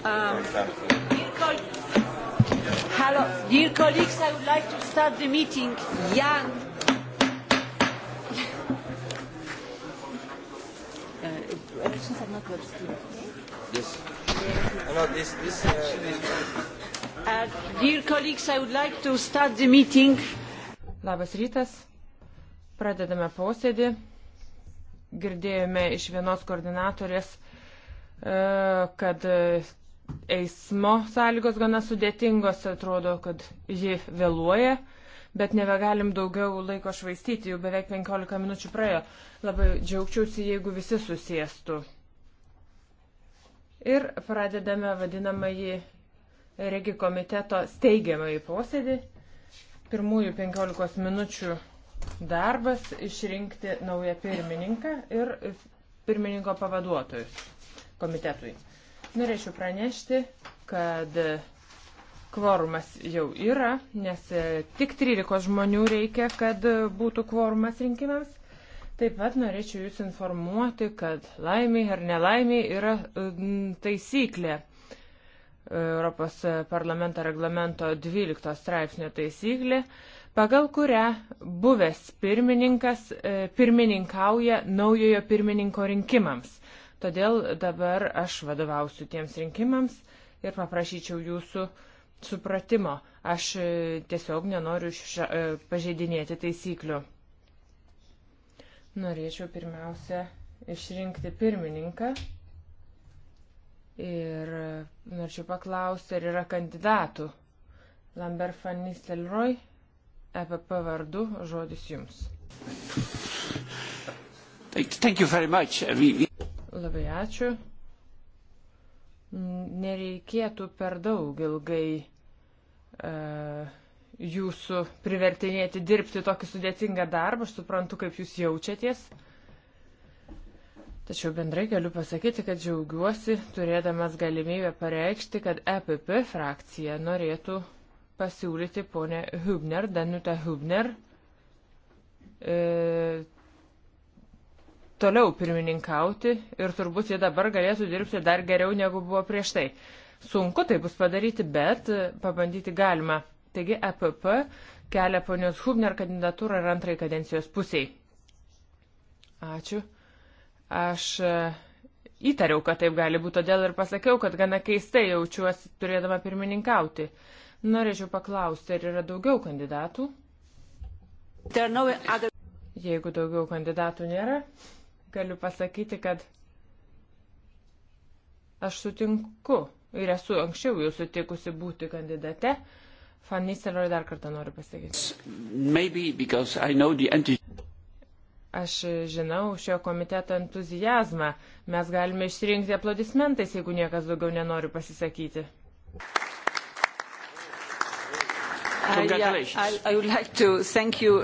Um, dear, col Hello, dear colleagues, I would like to start the meeting. Jan. Uh, elections are not web Yes. No, this, this, uh, this. Uh, dear colleagues, I would like to start the meeting. Labas rytas. Pradedame posėdį. Girdėjome iš vienos koordinatorės uh, kad eismo sąlygos gana sudėtingos, atrodo, kad ji vėluoja, bet nebegalim daugiau laiko švaistyti, jau beveik 15 minučių praėjo. Labai džiaugčiausi, jeigu visi susėstų. Ir pradedame vadinamąjį regi komiteto steigiamąjį posėdį. Pirmųjų 15 minučių darbas išrinkti naują pirmininką ir pirmininko pavaduotojus komitetui. Norėčiau pranešti, kad kvorumas jau yra, nes e, tik 13 žmonių reikia, kad būtų kvorumas rinkimams. Taip pat norėčiau Jūs informuoti, kad laimiai ar nelaimiai yra e, taisyklė Europos parlamento reglamento 12 straipsnio taisyklė, pagal kurią buvęs pirmininkas e, pirmininkauja naujojo pirmininko rinkimams. Todėl dabar aš vadovausiu tiems rinkimams ir paprašyčiau jūsų supratimo. Aš e, tiesiog nenoriu ša, e, pažeidinėti taisyklių. Norėčiau pirmiausia išrinkti pirmininką ir e, norėčiau paklausti, ar yra kandidatų. Lambert van Nistelrooy, EPP vardu, žodis jums. Thank you very much. We, we... Labai ačiū. Nereikėtų per daug ilgai uh, jūsų privertinėti dirbti tokį sudėtingą darbą. Aš suprantu, kaip jūs jaučiaties. Tačiau bendrai galiu pasakyti, kad džiaugiuosi turėdamas galimybę pareikšti, kad EPP frakcija norėtų pasiūlyti ponę Hubner, Danutę Hubner. E, toliau pirmininkauti ir turbūt ji dabar galėtų dirbti dar geriau negu buvo prieš tai. Sunku tai bus padaryti, bet pabandyti galima. Taigi EPP kelia ponios Hubner kandidatūrą ir antrai kadencijos pusiai. Ačiū. Aš e, įtariau, kad taip gali būti, todėl ir pasakiau, kad gana keistai jaučiuosi turėdama pirmininkauti. Norėčiau paklausti, ar yra daugiau kandidatų? Jeigu daugiau kandidatų nėra, galiu pasakyti, kad aš sutinku ir esu anksčiau jau sutikusi būti kandidate. Fan Nistelrooy dar kartą noriu pasakyti. Aš žinau šio komiteto entuzijazmą. Mes galime išsirinkti aplodismentais, jeigu niekas daugiau nenori pasisakyti. Uh, I, I, I like you, uh...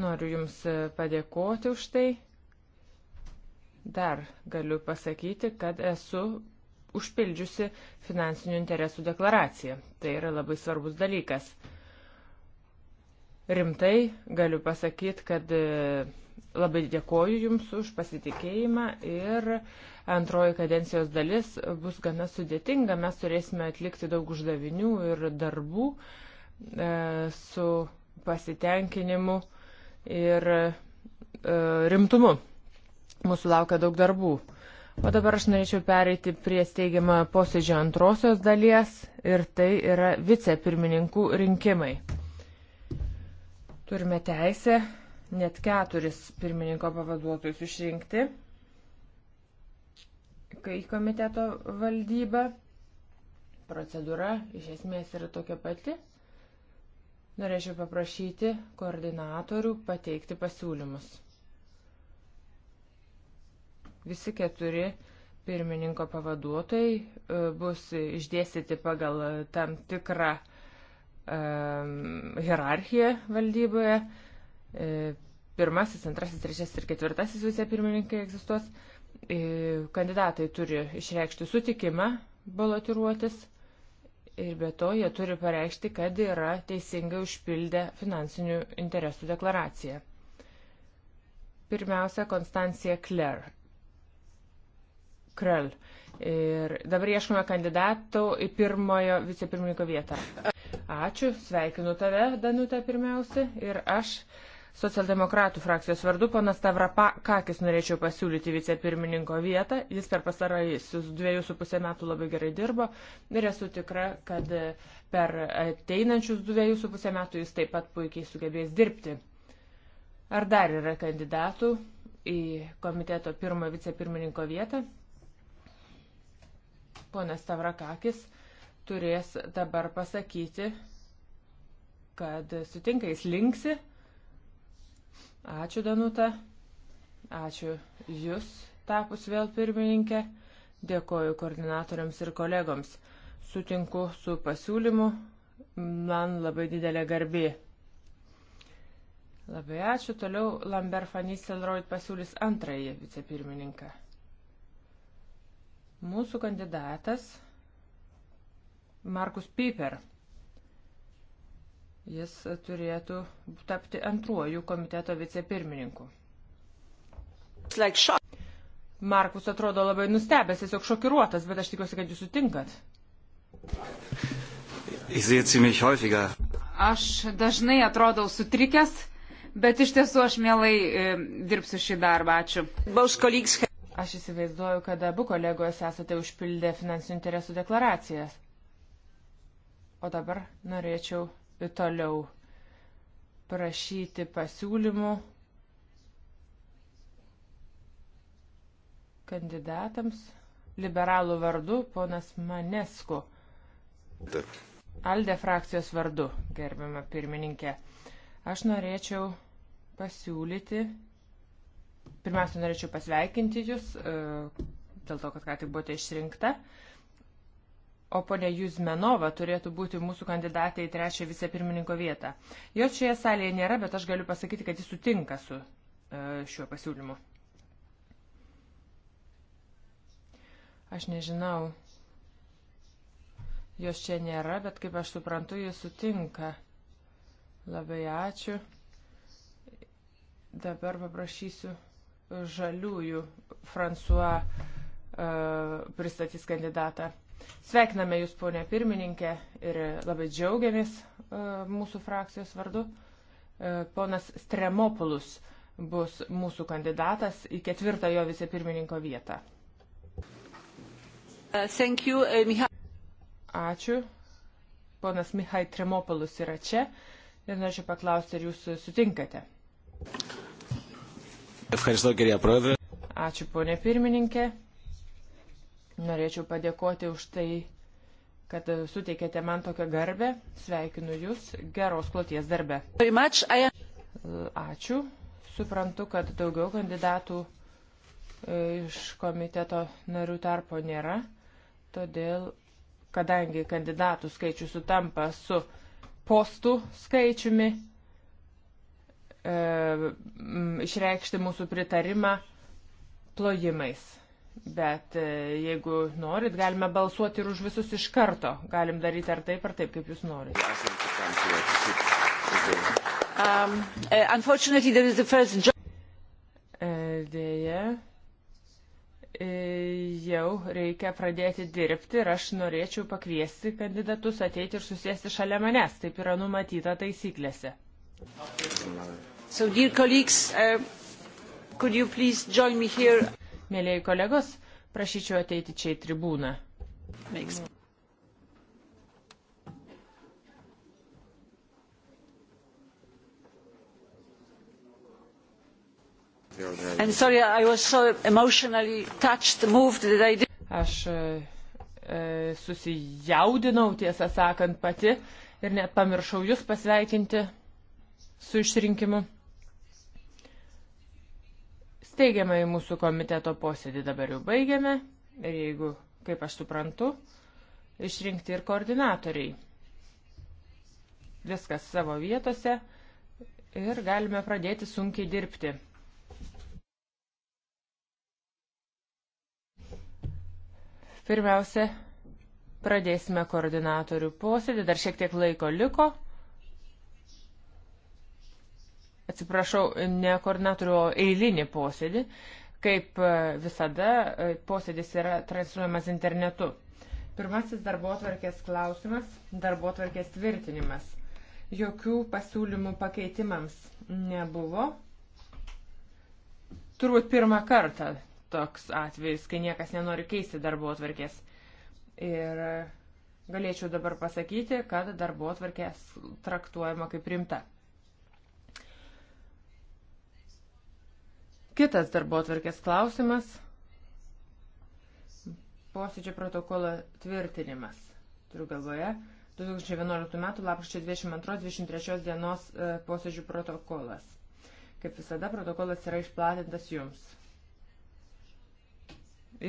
Noriu Jums padėkoti už tai. Dar galiu pasakyti, kad esu užpildžiusi finansinių interesų deklaraciją. Tai yra labai svarbus dalykas. Rimtai galiu pasakyti, kad e, labai dėkoju Jums už pasitikėjimą ir antroji kadencijos dalis bus gana sudėtinga. Mes turėsime atlikti daug uždavinių ir darbų e, su pasitenkinimu ir e, rimtumu. Mūsų laukia daug darbų. O dabar aš norėčiau pereiti prie steigiamojo posėdžio antrosios dalies ir tai yra vicepirmininkų rinkimai. Turime teisę net keturis pirmininko pavaduotojus išrinkti kai komiteto valdyba. Procedūra iš esmės yra tokia pati. Norėčiau paprašyti koordinatorių pateikti pasiūlymus. Visi keturi pirmininko pavaduotojai e, bus išdėstyti pagal tam tikrą um, hierarchiją valdyboje. E, pirmasis, antrasis, trečiasis ir ketvirtasis vicepirmininkai egzistuos. E, kandidatai turi išreikšti sutikimą balotiruotis ir be to jie turi pareikšti, kad yra teisingai užpildę finansinių interesų deklaraciją. Pirmiausia, Konstancija Kler Krell. Ir dabar ieškome kandidatų į pirmojo vicepirmininko vietą. Ačiū, sveikinu tave, Danutė, pirmiausia. Ir aš socialdemokratų frakcijos vardu ponas Tavrapa Kakis norėčiau pasiūlyti vicepirmininko vietą. Jis per pasaraisius dviejų su pusę metų labai gerai dirbo ir esu tikra, kad per ateinančius dviejų su pusę metų jis taip pat puikiai sugebės dirbti. Ar dar yra kandidatų į komiteto pirmo vicepirmininko vietą? Ponas Tavrakakis turės dabar pasakyti, kad sutinka jis linksi. Ačiū Danuta, ačiū Jūs tapus vėl pirmininkė, dėkoju koordinatoriams ir kolegoms, sutinku su pasiūlymu, man labai didelė garbė. Labai ačiū, toliau Lambert Fanys Elroid pasiūlys antrąjį vicepirmininką. Mūsų kandidatas Markus Piper. Jis turėtų tapti antruoju komiteto vicepirmininku. Markus atrodo labai nustebęs, tiesiog šokiruotas, bet aš tikiuosi, kad jūs sutinkat. Aš dažnai atrodau sutrikęs, bet iš tiesų aš mielai e, dirbsiu šį darbą. Ačiū. Aš įsivaizduoju, kad abu kolegos esate užpildę finansinių interesų deklaracijas. O dabar norėčiau toliau prašyti pasiūlymų kandidatams. Liberalų vardu ponas Manesku. Alde frakcijos vardu, gerbiama pirmininkė. Aš norėčiau pasiūlyti Pirmiausia, norėčiau pasveikinti Jūs e, dėl to, kad ką tik buvote išrinkta. O ponė Juzmenova turėtų būti mūsų kandidatė į trečią vicepirmininko vietą. Jos šioje salėje nėra, bet aš galiu pasakyti, kad jis sutinka su e, šiuo pasiūlymu. Aš nežinau, jos čia nėra, bet kaip aš suprantu, jis sutinka. Labai ačiū. Dabar paprašysiu žaliųjų François e, pristatys kandidatą. Sveikiname Jūs, ponė pirmininkė, ir labai džiaugiamės e, mūsų frakcijos vardu. E, ponas Stremopulus bus mūsų kandidatas į ketvirtą jo vicepirmininko vietą. Uh, uh, Ačiū. Ponas Mihai Tremopulus yra čia ir norėčiau paklausti, ar Jūs sutinkate. Ευχαριστώ, κυρία Πρόεδρε. Ačiū, ponė pirmininkė. Norėčiau padėkoti už tai, kad suteikėte man tokią garbę. Sveikinu Jūs, geros kloties darbę. Ačiū. Suprantu, kad daugiau kandidatų e, iš komiteto narių tarpo nėra. Todėl, kadangi kandidatų skaičius sutampa su postų skaičiumi, E, išreikšti mūsų pritarimą plojimais. Bet e, jeigu norit, galime balsuoti ir už visus iš karto. Galim daryti ar taip, ar taip, kaip jūs norit. Um, e, dėja, jau reikia pradėti dirbti ir aš norėčiau pakviesti kandidatus ateiti ir susėsti šalia manęs. Taip yra numatyta taisyklėse. Okay. So, dear colleagues, uh, could you please join me here? Mėlėjai kolegos, prašyčiau ateiti čia į tribūną. Makes. And sorry, I was so emotionally touched, moved that I did. Aš e, e, susijaudinau, tiesą sakant, pati ir net pamiršau jūs pasveikinti su išrinkimu teigiamai mūsų komiteto posėdį dabar jau baigiame ir jeigu, kaip aš suprantu, išrinkti ir koordinatoriai. Viskas savo vietose ir galime pradėti sunkiai dirbti. Pirmiausia, pradėsime koordinatorių posėdį, dar šiek tiek laiko liko atsiprašau, ne koordinatorių, o eilinį posėdį. Kaip e, visada, e, posėdis yra transliuojamas internetu. Pirmasis darbo atvarkės klausimas - darbo atvarkės tvirtinimas. Jokių pasiūlymų pakeitimams nebuvo. Turbūt pirmą kartą toks atvejis, kai niekas nenori keisti darbo atvarkės. Ir e, galėčiau dabar pasakyti, kad darbo atvarkės traktuojama kaip rimta. Kitas darbo atvarkės klausimas - posėdžio protokolo tvirtinimas. Turiu galvoje 2011 m. lapkričio 22-23 dienos e, posėdžių protokolas. Kaip visada, protokolas yra išplatintas jums.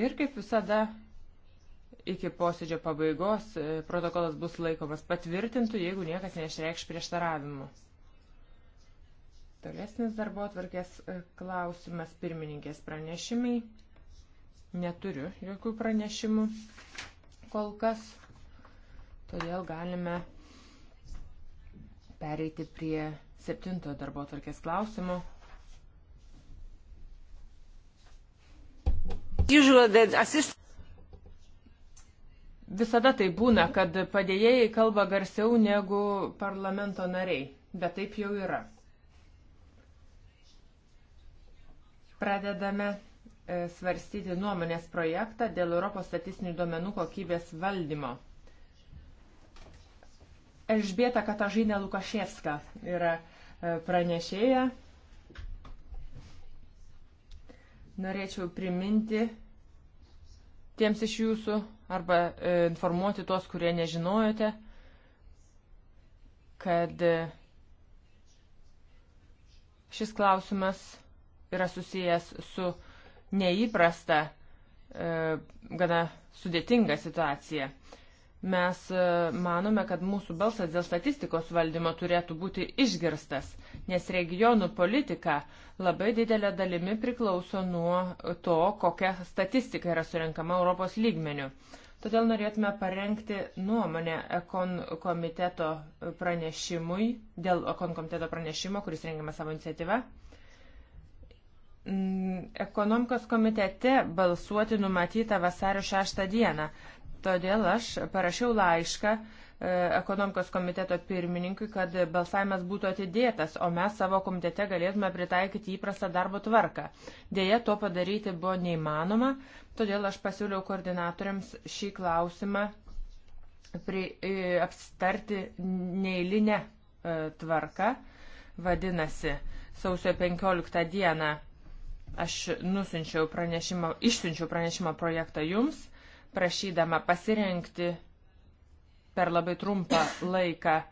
Ir kaip visada, iki posėdžio pabaigos e, protokolas bus laikomas patvirtintų, jeigu niekas neišreikš prieštaravimų. Tolesnis darbo atvarkės e, klausimas pirmininkės pranešimai. Neturiu jokių pranešimų kol kas, todėl galime pereiti prie septintojo darbo atvarkės klausimo. Visada tai būna, kad padėjėjai kalba garsiau negu parlamento nariai, bet taip jau yra. Pradedame e, svarstyti nuomonės projektą dėl Europos statistinių duomenų kokybės valdymo. Elžbieta Katažinė Lukaševska yra e, pranešėja. Norėčiau priminti tiems iš jūsų arba e, informuoti tuos, kurie nežinojote, kad šis klausimas yra susijęs su neįprasta, e, gana sudėtinga situacija. Mes e, manome, kad mūsų balsas dėl statistikos valdymo turėtų būti išgirstas, nes regionų politika labai didelė dalimi priklauso nuo to, kokia statistika yra surinkama Europos lygmenių. Todėl norėtume parengti nuomonę Ekon komiteto pranešimui, dėl Ekon komiteto pranešimo, kuris rengiama savo iniciatyvą. Mm, ekonomikos komitete balsuoti numatyta vasario 6 dieną. Todėl aš parašiau laišką e, ekonomikos komiteto pirmininkui, kad balsavimas būtų atidėtas, o mes savo komitete galėtume pritaikyti įprastą darbo tvarką. Deja, to padaryti buvo neįmanoma, todėl aš pasiūliau koordinatoriams šį klausimą pri, e, apstarti neįlinę e, tvarką. Vadinasi, sausio 15 dieną Aš nusinčiau pranešimo, išsiunčiau pranešimo projektą jums, prašydama pasirenkti per labai trumpą laiką e,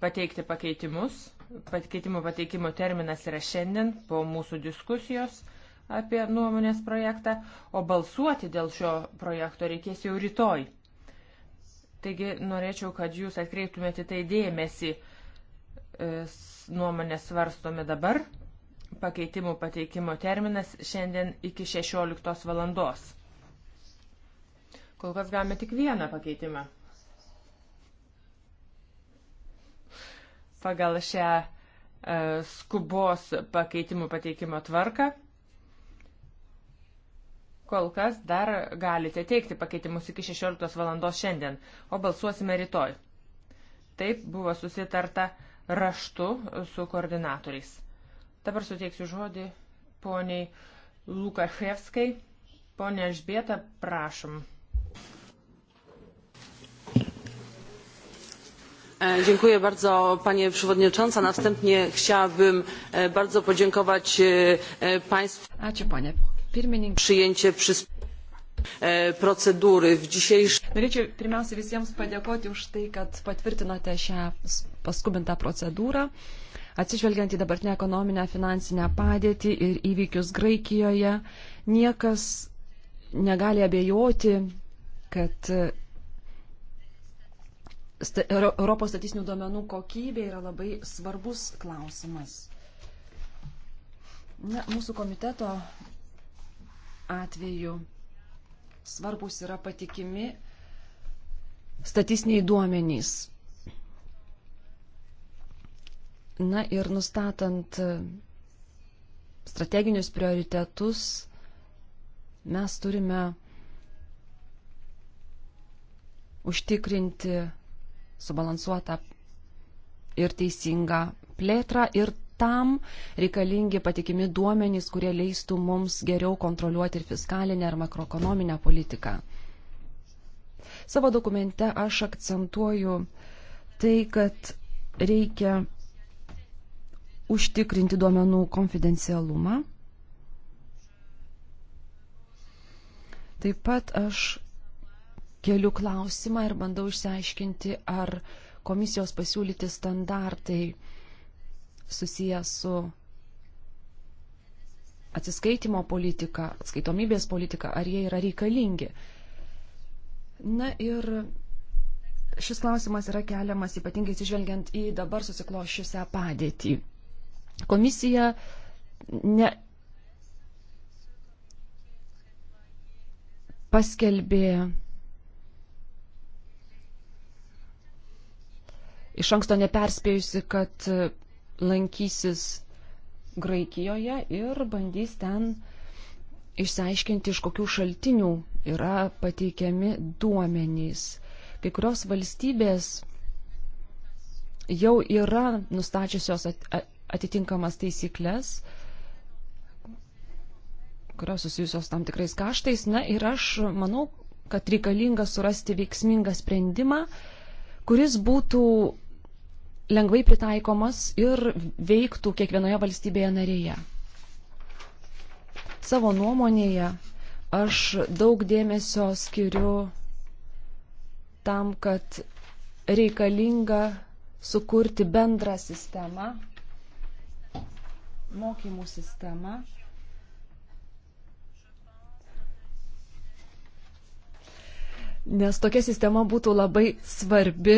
pateikti pakeitimus. Pakeitimų pateikimo terminas yra šiandien po mūsų diskusijos apie nuomonės projektą, o balsuoti dėl šio projekto reikės jau rytoj. Taigi norėčiau, kad jūs atkreiptumėte tai dėmesį e, nuomonės svarstome dabar Pakeitimų pateikimo terminas šiandien iki 16 valandos. Kol kas gavome tik vieną pakeitimą. Pagal šią e, skubos pakeitimų pateikimo tvarką kol kas dar galite teikti pakeitimus iki 16 valandos šiandien, o balsuosime rytoj. Taip buvo susitarta raštu su koordinatoriais. Dabar suteiksiu žodį poniai Lukaševskai. Pone Žbėta, prašom. E, dziękuję bardzo Panie Przewodnicząca. Następnie chciałabym e, bardzo podziękować e, Państwu za przyjęcie przy procedūrų. Dzisiejš... Norėčiau pirmiausia visiems padėkoti už tai, kad patvirtinote šią paskubintą procedūrą. Uh, Atsižvelgiant į dabartinę ekonominę finansinę padėtį ir įvykius Graikijoje, niekas negali abejoti, kad e, Europos statistinių duomenų kokybė yra labai svarbus klausimas. Na, mūsų komiteto atveju svarbus yra patikimi statistiniai duomenys. Na ir nustatant e, strateginius prioritetus, mes turime užtikrinti subalansuotą ir teisingą plėtrą ir tam reikalingi patikimi duomenys, kurie leistų mums geriau kontroliuoti ir fiskalinę ar makroekonominę politiką. Savo dokumente aš akcentuoju tai, kad reikia užtikrinti duomenų konfidencialumą. Taip pat aš keliu klausimą ir bandau išsiaiškinti, ar komisijos pasiūlyti standartai susijęs su atsiskaitimo politika, atskaitomybės politika, ar jie yra reikalingi. Na ir šis klausimas yra keliamas ypatingai atsižvelgiant į dabar susiklošiusią padėtį. Komisija ne paskelbė iš anksto neperspėjusi, kad lankysis Graikijoje ir bandys ten išsiaiškinti, iš kokių šaltinių yra pateikiami duomenys. Kai kurios valstybės jau yra nustačiusios atitinkamas taisyklės, kurios susijusios tam tikrais kaštais. Na ir aš manau, kad reikalinga surasti veiksmingą sprendimą, kuris būtų lengvai pritaikomas ir veiktų kiekvienoje valstybėje narėje. Savo nuomonėje aš daug dėmesio skiriu tam, kad reikalinga sukurti bendrą sistemą mokymų sistema. Nes tokia sistema būtų labai svarbi,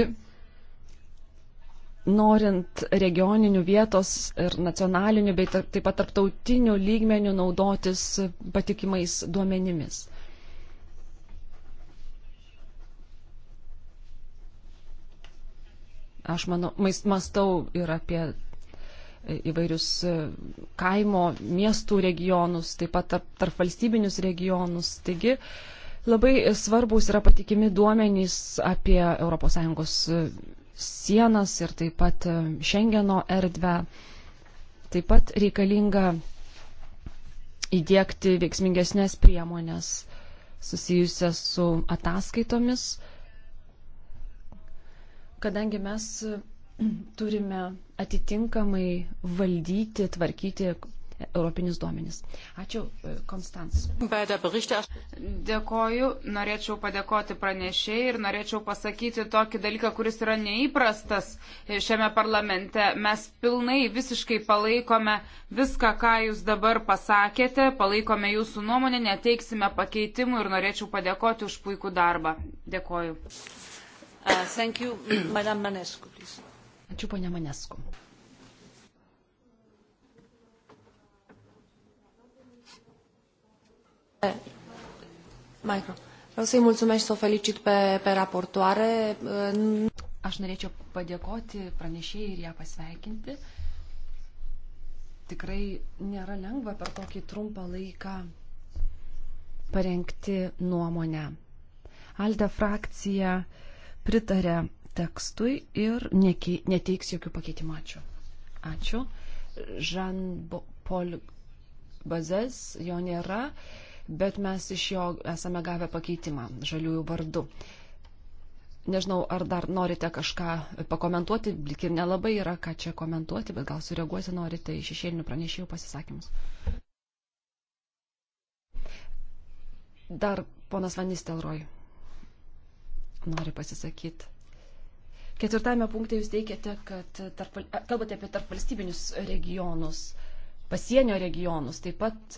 norint regioninių vietos ir nacionalinių, bei taip pat tarptautinių lygmenių naudotis patikimais duomenimis. aš manau, mastau ir apie įvairius e, kaimo, miestų regionus, taip pat tarp, tarp valstybinius regionus. Taigi labai svarbus yra patikimi duomenys apie ES e, sienas ir taip pat e, Schengeno erdvę. Taip pat reikalinga įdėkti veiksmingesnės priemonės susijusias su ataskaitomis, kadangi mes turime atitinkamai valdyti, tvarkyti europinius duomenis. Ačiū, e, Konstans. Dėkoju, norėčiau padėkoti pranešėjai ir norėčiau pasakyti tokį dalyką, kuris yra neįprastas e, šiame parlamente. Mes pilnai visiškai palaikome viską, ką jūs dabar pasakėte, palaikome jūsų nuomonę, neteiksime pakeitimų ir norėčiau padėkoti už puikų darbą. Dėkoju. Uh, thank you, Madame Manescu, please. Ačiū, ponia Manesku. Micro. Vreau să-i mulțumesc și să o felicit pe, pe raportoare. Aš norėčiau padėkoti pranešėjai ir ją pasveikinti. Tikrai nėra lengva per tokį trumpą laiką parengti nuomonę. Alde frakcija pritarė tekstui ir neteiks jokių pakeitimų. Ačiū. Ačiū. Jean-Paul Bazes jo nėra, bet mes iš jo esame gavę pakeitimą žaliųjų vardu. Nežinau, ar dar norite kažką pakomentuoti, lik ir nelabai yra ką čia komentuoti, bet gal sureaguoti norite į šešėlinių pranešėjų pasisakymus. Dar ponas Vanistelroj nori pasisakyti. Ketvirtame punkte jūs teikiate, kad tarp, kalbate apie tarpvalstybinius regionus, pasienio regionus, taip pat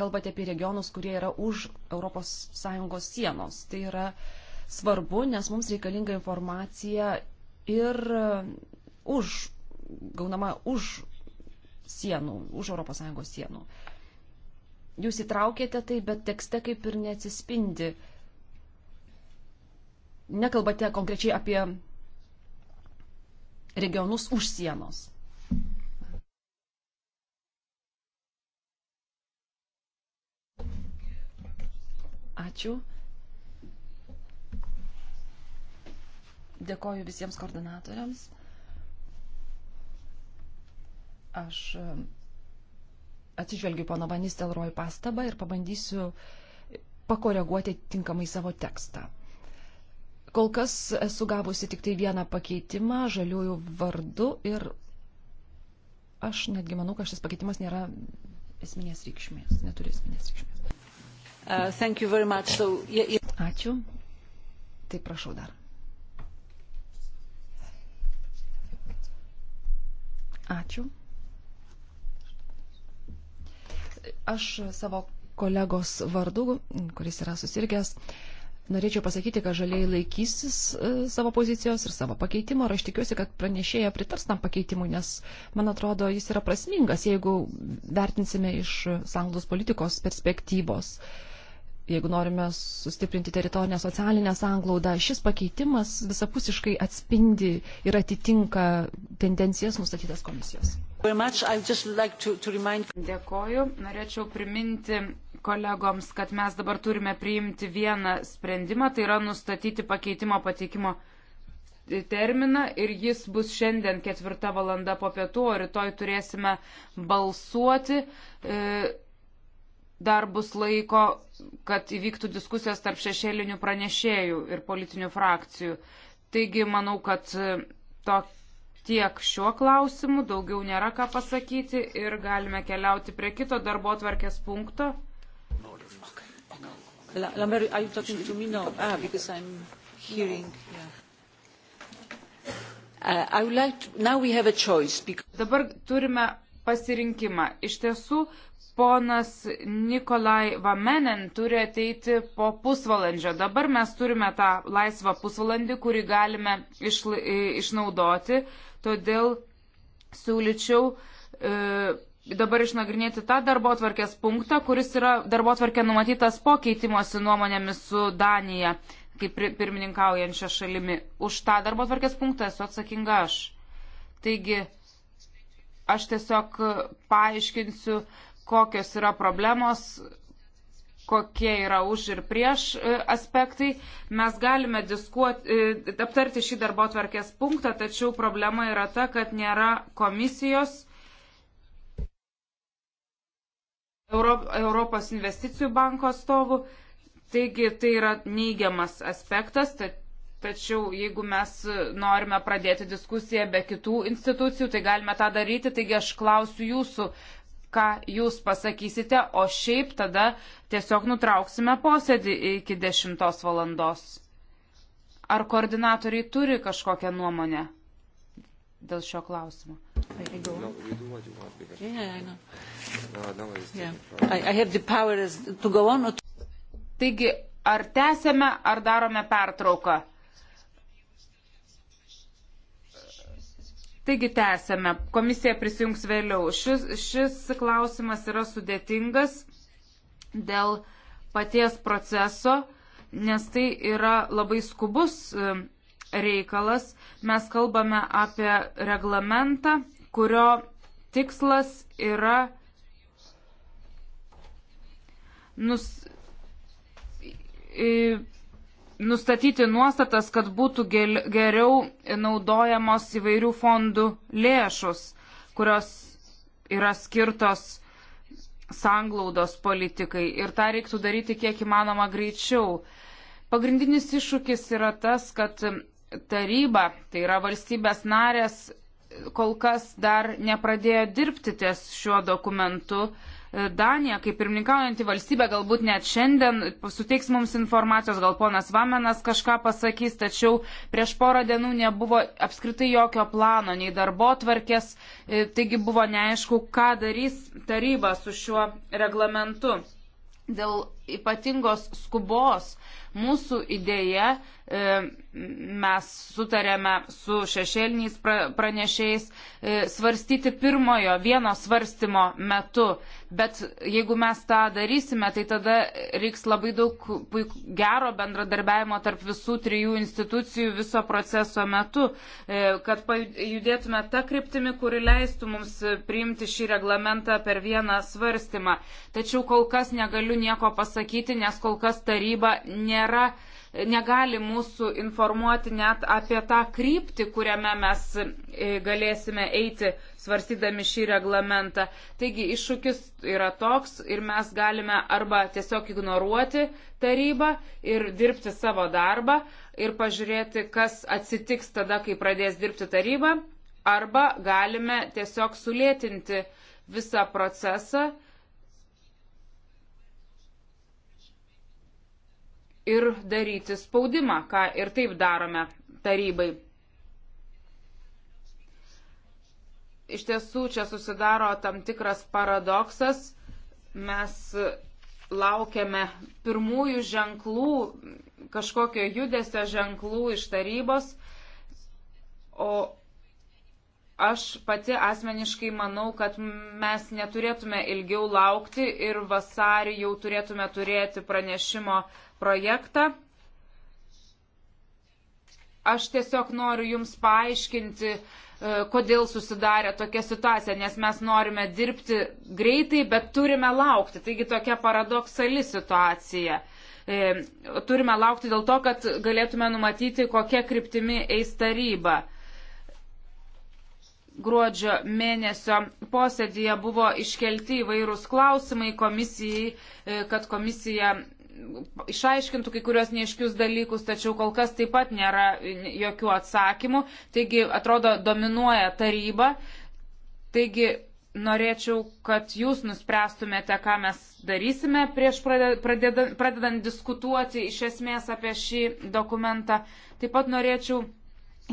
kalbate apie regionus, kurie yra už ES sienos. Tai yra svarbu, nes mums reikalinga informacija ir už, gaunama už sienų, už ES sienų. Jūs įtraukėte tai, bet tekste kaip ir neatsispindi nekalbate konkrečiai apie regionus už sienos. Ačiū. Dėkoju visiems koordinatoriams. Aš e, atsižvelgiu pono Vanistelroj pastabą ir pabandysiu pakoreguoti tinkamai savo tekstą. Kol kas esu gavusi tik tai vieną pakeitimą žaliųjų vardu ir aš netgi manau, kad šis pakeitimas nėra esminės reikšmės, neturi esminės reikšmės. Uh, so, yeah, yeah. Ačiū. Tai prašau dar. Ačiū. Aš savo kolegos vardu, kuris yra susirgęs, uh, Norėčiau pasakyti, kad žaliai laikysis e, savo pozicijos ir savo pakeitimo ir aš tikiuosi, kad pranešėja pritars tam pakeitimui, nes, man atrodo, jis yra prasmingas, jeigu vertinsime iš sąnglaudos politikos perspektyvos. Jeigu norime sustiprinti teritorinę socialinę sąnglaudą, šis pakeitimas visapusiškai atspindi ir atitinka tendencijas nustatytas komisijos. Like to, to remind... Dėkoju. Norėčiau priminti kolegoms, kad mes dabar turime priimti vieną sprendimą, tai yra nustatyti pakeitimo pateikimo terminą ir jis bus šiandien ketvirta valanda po pietų, o rytoj turėsime balsuoti. E, dar bus laiko, kad įvyktų diskusijos tarp šešėlinių pranešėjų ir politinių frakcijų. Taigi, manau, kad e, to tiek šiuo klausimu, daugiau nėra ką pasakyti ir galime keliauti prie kito darbo tvarkės punkto. Lambert, are you talking to me? No. Ah, because I'm hearing. Yeah. Uh, like to, now we have a choice. Because... Dabar turime pasirinkimą. Iš tiesų, ponas Nikolai Vamenen turi ateiti po pusvalandžio. Dabar mes turime tą laisvą pusvalandį, kurį galime išla... išnaudoti. Todėl siūlyčiau e, dabar išnagrinėti tą darbo atvarkės punktą, kuris yra darbo atvarkė numatytas po keitimosi nuomonėmis su Danija, kaip pirmininkaujančia šalimi. Už tą darbo atvarkės punktą esu atsakinga aš. Taigi, aš tiesiog paaiškinsiu, kokios yra problemos, kokie yra už ir prieš e, aspektai. Mes galime diskuoti, e, aptarti šį darbo tvarkės punktą, tačiau problema yra ta, kad nėra komisijos Europos investicijų banko atstovų. Taigi tai yra neigiamas aspektas, tačiau jeigu mes norime pradėti diskusiją be kitų institucijų, tai galime tą daryti. Taigi aš klausiu jūsų, ką jūs pasakysite, o šiaip tada tiesiog nutrauksime posėdį iki 10 valandos. Ar koordinatoriai turi kažkokią nuomonę? dėl šio klausimo. No, because... yeah, no, yeah. on, or... Taigi, ar tęsėme, ar darome pertrauką? Taigi, tęsėme. Komisija prisijungs vėliau. Šis, šis klausimas yra sudėtingas dėl paties proceso, nes tai yra labai skubus reikalas. Mes kalbame apie reglamentą, kurio tikslas yra nus, nustatyti nuostatas, kad būtų geriau naudojamos įvairių fondų lėšos, kurios yra skirtos sanglaudos politikai ir tą reiktų daryti kiek įmanoma greičiau. Pagrindinis iššūkis yra tas, kad taryba, tai yra valstybės narės, kol kas dar nepradėjo dirbti ties šiuo dokumentu. E, Danija, kaip pirmininkaujanti valstybė, galbūt net šiandien suteiks mums informacijos, gal ponas Vamenas kažką pasakys, tačiau prieš porą dienų nebuvo apskritai jokio plano, nei darbo tvarkės, e, taigi buvo neaišku, ką darys taryba su šiuo reglamentu. Dėl ypatingos skubos. Mūsų idėja, e, mes sutarėme su šešėliniais pranešėjais e, svarstyti pirmojo vieno svarstymo metu, bet jeigu mes tą darysime, tai tada reiks labai daug puik, gero bendradarbiavimo tarp visų trijų institucijų viso proceso metu, e, kad judėtume tą kryptimį, kuri leistų mums priimti šį reglamentą per vieną svarstymą. Tačiau kol kas negaliu nieko pasakyti atsakyti, nes kol kas taryba nėra, negali mūsų informuoti net apie tą kryptį, kuriame mes e, galėsime eiti svarstydami šį reglamentą. Taigi iššūkis yra toks ir mes galime arba tiesiog ignoruoti tarybą ir dirbti savo darbą ir pažiūrėti, kas atsitiks tada, kai pradės dirbti taryba, arba galime tiesiog sulėtinti visą procesą ir daryti spaudimą, ką ir taip darome tarybai. Iš tiesų čia susidaro tam tikras paradoksas. Mes laukiame pirmųjų ženklų, kažkokio judesio ženklų iš tarybos, o aš pati asmeniškai manau, kad mes neturėtume ilgiau laukti ir vasarį jau turėtume turėti pranešimo projektą. Aš tiesiog noriu Jums paaiškinti, e, kodėl susidarė tokia situacija, nes mes norime dirbti greitai, bet turime laukti. Taigi tokia paradoksali situacija. E, turime laukti dėl to, kad galėtume numatyti, kokia kryptimi eis taryba. Gruodžio mėnesio posėdėje buvo iškelti įvairūs klausimai komisijai, e, kad komisija išaiškintų kai kurios neiškius dalykus, tačiau kol kas taip pat nėra jokių atsakymų. Taigi, atrodo, dominuoja taryba. Taigi, norėčiau, kad jūs nuspręstumėte, ką mes darysime prieš pradedant, pradedant diskutuoti iš esmės apie šį dokumentą. Taip pat norėčiau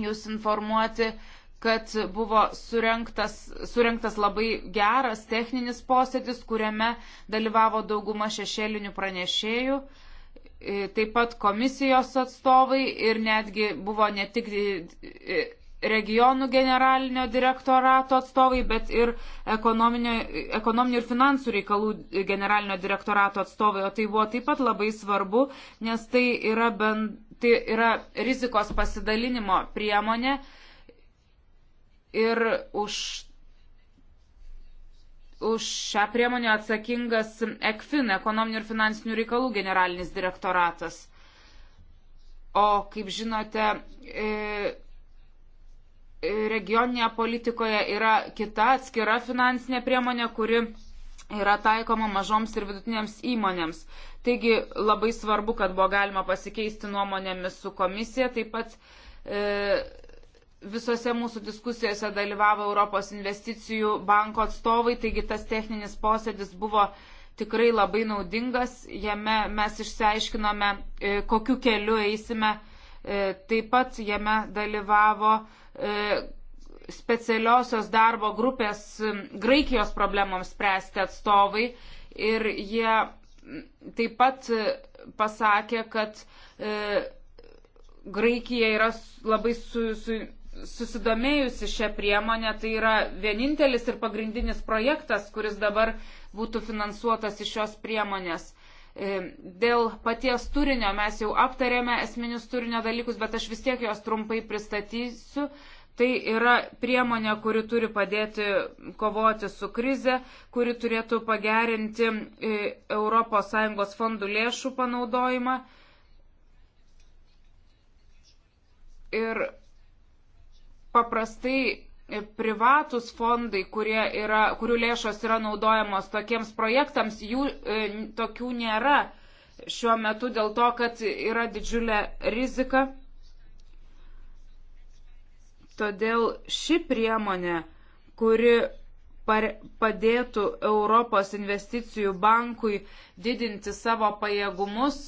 jūs informuoti, uh, kad buvo surinktas, surinktas labai geras techninis posėdis, kuriame dalyvavo dauguma šešėlinių pranešėjų, taip pat komisijos atstovai ir netgi buvo ne tik regionų generalinio direktorato atstovai, bet ir ekonominių ir finansų reikalų generalinio direktorato atstovai. O tai buvo taip pat labai svarbu, nes tai yra, ben, tai yra rizikos pasidalinimo priemonė. E, ir už, už šią priemonę atsakingas ECFIN, ekonominių ir finansinių reikalų generalinis direktoratas. O kaip žinote, e, regioninėje politikoje yra kita atskira finansinė priemonė, kuri yra taikoma mažoms ir vidutinėms įmonėms. Taigi labai svarbu, kad buvo galima pasikeisti nuomonėmis su komisija, taip pat e, visose mūsų diskusijose dalyvavo Europos investicijų banko atstovai, taigi tas techninis posėdis buvo tikrai labai naudingas. Jame mes išsiaiškinome, e, kokiu keliu eisime. E, taip pat jame dalyvavo e, specialiosios darbo grupės Graikijos problemams spręsti atstovai. Ir jie taip pat pasakė, kad Graikija yra labai su, su susidomėjusi šią priemonę. Tai yra vienintelis ir pagrindinis projektas, kuris dabar būtų finansuotas iš šios priemonės. E, dėl paties turinio mes jau aptarėme esminius turinio dalykus, bet aš vis tiek juos trumpai pristatysiu. Tai yra priemonė, kuri turi padėti kovoti su krize, kuri turėtų pagerinti ES fondų lėšų panaudojimą. Ir paprastai e, privatus fondai, yra, kurių lėšos yra naudojamos tokiems projektams, jų e, tokių nėra šiuo metu dėl to, kad yra didžiulė rizika. Todėl ši priemonė, kuri padėtų Europos investicijų bankui didinti savo pajėgumus,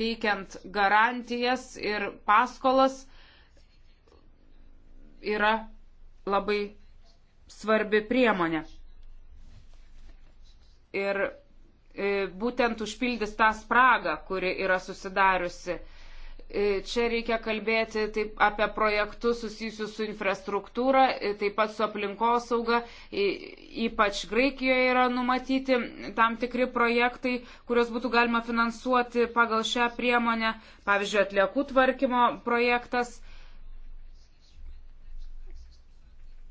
teikiant garantijas ir paskolas, yra labai svarbi priemonė. Ir e, būtent užpildys tą spragą, kuri yra susidariusi. E, čia reikia kalbėti taip, apie projektus susijusius su infrastruktūra, e, taip pat su aplinkosauga. Ypač Graikijoje yra numatyti tam tikri projektai, kuriuos būtų galima finansuoti pagal šią priemonę. Pavyzdžiui, atliekų tvarkymo projektas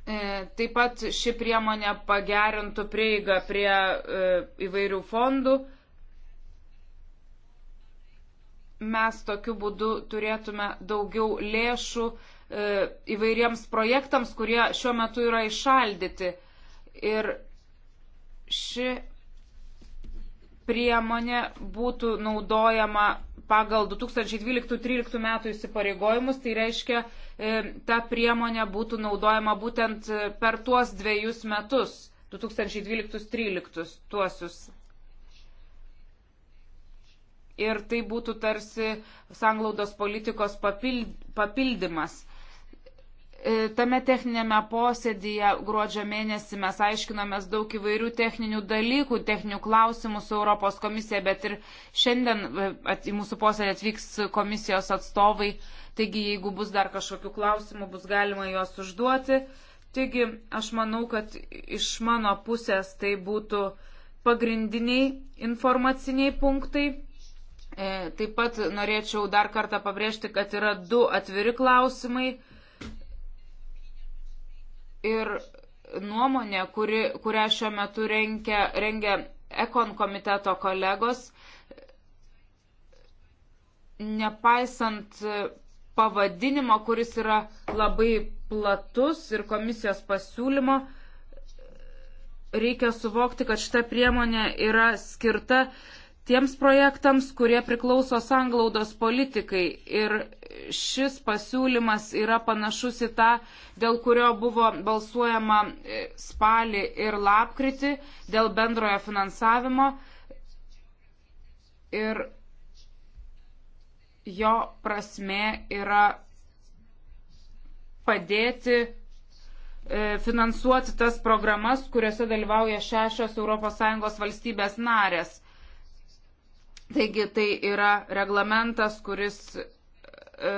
E, taip pat ši priemonė pagerintų prieigą prie e, įvairių fondų. Mes tokiu būdu turėtume daugiau lėšų e, įvairiems projektams, kurie šiuo metu yra išaldyti. Ir ši priemonė būtų naudojama pagal 2012-2013 metų įsipareigojimus, tai reiškia, e, ta priemonė būtų naudojama būtent e, per tuos dviejus metus, 2012-2013 tuosius. Ir tai būtų tarsi sanglaudos politikos papild, papildymas. E, tame techninėme posėdėje gruodžio mėnesį mes aiškinomės daug įvairių techninių dalykų, techninių klausimų su Europos komisija, bet ir šiandien e, į mūsų posėdį atvyks komisijos atstovai, taigi jeigu bus dar kažkokių klausimų, bus galima juos užduoti. Taigi aš manau, kad iš mano pusės tai būtų pagrindiniai informaciniai punktai. E, taip pat norėčiau dar kartą pabrėžti, kad yra du atviri klausimai ir nuomonė, kuri, kurią šiuo metu rengia, rengia Ekon komiteto kolegos, nepaisant pavadinimo, kuris yra labai platus ir komisijos pasiūlymo, reikia suvokti, kad šita priemonė yra skirta tiems projektams, kurie priklauso sanglaudos politikai. Ir šis pasiūlymas yra panašus į tą, dėl kurio buvo balsuojama e, spalį ir lapkritį dėl bendrojo finansavimo. Ir jo prasme yra padėti e, finansuoti tas programas, kuriuose dalyvauja šešios ES valstybės narės Taigi tai yra reglamentas, kuris e,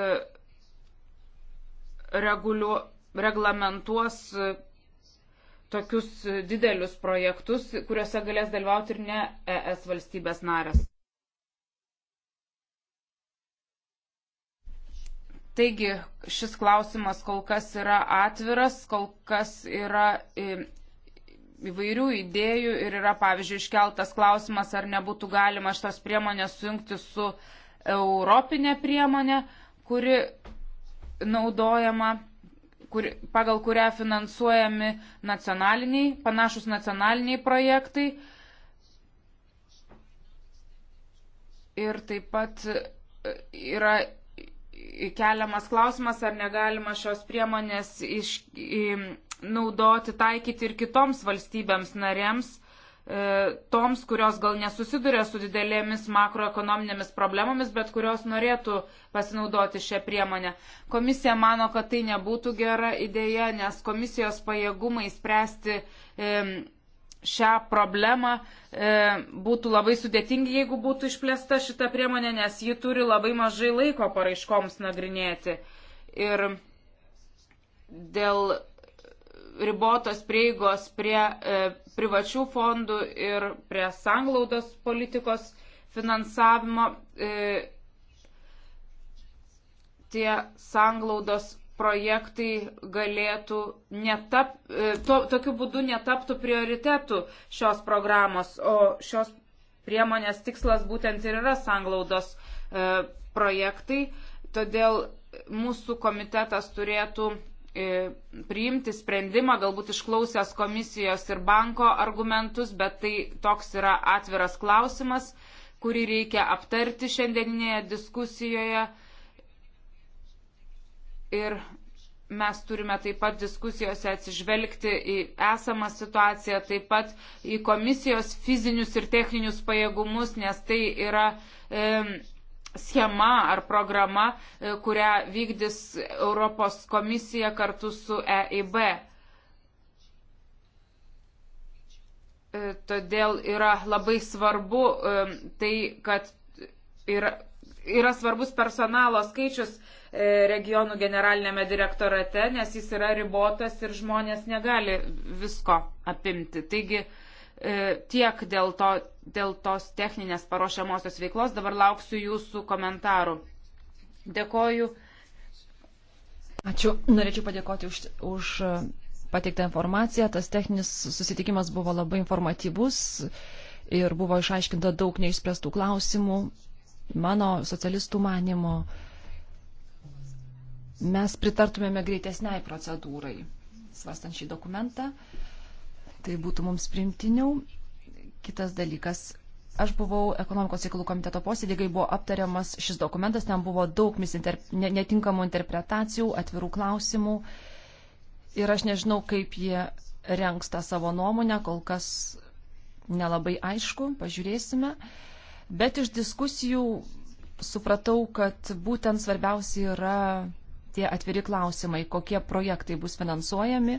reguliu, reglamentuos e, tokius didelius projektus, kuriuose galės dalyvauti ir ne ES valstybės narės. Taigi šis klausimas kol kas yra atviras, kol kas yra e, įvairių idėjų ir yra, pavyzdžiui, iškeltas klausimas, ar nebūtų galima šitas priemonės sujungti su europinė priemonė, kuri naudojama, kuri, pagal kurią finansuojami nacionaliniai, panašus nacionaliniai projektai. Ir taip pat e, yra keliamas klausimas, ar negalima šios priemonės iš, į, naudoti, taikyti ir kitoms valstybėms narėms, e, toms, kurios gal nesusiduria su didelėmis makroekonominėmis problemomis, bet kurios norėtų pasinaudoti šią priemonę. Komisija mano, kad tai nebūtų gera idėja, nes komisijos pajėgumai spręsti e, šią problemą e, būtų labai sudėtingi, jeigu būtų išplėsta šita priemonė, nes ji turi labai mažai laiko paraiškoms nagrinėti. Ir dėl ribotos prieigos prie e, privačių fondų ir prie sanglaudos politikos finansavimo. E, tie sanglaudos projektai galėtų netap, e, to, tokiu būdu netaptų prioritetų šios programos, o šios priemonės tikslas būtent ir yra sanglaudos e, projektai, todėl mūsų komitetas turėtų priimti sprendimą, galbūt išklausęs komisijos ir banko argumentus, bet tai toks yra atviras klausimas, kurį reikia aptarti šiandieninėje diskusijoje. Ir mes turime taip pat diskusijose atsižvelgti į esamą situaciją, taip pat į komisijos fizinius ir techninius pajėgumus, nes tai yra. E, schema ar programa, e, kurią vykdys Europos komisija kartu su EIB. E, todėl yra labai svarbu e, tai, kad yra, yra svarbus personalo skaičius regionų generalinėme direktorate, nes jis yra ribotas ir žmonės negali visko apimti. Taigi, E, tiek dėl, to, dėl tos techninės paruošiamosios veiklos. Dabar lauksiu jūsų komentarų. Dėkoju. Ačiū. Norėčiau padėkoti už, už pateiktą informaciją. Tas techninis susitikimas buvo labai informatyvus ir buvo išaiškinta daug neišspręstų klausimų. Mano socialistų manimo, mes pritartumėme greitesniai procedūrai, svastant šį dokumentą. Uh, Tai būtų mums primtiniau. Kitas dalykas. Aš buvau ekonomikos reikalų komiteto posėdį, kai buvo aptariamas šis dokumentas, ten buvo daug misinterp... netinkamų interpretacijų, atvirų klausimų. Ir aš nežinau, kaip jie rengs tą savo nuomonę, kol kas nelabai aišku, pažiūrėsime. Bet iš diskusijų supratau, kad būtent svarbiausia yra tie atviri klausimai, kokie projektai bus finansuojami.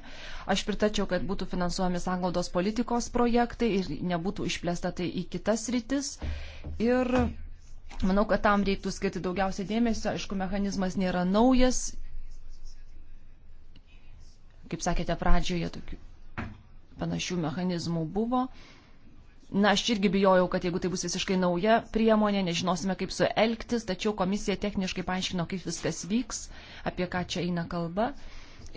Aš pritačiau, kad būtų finansuojami sanglaudos politikos projektai ir nebūtų išplėsta tai į kitas rytis. Ir manau, kad tam reiktų skirti daugiausia dėmesio. Aišku, mechanizmas nėra naujas. Kaip sakėte pradžioje, tokių panašių mechanizmų buvo. Uh, Na, aš irgi bijojau, kad jeigu tai bus visiškai nauja priemonė, nežinosime, kaip su elgtis, tačiau komisija techniškai paaiškino, kaip viskas vyks, apie ką čia eina kalba.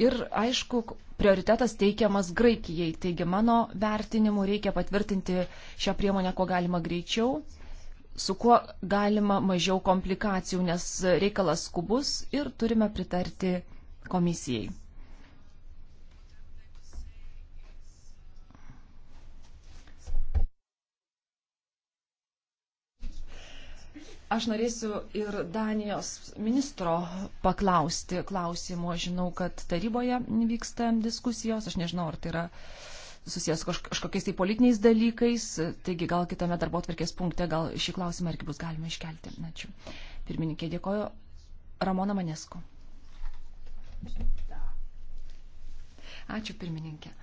Ir aišku, prioritetas teikiamas Graikijai. Taigi mano vertinimu reikia patvirtinti šią priemonę, kuo galima greičiau, su kuo galima mažiau komplikacijų, nes reikalas skubus ir turime pritarti komisijai. Aš norėsiu ir Danijos ministro paklausti klausimo. Žinau, kad taryboje vyksta diskusijos. Aš nežinau, ar tai yra susijęs su kažkokiais tai politiniais dalykais. Taigi gal kitame darbo atvarkės punkte gal šį klausimą irgi bus galima iškelti. Ačiū. Pirmininkė dėkoju. Ramona Manesku. Ačiū pirmininkė.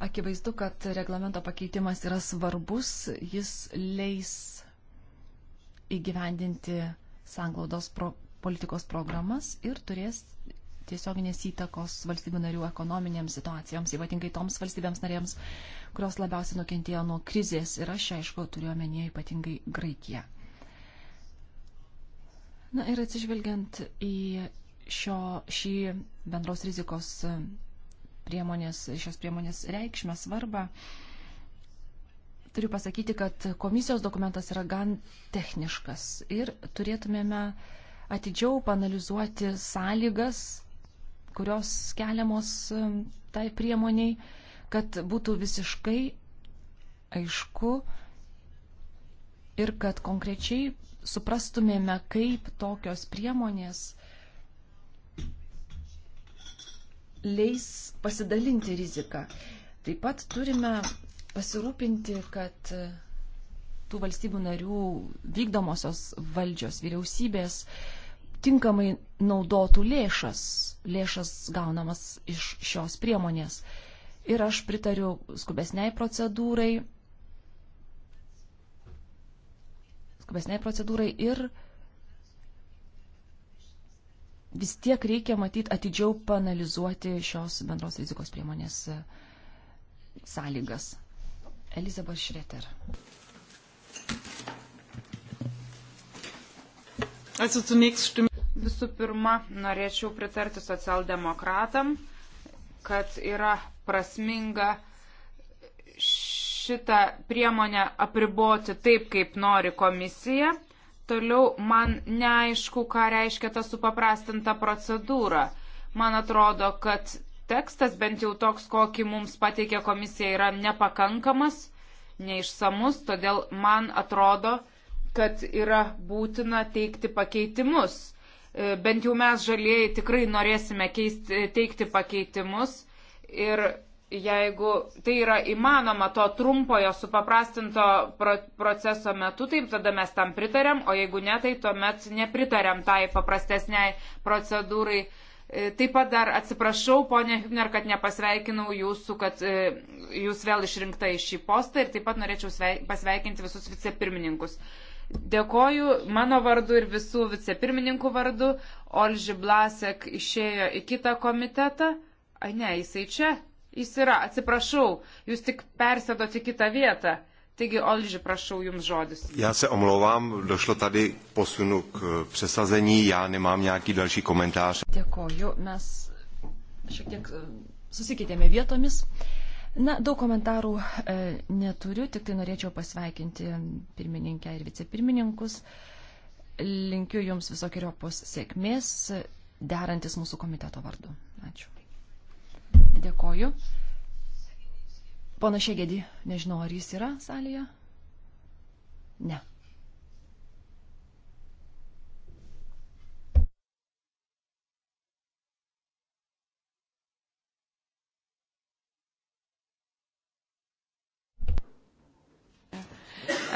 Akivaizdu, kad reglamento pakeitimas yra svarbus, jis leis įgyvendinti sanglaudos pro, politikos programas ir turės tiesioginės įtakos valstybių narių ekonominėms situacijoms, ypatingai toms valstybėms narėms, kurios labiausiai nukentėjo nuo krizės ir aš, aišku, turiu omenyje ypatingai Graikiją. Na ir atsižvelgiant į šio, šį bendros rizikos priemonės, šios priemonės reikšmę, svarbą. Turiu pasakyti, kad komisijos dokumentas yra gan techniškas ir turėtumėme atidžiau panalizuoti sąlygas, kurios keliamos um, tai priemoniai, kad būtų visiškai aišku ir kad konkrečiai suprastumėme, kaip tokios priemonės uh, leis pasidalinti riziką. Taip pat turime pasirūpinti, kad e, tų valstybių narių vykdomosios valdžios, vyriausybės tinkamai naudotų lėšas, lėšas gaunamas iš šios priemonės. Ir aš pritariu skubesniai procedūrai, skubesniai procedūrai ir vis tiek reikia matyti atidžiau panalizuoti šios bendros rizikos priemonės e, sąlygas. Elizabeth Schretter. Visų pirma, norėčiau pritarti socialdemokratam, kad yra prasminga šitą priemonę apriboti taip, kaip nori komisija Toliau man neaišku, ką reiškia ta supaprastinta procedūra. Man atrodo, kad tekstas, bent jau toks, kokį mums pateikė komisija, yra nepakankamas, neišsamus, todėl man atrodo, kad yra būtina teikti pakeitimus. E, bent jau mes žalieji tikrai norėsime keisti, teikti pakeitimus ir jeigu tai yra įmanoma to trumpojo supaprastinto proceso metu, tai tada mes tam pritarėm, o jeigu ne, tai tuomet nepritarėm tai paprastesniai procedūrai. E, taip pat dar atsiprašau, ponė Hübner, kad nepasveikinau jūsų, kad e, jūs vėl išrinkta į šį postą ir taip pat norėčiau pasveikinti visus vicepirmininkus. Dėkoju mano vardu ir visų vicepirmininkų vardu. Olži Blasek išėjo į kitą komitetą. Ai ne, jisai čia Jis yra, atsiprašau, jūs tik persėdote kitą vietą. Taigi, Olži, prašau, jums žodis. Já se omlouvám, došlo tady posunu k eh, přesazení, já nemám nějaký další komentář. Dėkoju, mes šiek tiek eh, susikeitėme vietomis. Na, daug komentarų e, neturiu, tik tai norėčiau pasveikinti pirmininkę ir vicepirmininkus. Linkiu Jums visokiojopos sėkmės, derantis mūsų komiteto vardu. Ačiū. Dėkoju. Pana Šegedį, nežinau, ar jis yra salėje? Ne.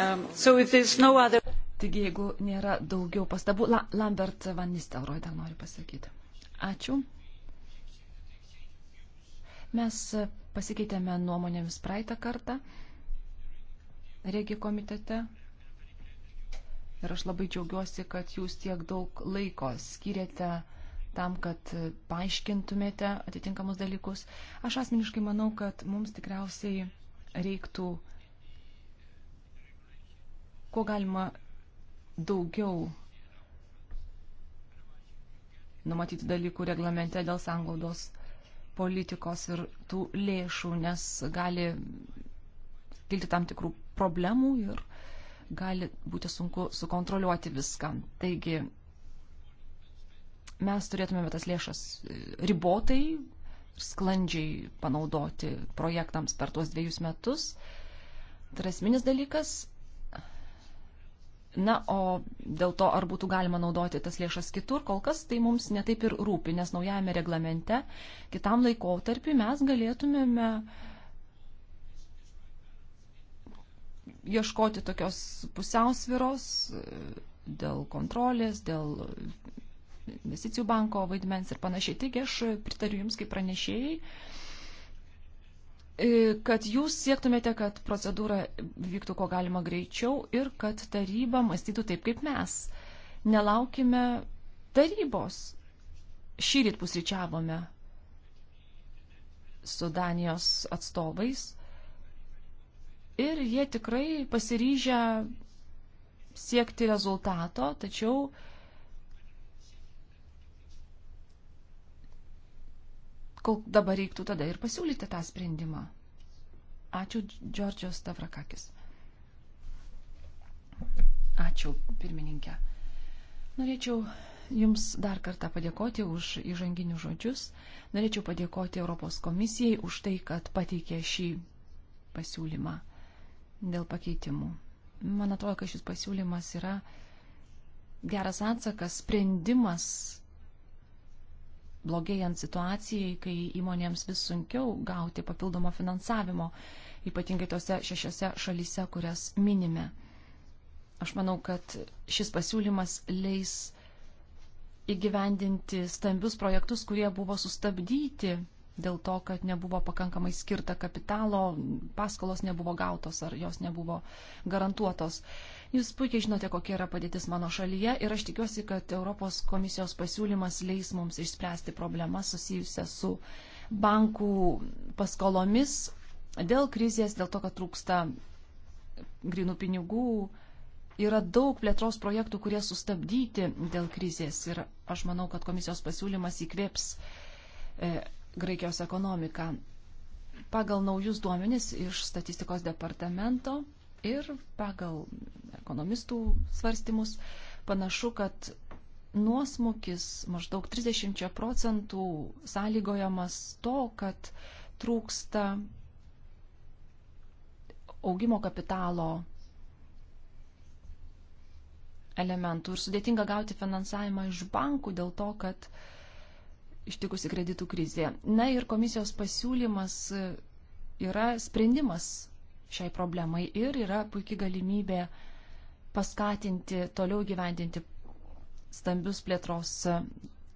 Um, so no other... Taigi, jeigu nėra daugiau pastabų, La Lambert Van Nistelrooy dar noriu pasakyti. Ačiū. Mes pasikeitėme nuomonėmis praeitą kartą Regi komitete. Ir aš labai džiaugiuosi, kad jūs tiek daug laiko skiriate tam, kad paaiškintumėte atitinkamus dalykus. Aš asmeniškai manau, kad mums tikriausiai reiktų kuo galima daugiau numatyti dalykų reglamente dėl sanglaudos politikos ir tų lėšų, nes gali kilti tam tikrų problemų ir gali būti sunku sukontroliuoti viską. Taigi mes turėtumėme tas lėšas e, ribotai ir sklandžiai panaudoti projektams per tuos dviejus metus. Tai yra esminis dalykas. Na, o dėl to, ar būtų galima naudoti tas lėšas kitur, kol kas tai mums netaip ir rūpi, nes naujajame reglamente kitam laikotarpiu mes galėtumėme ieškoti tokios pusiausviros e, dėl kontrolės, dėl investicijų banko vaidmens ir panašiai. Taigi aš pritariu Jums kaip pranešėjai E, kad jūs siektumėte, kad procedūra vyktų ko galima greičiau ir kad taryba mąstytų taip, kaip mes. Nelaukime tarybos. Šį ryt pusryčiavome su Danijos atstovais ir jie tikrai pasiryžę siekti rezultato, tačiau uh, kol dabar reiktų tada ir pasiūlyti tą sprendimą. Ačiū, Džordžios Tavrakakis. Ačiū, pirmininkė. Norėčiau Jums dar kartą padėkoti už įžanginius žodžius. Norėčiau padėkoti Europos komisijai už tai, kad pateikė šį pasiūlymą dėl pakeitimų. Man atrodo, kad šis pasiūlymas yra geras atsakas, sprendimas blogėjant situacijai, kai įmonėms vis sunkiau gauti papildomo finansavimo, ypatingai tose šešiose šalyse, kurias minime. Aš manau, kad šis pasiūlymas leis įgyvendinti stambius projektus, kurie buvo sustabdyti dėl to, kad nebuvo pakankamai skirta kapitalo, paskolos nebuvo gautos ar jos nebuvo garantuotos. Jūs puikiai žinote, kokia yra padėtis mano šalyje ir aš tikiuosi, kad Europos komisijos pasiūlymas leis mums išspręsti problemą susijusią su bankų paskolomis dėl krizės, dėl to, kad trūksta grinų pinigų. Yra daug plėtros projektų, kurie sustabdyti dėl krizės ir aš manau, kad komisijos pasiūlymas įkvėps e, Graikijos ekonomiką pagal naujus duomenis iš statistikos departamento ir pagal ekonomistų svarstymus, panašu, kad nuosmukis maždaug 30 procentų sąlygojamas to, kad trūksta augimo kapitalo elementų ir sudėtinga gauti finansavimą iš bankų dėl to, kad ištikusi kreditų krizė. Na ir komisijos pasiūlymas yra sprendimas šiai problemai ir yra puikia galimybė uh, paskatinti toliau gyvendinti stambius plėtros e,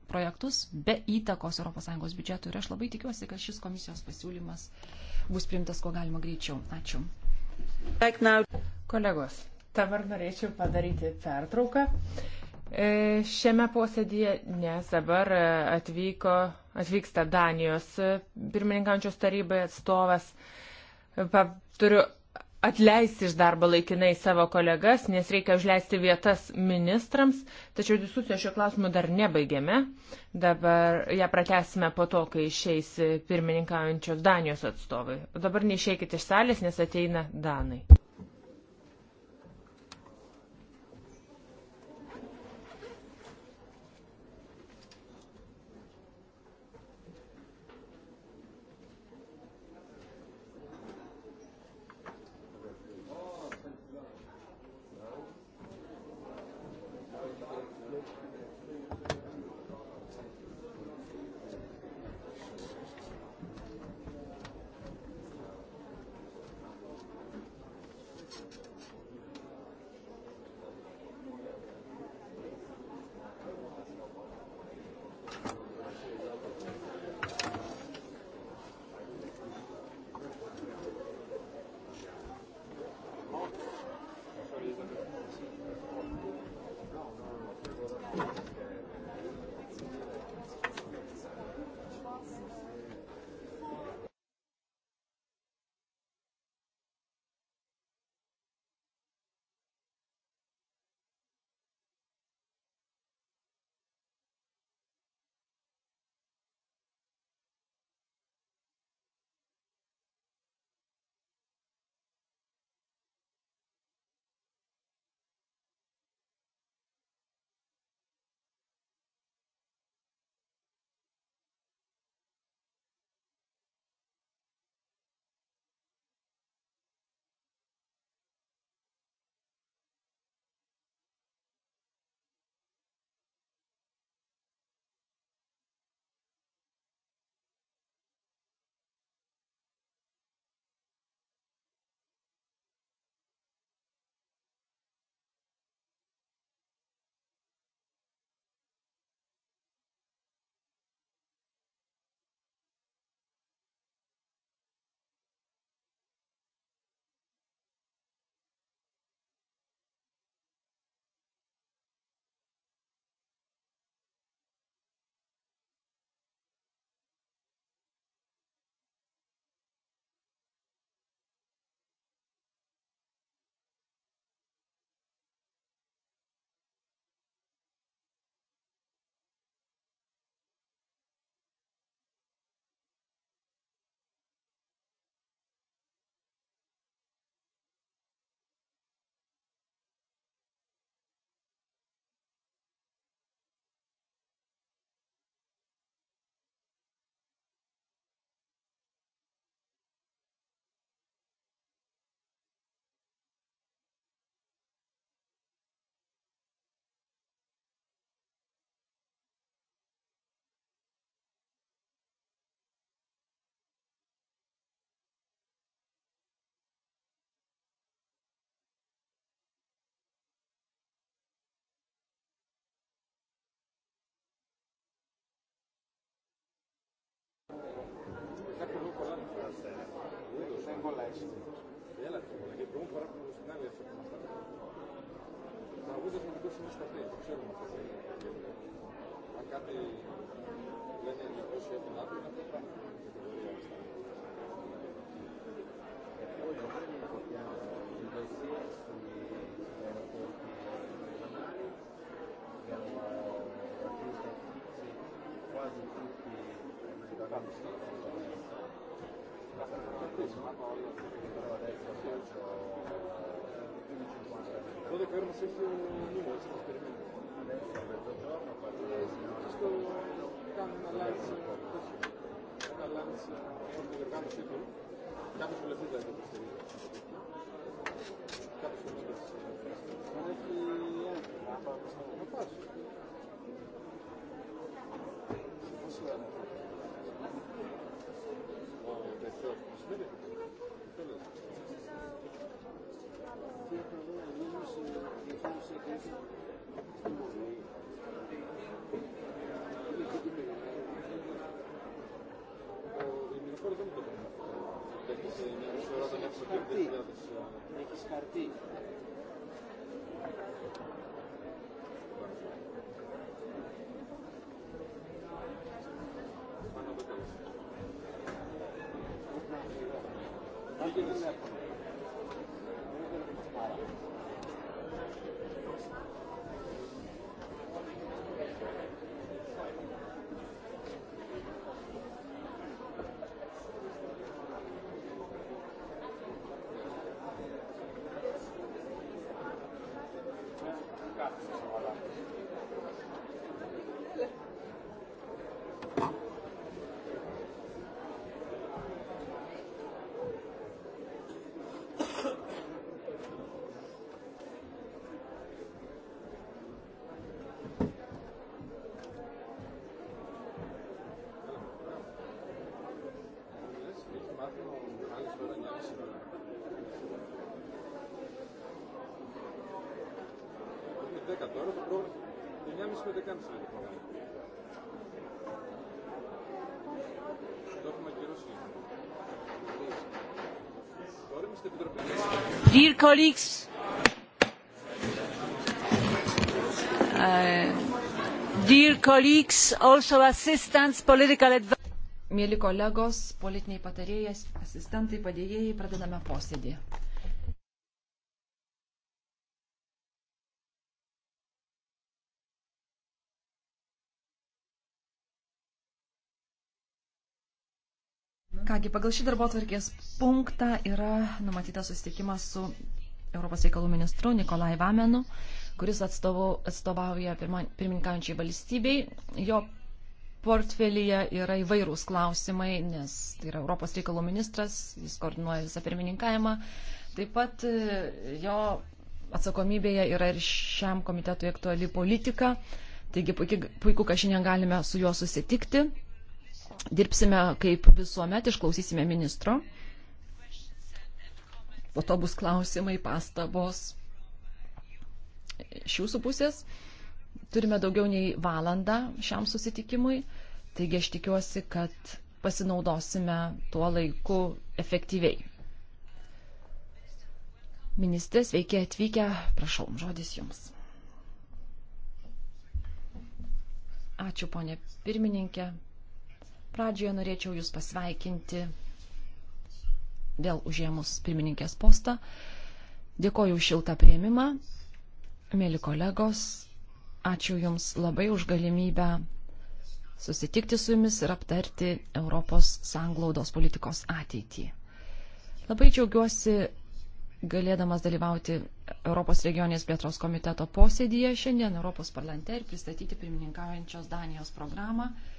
projektus be įtakos ES biudžetų. Ir aš labai tikiuosi, kad šis komisijos pasiūlymas bus priimtas kuo galima greičiau. Ačiū. Kolegos, dabar norėčiau padaryti pertrauką e, šiame posėdėje, nes dabar e, atvyko, atvyksta Danijos pirmininkančios tarybai atstovas. Pa, turiu atleisti iš darbo laikinai savo kolegas, nes reikia užleisti vietas ministrams, tačiau diskusijos šio klausimu dar nebaigėme. Dabar ją pratesime po to, kai išeis pirmininkaujančios Danijos atstovai. O dabar neišeikit iš salės, nes ateina Danai. Ποιος είναι στα πέντε, ξέρουμε αυτό που είναι. Αν κάτι λένε εκτός για την άκρη, είναι αυτό το πράγμα. Όχι, δεν είναι κοπιά. qualsiasi nuomonės esperimento. Questo cambia l'ansia, l'ansia, cambia tutto, cambia sulle fila di queste vite. Cambia sulle fila. Non è che niente, ma fa questo non faccio. Se fosse la... Wow, that's it. martí. Bueno, pues, colleagues, uh, dear colleagues, also assistants, political advisors. Mėly kolegos, politiniai patarėjai, asistentai, padėjėjai, pradedame posėdį. Kągi, pagal šį darbo tvarkės punktą yra numatytas susitikimas su Europos reikalų ministru Nikolai Vamenu, kuris atstovo, atstovauja pirmininkaujančiai valstybei. Jo portfelyje yra įvairūs klausimai, nes tai yra Europos reikalų ministras, jis koordinuoja visą pirmininkavimą. Taip pat e, jo atsakomybėje yra ir šiam komitetui aktuali politika. Taigi puiku, kad šiandien galime su juo susitikti dirbsime kaip visuomet, išklausysime ministro. Po to bus klausimai, pastabos iš jūsų pusės. Turime daugiau nei valandą šiam susitikimui, taigi aš tikiuosi, kad pasinaudosime tuo laiku efektyviai. Ministrė, sveiki atvykę, prašau, žodis jums. Ačiū, ponė pirmininkė, Pradžioje norėčiau Jūs pasveikinti vėl užėmus pirmininkės postą. Dėkoju už šiltą prieimimą. Mėly kolegos, ačiū Jums labai už galimybę susitikti su Jumis ir aptarti Europos sanglaudos politikos ateitį. Labai džiaugiuosi galėdamas dalyvauti Europos regionės plėtros komiteto posėdyje šiandien Europos parlamente ir pristatyti pirmininkaujančios Danijos programą 2021-2027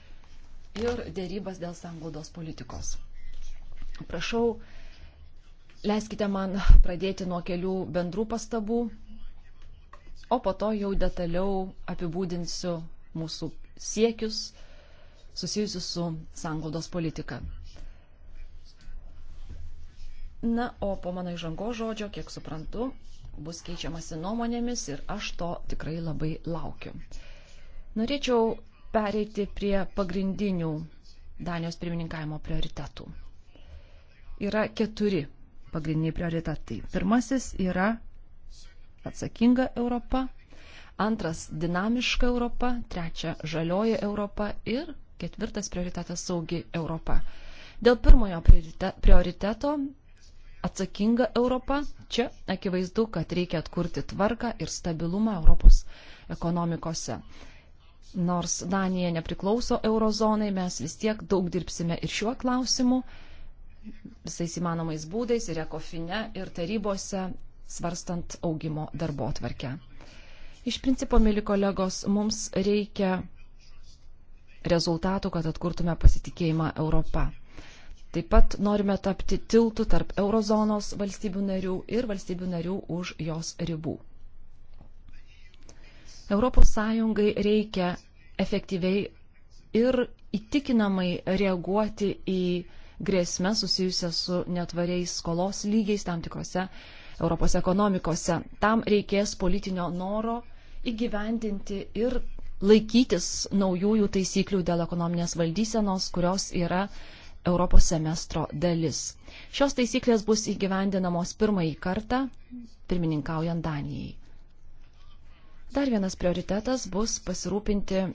ir dėrybas dėl sanglaudos politikos. Prašau, leiskite man pradėti nuo kelių bendrų pastabų, o po to jau detaliau apibūdinsiu mūsų siekius susijusius su sanglaudos politika. Na, o po mano įžango žodžio, kiek suprantu, bus keičiamasi nuomonėmis ir aš to tikrai labai laukiu. Norėčiau pereiti prie pagrindinių Danijos pirmininkavimo prioritetų. Yra keturi pagrindiniai prioritetai. Pirmasis yra atsakinga Europa, antras dinamiška Europa, trečia žalioji Europa ir ketvirtas prioritetas saugi Europa. Dėl pirmojo prioriteto atsakinga Europa, čia akivaizdu, kad reikia atkurti tvarką ir stabilumą Europos ekonomikose nors Danija nepriklauso eurozonai, mes vis tiek daug dirbsime ir šiuo klausimu, visais įmanomais būdais, ir ekofine, ir tarybose, svarstant augimo darbo tvarkę. Iš principo, mėly kolegos, mums reikia rezultatų, kad atkurtume pasitikėjimą Europą. Taip pat norime tapti tiltų tarp eurozonos valstybių narių ir valstybių narių už jos ribų. Europos Sąjungai reikia efektyviai ir įtikinamai reaguoti į grėsmę susijusią su netvariais skolos lygiais tam tikrose Europos ekonomikose. Tam reikės politinio noro įgyvendinti ir laikytis naujųjų taisyklių dėl ekonominės valdysenos, kurios yra Europos semestro dalis. Šios taisyklės bus įgyvendinamos pirmąjį kartą, pirmininkaujant Danijai. Dar vienas prioritetas bus pasirūpinti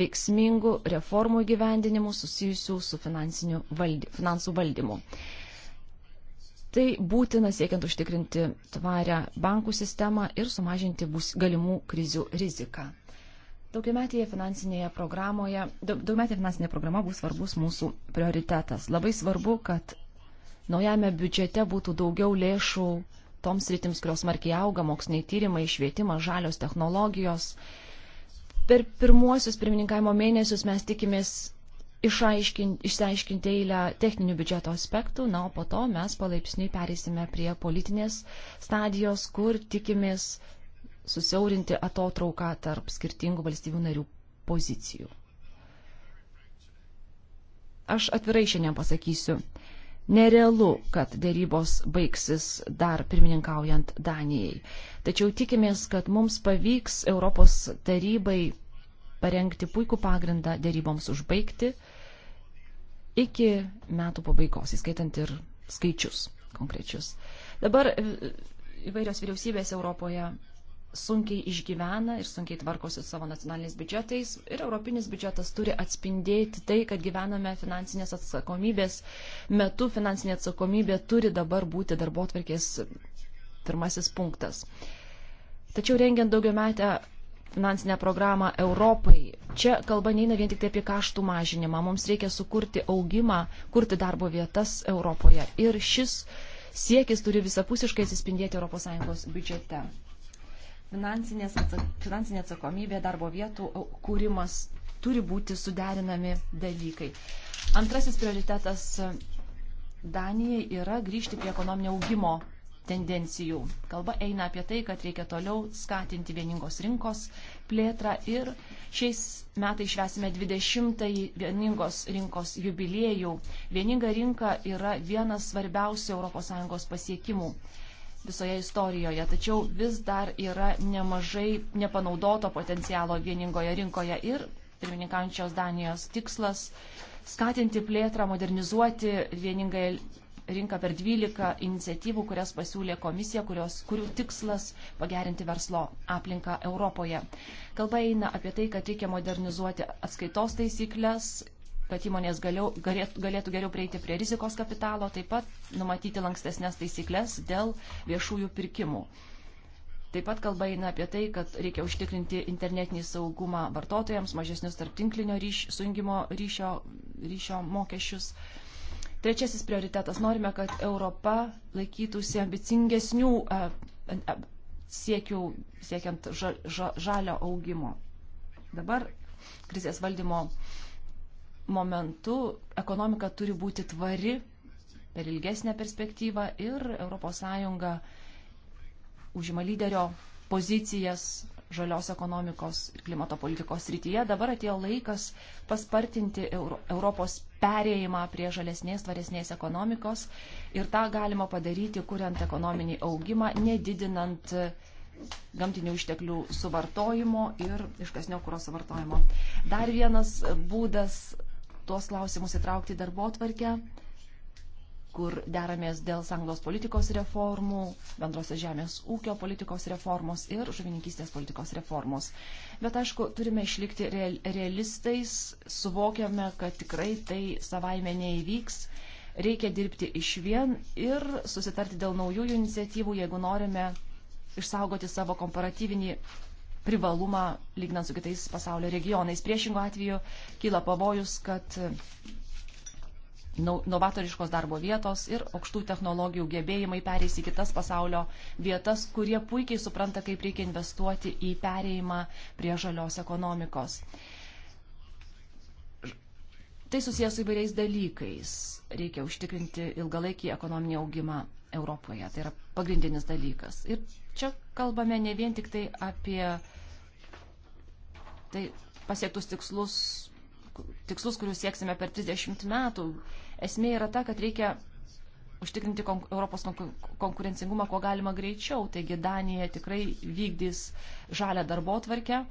veiksmingų reformų gyvendinimų susijusių su valdy, finansų valdymu. Tai būtina siekiant užtikrinti tvarę bankų sistemą ir sumažinti bus galimų krizių riziką. Daugiametėje finansinėje programoje, daugiametė finansinė programa bus svarbus mūsų prioritetas. Labai svarbu, kad naujame biudžete būtų daugiau lėšų toms rytims, kurios markiai auga, moksliniai tyrimai, švietimas, žalios technologijos, uh, Per pirmuosius pirmininkavimo mėnesius mes tikimės išsiaiškinti eilę techninių biudžeto aspektų, na, o po to mes palaipsniui pereisime prie politinės stadijos, kur tikimės susiaurinti atotrauką tarp skirtingų valstybių narių pozicijų. Aš atvirai šiandien pasakysiu, Nerealu, kad dėrybos baigsis dar pirmininkaujant Danijai. Tačiau tikimės, kad mums pavyks Europos tarybai parengti puikų pagrindą dėryboms užbaigti iki metų pabaigos, įskaitant ir skaičius konkrečius. Dabar e, įvairios vyriausybės Europoje sunkiai išgyvena ir sunkiai tvarkosi savo nacionaliniais biudžetais ir europinis biudžetas turi atspindėti tai, kad gyvename finansinės atsakomybės metu, finansinė atsakomybė turi dabar būti darbo atverkės pirmasis punktas. Tačiau rengiant daugiametę finansinę programą Europai, čia kalba neina vien tik tai apie kaštų mažinimą, mums reikia sukurti augimą, kurti darbo vietas Europoje ir šis siekis turi visapusiškai atsispindėti ES biudžete finansinė atsakomybė, darbo vietų kūrimas turi būti suderinami dalykai. Antrasis prioritetas Danijai yra grįžti prie ekonominio augimo tendencijų. Kalba eina apie tai, kad reikia toliau skatinti vieningos rinkos plėtrą ir šiais metais švesime 20-ąjį vieningos rinkos jubiliejų. Vieninga rinka yra vienas svarbiausių ES pasiekimų visoje istorijoje, tačiau vis dar yra nemažai nepanaudoto potencialo vieningoje rinkoje ir pirmininkaujančios Danijos tikslas skatinti plėtrą, modernizuoti vieningąją rinką per 12 iniciatyvų, kurias pasiūlė komisija, kurios, kurių tikslas pagerinti verslo aplinką Europoje. Kalba eina apie tai, kad reikia modernizuoti atskaitos taisyklės, kad įmonės galiau, galėtų, galėtų geriau prieiti prie rizikos kapitalo, taip pat numatyti lankstesnės taisyklės dėl viešųjų pirkimų. Taip pat kalba eina apie tai, kad reikia užtikrinti internetinį saugumą vartotojams, mažesnius tarptinklinio ryš, sujungimo ryšio, ryšio mokesčius. Trečiasis prioritetas. Norime, kad Europa laikytųsi ambicingesnių e, e, e, siekių, siekiant žalio augimo. Dabar krizės valdymo momentu ekonomika turi būti tvari per ilgesnę perspektyvą ir ES užima lyderio pozicijas žalios ekonomikos ir klimato politikos srityje. Dabar atėjo laikas paspartinti Euro, Europos perėjimą prie žalesnės, tvaresnės ekonomikos ir tą galima padaryti, kuriant ekonominį augimą, nedidinant gamtinių išteklių suvartojimo ir iškasnio kūro suvartojimo. Dar vienas būdas tuos klausimus įtraukti į darbo tvarkę, kur deramės dėl sanglos politikos reformų, bendrosios žemės ūkio politikos reformos ir žuvininkystės politikos reformos. Bet aišku, turime išlikti realistais, suvokiame, kad tikrai tai savaime neįvyks. Reikia dirbti iš vien ir susitarti dėl naujųjų iniciatyvų, jeigu norime išsaugoti savo komparatyvinį privalumą lygnant su kitais pasaulio regionais. Priešingų atveju kyla pavojus, kad novatoriškos darbo vietos ir aukštų technologijų gebėjimai pereis į kitas pasaulio vietas, kurie puikiai supranta, kaip reikia investuoti į pereimą prie žalios ekonomikos. Tai susijęs su įvairiais dalykais. Reikia užtikrinti ilgalaikį ekonominį augimą Europoje. Tai yra pagrindinis dalykas. Ir čia kalbame ne vien tik tai apie tai pasiektus tikslus, tikslus, kuriuos sieksime per 30 metų. Esmė yra ta, kad reikia užtikrinti kon Europos konkurencingumą kuo galima greičiau. Taigi Danija tikrai vykdys žalę darbo tvarkę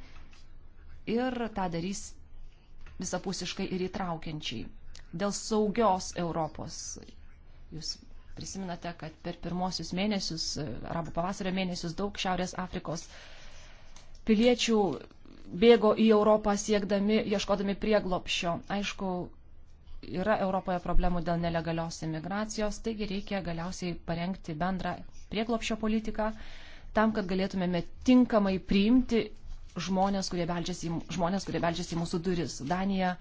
ir tą darys visapusiškai ir įtraukiančiai. Dėl saugios Europos. Jūs Prisiminate, kad per pirmosius mėnesius, arabų pavasario mėnesius, daug Šiaurės Afrikos piliečių bėgo į Europą siekdami, ieškodami prieglopšio. Aišku, yra Europoje problemų dėl nelegalios imigracijos, taigi reikia galiausiai parengti bendrą prieglopšio politiką tam, kad galėtumėme tinkamai priimti žmonės, kurie beldžiasi į, žmonės, kurie beldžiasi į mūsų duris. Danija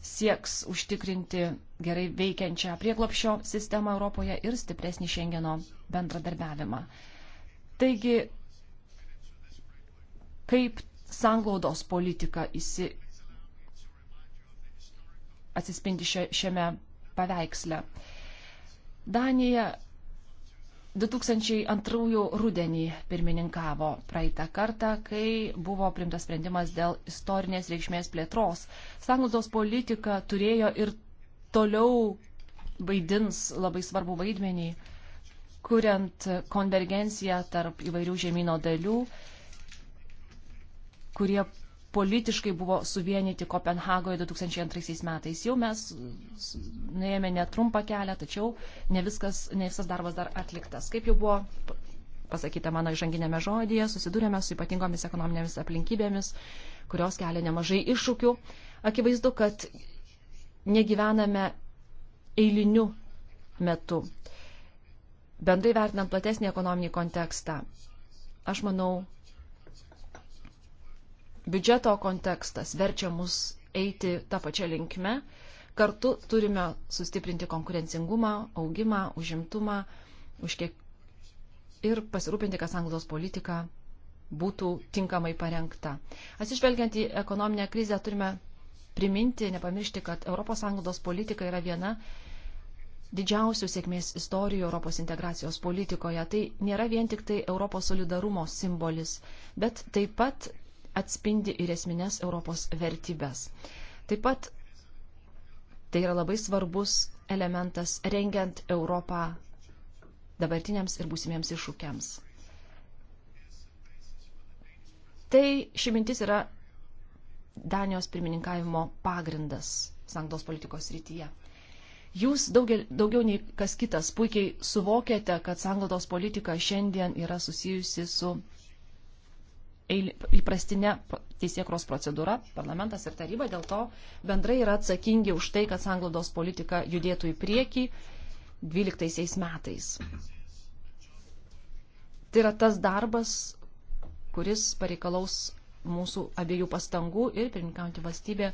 sieks užtikrinti gerai veikiančią prieglopšio sistemą Europoje ir stipresnį Šengeno bendradarbiavimą. Taigi, kaip sanglaudos politika įsi... atsispindi šiame paveiksle. Danija 2002 rudenį pirmininkavo praeitą kartą, kai buvo primtas sprendimas dėl istorinės reikšmės plėtros. Sanglaudos politika turėjo ir toliau vaidins labai svarbu vaidmenį, kuriant konvergenciją tarp įvairių žemynų dalių, kurie politiškai buvo suvienyti Kopenhagoje 2002 metais. Jau mes nuėjome netrumpą kelią, tačiau ne, viskas, ne visas darbas dar atliktas. Kaip jau buvo pasakyta mano išanginėme žodėje, susidūrėme su ypatingomis ekonominėmis aplinkybėmis, kurios kelia nemažai iššūkių. Akivaizdu, kad negyvename eiliniu metu. Bendrai vertinant platesnį ekonominį kontekstą, aš manau, biudžeto kontekstas verčia mus eiti tą pačią linkmę. Kartu turime sustiprinti konkurencingumą, augimą, užimtumą už kiek... ir pasirūpinti, kad sanglos politika būtų tinkamai parengta. Atsižvelgiant į ekonominę krizę, turime priminti, nepamiršti, kad ES politika yra viena didžiausių sėkmės istorijų Europos integracijos politikoje. Tai nėra vien tik tai Europos solidarumo simbolis, bet taip pat atspindi ir esminės Europos vertybės. Taip pat tai yra labai svarbus elementas rengiant Europą dabartiniams ir būsimiems iššūkiams. Tai ši mintis yra Danijos pirmininkavimo pagrindas sankdos politikos rytyje. Jūs daugel, daugiau nei kas kitas puikiai suvokėte, kad sanglaudos politika šiandien yra susijusi su įprastinė teisėkros procedūra, parlamentas ir taryba dėl to bendrai yra atsakingi už tai, kad sanglaudos politika judėtų į priekį 12 metais. Tai yra tas darbas, kuris pareikalaus mūsų abiejų pastangų ir pirmininkaujantį valstybę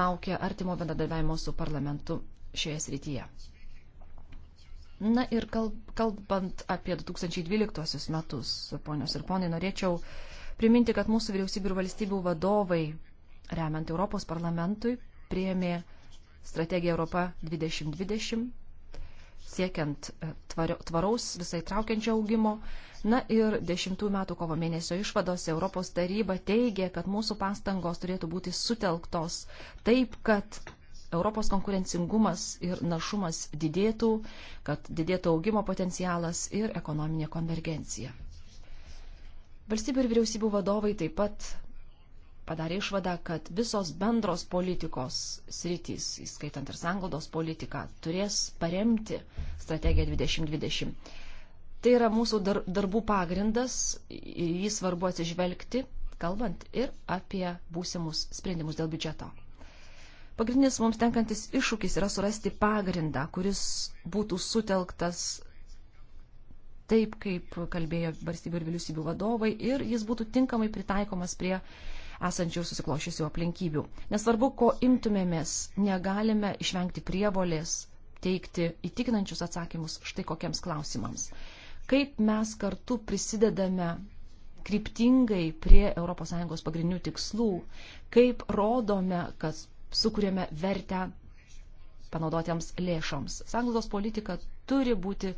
laukia artimo bendradarbiavimo su parlamentu šioje srityje. Na ir kalbant apie 2012 metus, ponios ir ponai, norėčiau uh, priminti, kad mūsų vyriausybių ir valstybių vadovai, remiant Europos parlamentui, prieėmė strategiją Europa 2020, siekiant e, tvaraus visai traukiančio augimo. Na ir 10 metų kovo mėnesio išvados Europos taryba teigia, kad mūsų pastangos turėtų būti sutelktos taip, kad Europos konkurencingumas ir našumas didėtų, kad didėtų augimo potencialas ir ekonominė konvergencija. Valstybių ir vyriausybių vadovai taip pat padarė išvadą, kad visos bendros politikos sritys, įskaitant ir sanglaudos politiką, turės paremti strategiją 2020. Tai yra mūsų dar, darbų pagrindas ir jį svarbu atsižvelgti, kalbant ir apie būsimus sprendimus dėl biudžeto. Pagrindinis mums tenkantis iššūkis yra surasti pagrindą, kuris būtų sutelktas taip, kaip kalbėjo valstybių ir vyriausybių vadovai ir jis būtų tinkamai pritaikomas prie esančių susiklošusių aplinkybių. Nesvarbu, ko imtumėmės, negalime išvengti prievolės teikti įtikinančius atsakymus štai kokiems klausimams. Kaip mes kartu prisidedame kryptingai prie ES pagrindinių tikslų, kaip rodome, kad sukūrėme vertę panaudotiems lėšoms. Sanglaudos politika turi būti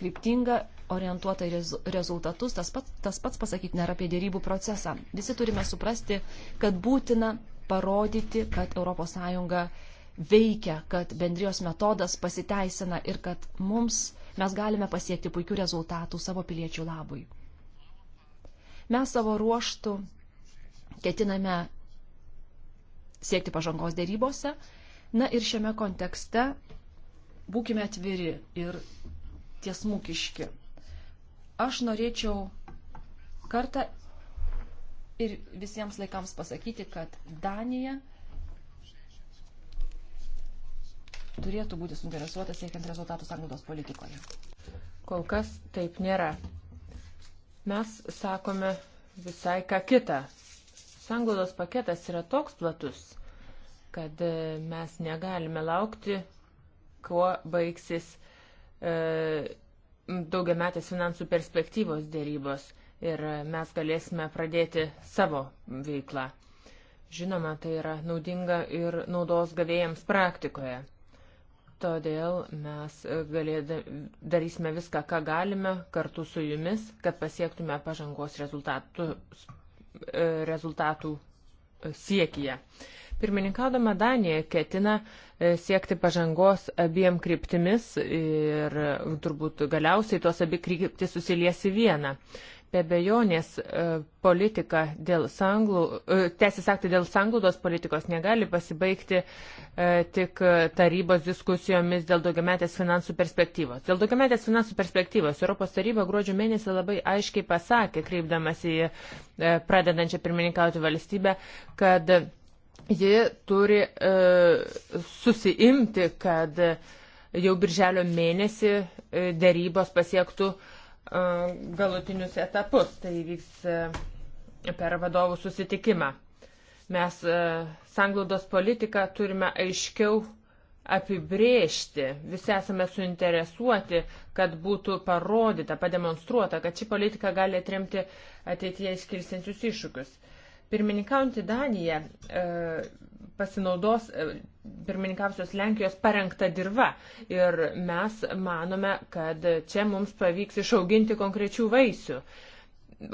kryptinga, orientuota į rezultatus. Tas pats, tas pats pasakyti nėra apie dėrybų procesą. Visi turime suprasti, kad būtina parodyti, kad ES veikia, kad bendrijos metodas pasiteisina ir kad mums mes galime pasiekti puikių rezultatų savo piliečių labui. Mes savo ruoštų ketiname siekti pažangos dėrybose. Na ir šiame kontekste Būkime atviri ir tiesmukiški. Aš norėčiau kartą ir visiems laikams pasakyti, kad Danija turėtų būti suinteresuota siekiant rezultatų sanglaudos politikoje. Kol kas taip nėra. Mes sakome visai ką kitą. Sanglaudos paketas yra toks platus, kad mes negalime laukti kuo baigsis e, daugiametės finansų perspektyvos dėrybos ir mes galėsime pradėti savo veiklą. Žinoma, tai yra naudinga ir naudos gavėjams praktikoje. Todėl mes galėda, darysime viską, ką galime kartu su jumis, kad pasiektume pažangos rezultatų, e, rezultatų siekyje. Pirmininkaudama Danija ketina e, siekti pažangos abiem kryptimis ir turbūt galiausiai tuos abi kryptis susilies į vieną. Be bejonės e, politika dėl sanglų, e, teisės aktai dėl sanglūdos politikos negali pasibaigti tik tarybos diskusijomis dėl daugiametės finansų perspektyvos. Dėl daugiametės finansų perspektyvos Europos taryba gruodžio mėnesį labai aiškiai pasakė, kreipdamas į pradedančią pirmininkauti valstybę, kad ji turi e, susiimti, kad jau birželio mėnesį e, dėrybos pasiektų e, galutinius etapus. Tai vyks per vadovų susitikimą. Mes sanglaudos politiką turime aiškiau apibrėžti. Visi esame suinteresuoti, kad būtų parodyta, pademonstruota, kad ši politika gali atremti ateityje iškilsiančius iššūkius. Pirmininkaujantį Daniją e, pasinaudos e, pirmininkavusios Lenkijos parengta dirba ir mes manome, kad čia mums pavyks išauginti konkrečių vaisių.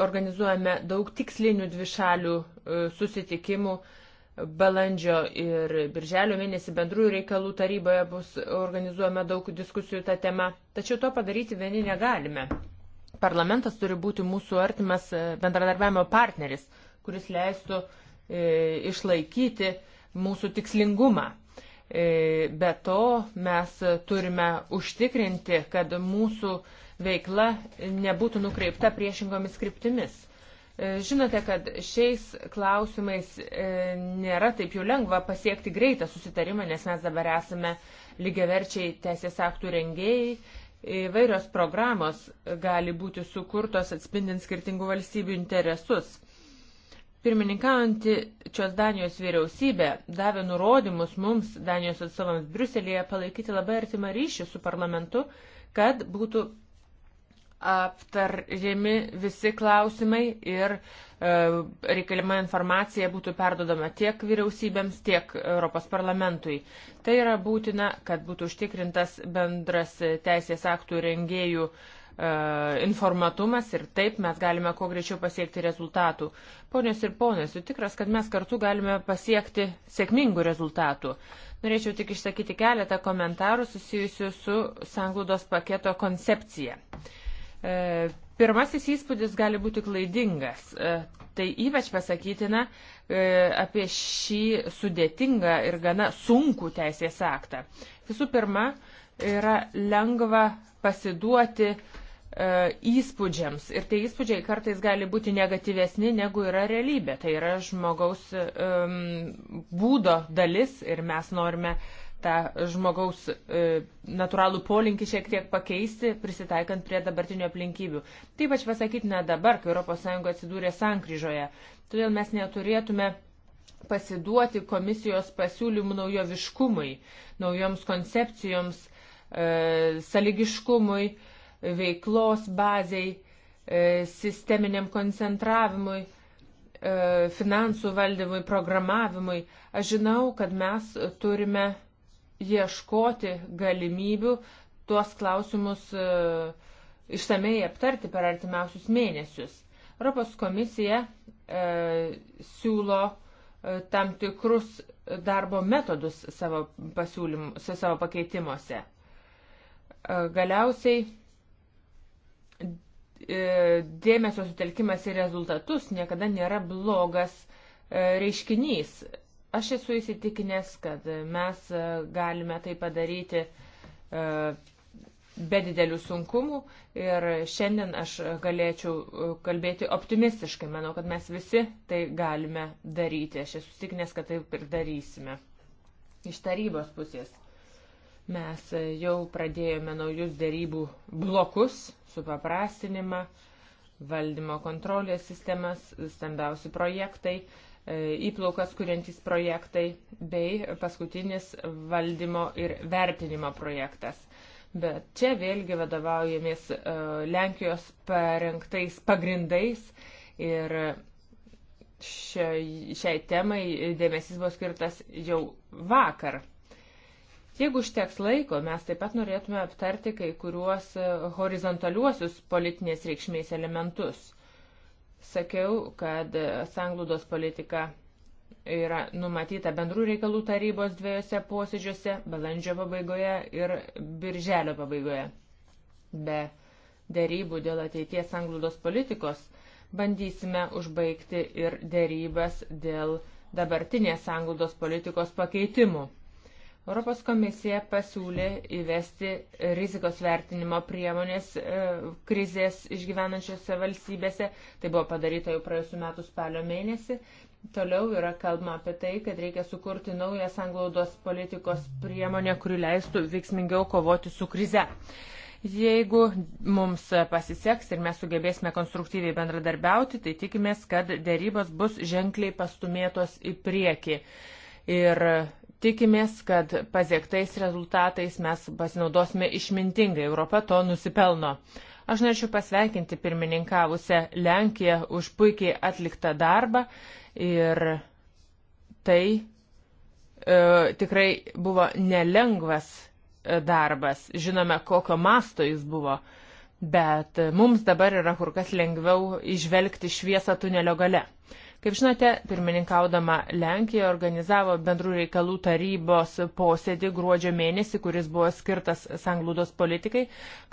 Organizuojame daug tikslinių dvišalių e, susitikimų. Balandžio ir birželio mėnesį bendrųjų reikalų taryboje bus organizuojama daug diskusijų tą temą, tačiau to padaryti vieni negalime parlamentas turi būti mūsų artimas e, bendradarbiavimo partneris kuris leistų e, išlaikyti mūsų tikslingumą. E, be to mes turime užtikrinti, kad mūsų veikla nebūtų nukreipta priešingomis kryptimis. E, žinote, kad šiais klausimais e, nėra taip jau lengva pasiekti greitą susitarimą, nes mes dabar esame lygiaverčiai teisės aktų rengėjai. Įvairios programos gali būti sukurtos atspindint skirtingų valstybių interesus. Pirmininkaujanti šios Danijos vyriausybė davė nurodymus mums, Danijos atstovams Briuselėje, palaikyti labai artimą ryšį su parlamentu, kad būtų aptarėmi visi klausimai ir e, reikalima informacija būtų perdodama tiek vyriausybėms, tiek Europos parlamentui. Tai yra būtina, kad būtų užtikrintas bendras teisės aktų rengėjų e, E, informatumas ir taip mes galime kuo greičiau pasiekti rezultatų. Ponios ir ponės, esu tikras, kad mes kartu galime pasiekti sėkmingų rezultatų. Norėčiau tik išsakyti keletą komentarų susijusių su sanglaudos paketo koncepcija. E, pirmasis įspūdis gali būti klaidingas. E, tai ypač pasakytina apie šį sudėtingą ir gana sunkų teisės aktą. Visų pirma, yra lengva pasiduoti uh, E, įspūdžiams. Ir tie įspūdžiai kartais gali būti negatyvesni, negu yra realybė. Tai yra žmogaus um, būdo dalis ir mes norime tą žmogaus uh, natūralų polinkį šiek tiek pakeisti, prisitaikant prie dabartinių aplinkybių. Taip aš pasakytina dabar, kai ES atsidūrė sankryžoje. Todėl mes neturėtume pasiduoti komisijos pasiūlymų naujoviškumui, naujoms koncepcijoms, uh, e, saligiškumui, uh, veiklos baziai, e, sisteminiam koncentravimui, e, finansų valdymui, programavimui. Aš žinau, kad mes turime ieškoti galimybių tuos klausimus e, išsamei aptarti per artimiausius mėnesius. Europos komisija e, siūlo e, tam tikrus darbo metodus savo, pasiūlym, savo pakeitimuose. E, galiausiai E, dėmesio sutelkimas į rezultatus niekada nėra blogas e, reiškinys. Aš esu įsitikinęs, kad mes e, galime tai padaryti be didelių sunkumų ir šiandien aš galėčiau kalbėti optimistiškai. Manau, kad mes visi tai galime daryti. Aš esu įsitikinęs, kad taip ir darysime. Iš tarybos pusės. Mes jau pradėjome naujus dėrybų blokus, supaprastinimą, valdymo kontrolės sistemas, stambiausi projektai, e, įplaukas kuriantys projektai bei paskutinis valdymo ir vertinimo projektas. Bet čia vėlgi vadovaujamės e, Lenkijos parengtais pagrindais ir šiai, šiai temai dėmesys buvo skirtas jau vakar. Jeigu užteks laiko, mes taip pat norėtume aptarti kai kuriuos e, horizontaliuosius politinės reikšmės elementus. Sakiau, kad e, sanglūdos politika yra numatyta bendrų reikalų tarybos dviejose posėdžiuose - balandžio pabaigoje ir birželio pabaigoje. Be dėrybų dėl ateities sanglūdos politikos bandysime užbaigti ir dėrybas dėl dabartinės sanglūdos politikos pakeitimų. Europos komisija pasiūlė įvesti rizikos vertinimo priemonės e, krizės išgyvenančiose valstybėse. Tai buvo padaryta jau praėjusiu metu spalio mėnesį. Toliau yra kalbama apie tai, kad reikia sukurti naują sanglaudos politikos priemonę, kuri leistų veiksmingiau kovoti su krize. Jeigu mums pasiseks ir mes sugebėsime konstruktyviai bendradarbiauti, tai tikimės, kad dėrybos bus ženkliai pastumėtos į priekį. Ir Tikimės, kad pasiektais rezultatais mes pasinaudosime išmintingai. Europa to nusipelno. Aš norėčiau pasveikinti pirmininkavusią Lenkiją už puikiai atliktą darbą ir tai e, tikrai buvo nelengvas e, darbas. Žinome, kokio masto jis buvo, bet mums dabar yra kur kas lengviau išvelgti šviesą tunelio gale. Kaip žinote, pirmininkaudama Lenkija organizavo bendrų reikalų tarybos posėdį gruodžio mėnesį, kuris buvo skirtas sanglūdos politikai.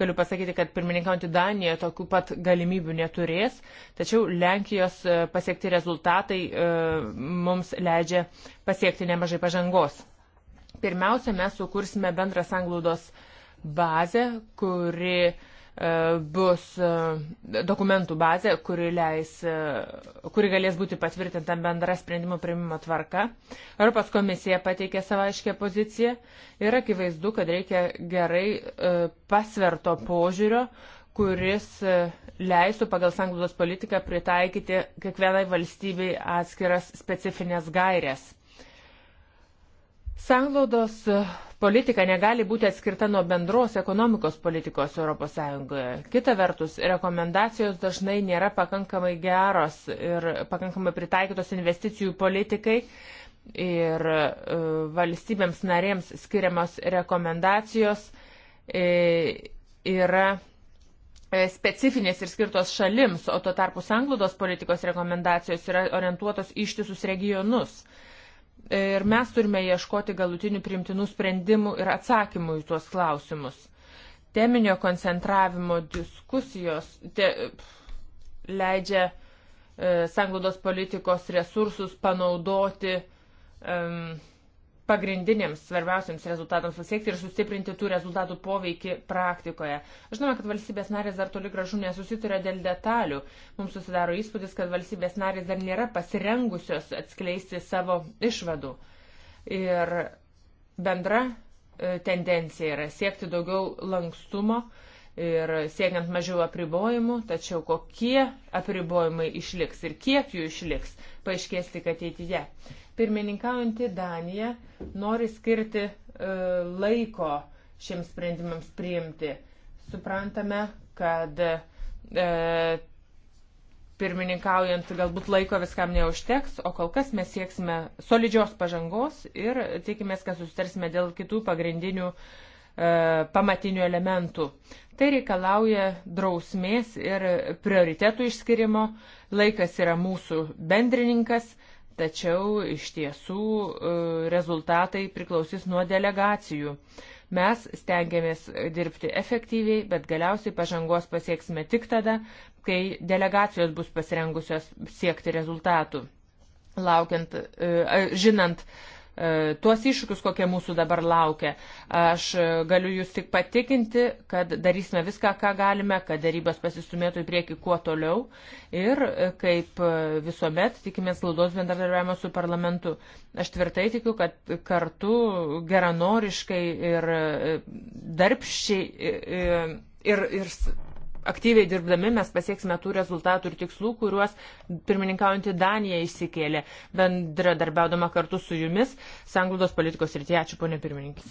Galiu pasakyti, kad pirmininkaujantį Daniją tokių pat galimybių neturės, tačiau Lenkijos e, pasiekti rezultatai e, mums leidžia pasiekti nemažai pažangos. Pirmiausia, mes sukursime bendrą sanglūdos bazę, kuri E, bus e, dokumentų bazė, kuri, leis, e, kuri galės būti patvirtinta bendra sprendimų priimimo tvarka. Europos komisija pateikė savo aiškę poziciją ir akivaizdu, kad reikia gerai pasverto požiūrio, kuris leistų pagal sanglaudos politiką pritaikyti kiekvienai valstybei atskiras specifines gairias. Sanglaudos e, politika negali būti atskirta nuo bendros ekonomikos politikos ES. Kita vertus, rekomendacijos dažnai nėra pakankamai geros ir pakankamai pritaikytos investicijų politikai. Ir e, valstybėms narėms skiriamos rekomendacijos e, yra specifinės ir skirtos šalims, o tuo tarpu sanglaudos politikos rekomendacijos yra orientuotos ištisus regionus ir mes turime ieškoti galutinių primtinų sprendimų ir atsakymų į tuos klausimus. Teminio koncentravimo diskusijos te, leidžia e, sanglaudos politikos resursus panaudoti um, e, pagrindiniams svarbiausiams rezultatams pasiekti ir sustiprinti tų rezultatų poveikį praktikoje. Žinoma, kad valstybės narės dar toli gražu nesusituria dėl detalių. Mums susidaro įspūdis, kad valstybės narės dar nėra pasirengusios atskleisti savo išvadų. Ir bendra e, tendencija yra siekti daugiau lankstumo ir siekiant mažiau apribojimų, tačiau kokie apribojimai išliks ir kiek jų išliks, paaiškės tik ateityje. Pirmininkaujantį Daniją nori skirti e, laiko šiems sprendimams priimti. Suprantame, kad e, pirmininkaujant galbūt laiko viskam neužteks, o kol kas mes sieksime solidžios pažangos ir tikimės, kad susitarsime dėl kitų pagrindinių e, pamatinių elementų. Tai reikalauja drausmės ir prioritetų išskirimo. Laikas yra mūsų bendrininkas. E, Tačiau iš tiesų e, rezultatai priklausys nuo delegacijų. Mes stengiamės dirbti efektyviai, bet galiausiai pažangos pasieksime tik tada, kai delegacijos bus pasirengusios siekti rezultatų. Laukiant, e, žinant, E, tuos iššūkius, kokie mūsų dabar laukia. Aš e, galiu jūs tik patikinti, kad darysime viską, ką galime, kad darybos pasistumėtų į priekį kuo toliau ir e, kaip visuomet tikimės laudos bendradarbiavimo su parlamentu. Aš tvirtai tikiu, kad kartu geranoriškai ir darbščiai ir, ir aktyviai dirbdami mes pasieksime tų rezultatų ir tikslų, kuriuos pirmininkaujantį Daniją išsikėlė, bendradarbiaudama kartu su jumis, sanglaudos politikos rytyje. Ačiū, ponė pirmininkė.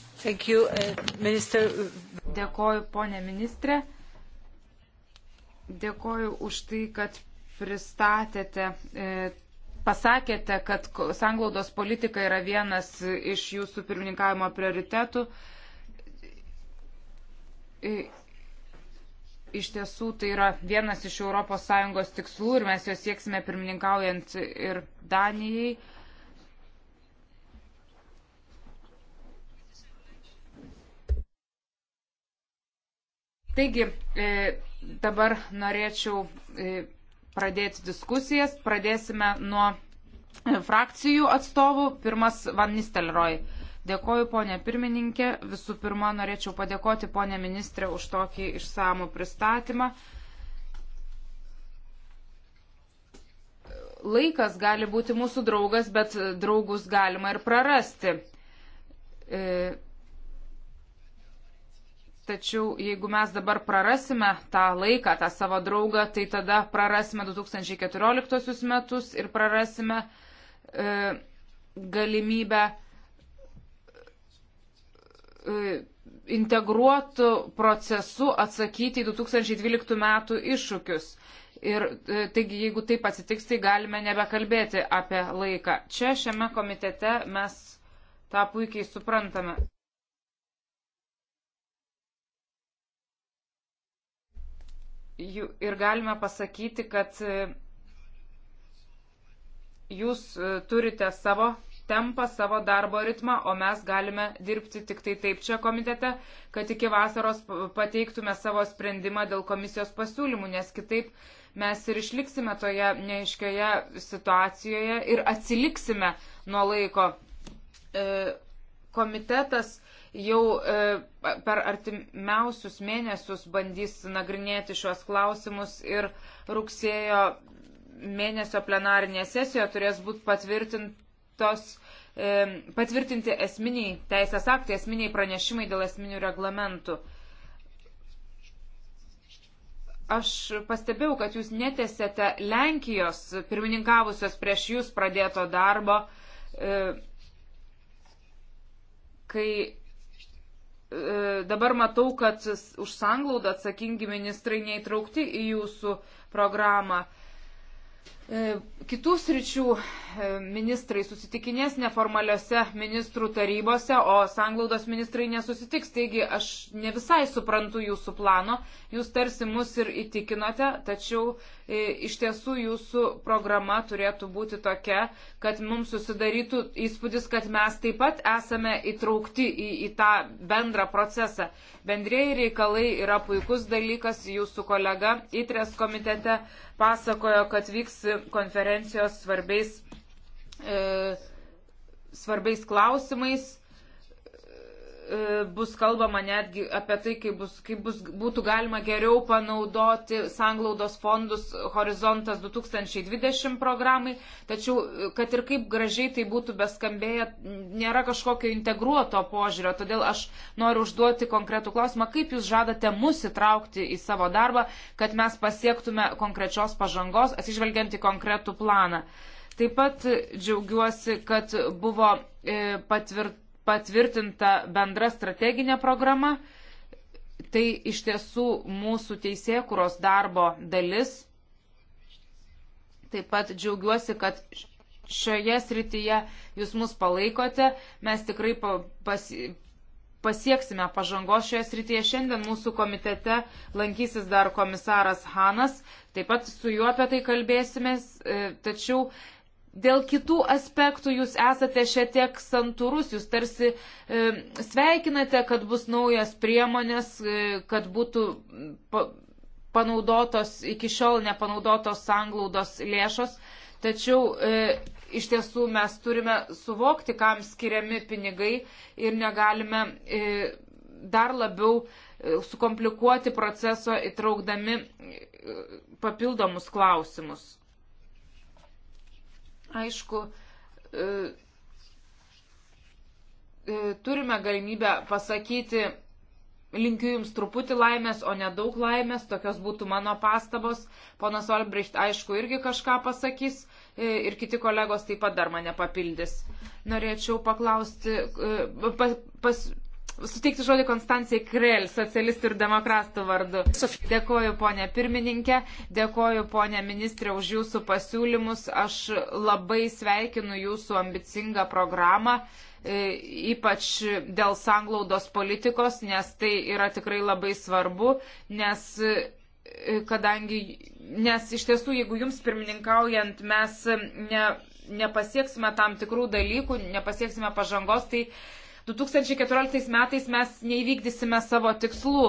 You, uh, Dėkoju, ponė ministrė. Dėkoju už tai, kad pristatėte. E, pasakėte, kad sanglaudos politika yra vienas iš jūsų pirmininkavimo prioritetų. E, iš tiesų tai yra vienas iš ES tikslų ir mes jo sieksime pirmininkaujant ir Danijai. Taigi, e, dabar norėčiau e, pradėti diskusijas. Pradėsime nuo e, frakcijų atstovų. Pirmas Van Nistelrooy. E, Dėkoju, ponė pirmininkė. Visų pirma, norėčiau padėkoti ponė ministrė už tokį išsamų pristatymą. Laikas gali būti mūsų draugas, bet draugus galima ir prarasti. E, tačiau jeigu mes dabar prarasime tą laiką, tą savo draugą, tai tada prarasime 2014 metus ir prarasime e, galimybę E, integruotų procesų atsakyti į 2012 metų iššūkius. Ir e, taigi, jeigu taip atsitiks, tai galime nebekalbėti apie laiką. Čia šiame komitete mes tą puikiai suprantame. Ir galime pasakyti, kad e, jūs turite savo tempą, savo darbo ritmą, o mes galime dirbti tik tai taip čia komitete, kad iki vasaros pateiktume savo sprendimą dėl komisijos pasiūlymų, nes kitaip mes ir išliksime toje neaiškioje situacijoje ir atsiliksime nuo laiko. E, komitetas jau e, per artimiausius mėnesius bandys nagrinėti šios klausimus ir rugsėjo mėnesio plenarinėje sesijoje turės būti patvirtinti pateiktos e, patvirtinti esminiai teisės aktai, esminiai pranešimai dėl esminių reglamentų. Aš pastebėjau, kad jūs netesėte Lenkijos pirmininkavusios prieš jūs pradėto darbo, e, kai e, dabar matau, kad už sanglaudą atsakingi ministrai neįtraukti į jūsų programą. E, kitų sričių e, ministrai susitikinės neformaliuose ministrų tarybose, o sanglaudos ministrai nesusitiks. Taigi aš ne visai suprantu jūsų plano. Jūs tarsi mus ir įtikinote, tačiau e, iš tiesų jūsų programa turėtų būti tokia, kad mums susidarytų įspūdis, kad mes taip pat esame įtraukti į, į tą bendrą procesą. Bendrėjai reikalai yra puikus dalykas. Jūsų kolega ITRES komitete pasakojo, kad vyks konferencijos svarbiais, e, svarbiais klausimais E, bus kalbama netgi apie tai, kaip, bus, kaip bus, būtų galima geriau panaudoti sanglaudos fondus Horizontas 2020 programai, tačiau e, kad ir kaip gražiai tai būtų beskambėję, nėra kažkokio integruoto požiūrio, todėl aš noriu užduoti konkretų klausimą, kaip jūs žadate mus įtraukti į savo darbą, kad mes pasiektume konkrečios pažangos, atsižvelgiant į konkretų planą. Taip pat džiaugiuosi, kad buvo e, patvirt, patvirtinta bendra strateginė programa. Tai iš tiesų mūsų teisėkuros darbo dalis. Taip pat džiaugiuosi, kad šioje srityje jūs mus palaikote. Mes tikrai pasi pasieksime pažangos šioje srityje. Šiandien mūsų komitete lankysis dar komisaras Hanas, taip pat su juo apie tai kalbėsimės, e, tačiau dėl kitų aspektų jūs esate šiek tiek santūrus, jūs tarsi e, sveikinate, kad bus naujas priemonės, e, kad būtų pa, panaudotos iki šiol nepanaudotos sanglaudos lėšos, tačiau e, iš tiesų mes turime suvokti, kam skiriami pinigai ir negalime e, dar labiau e, sukomplikuoti proceso įtraukdami e, papildomus klausimus. Aišku, e, e, turime galimybę pasakyti, linkiu jums truputį laimės, o ne daug laimės, tokios būtų mano pastabos. Ponas Olbricht, aišku, irgi kažką pasakys e, ir kiti kolegos taip pat dar mane papildys. Norėčiau paklausti, pas, pas, suteikti žodį Konstancijai Krell, socialistų ir demokratų vardu. Dėkoju, ponė pirmininkė, dėkoju, ponė ministrė, už jūsų pasiūlymus. Aš labai sveikinu jūsų ambicingą programą, e, ypač dėl sanglaudos politikos, nes tai yra tikrai labai svarbu, nes e, kadangi, nes iš tiesų, jeigu jums pirmininkaujant mes ne, nepasieksime tam tikrų dalykų, nepasieksime pažangos, tai 2014 metais mes neįvykdysime savo tikslų.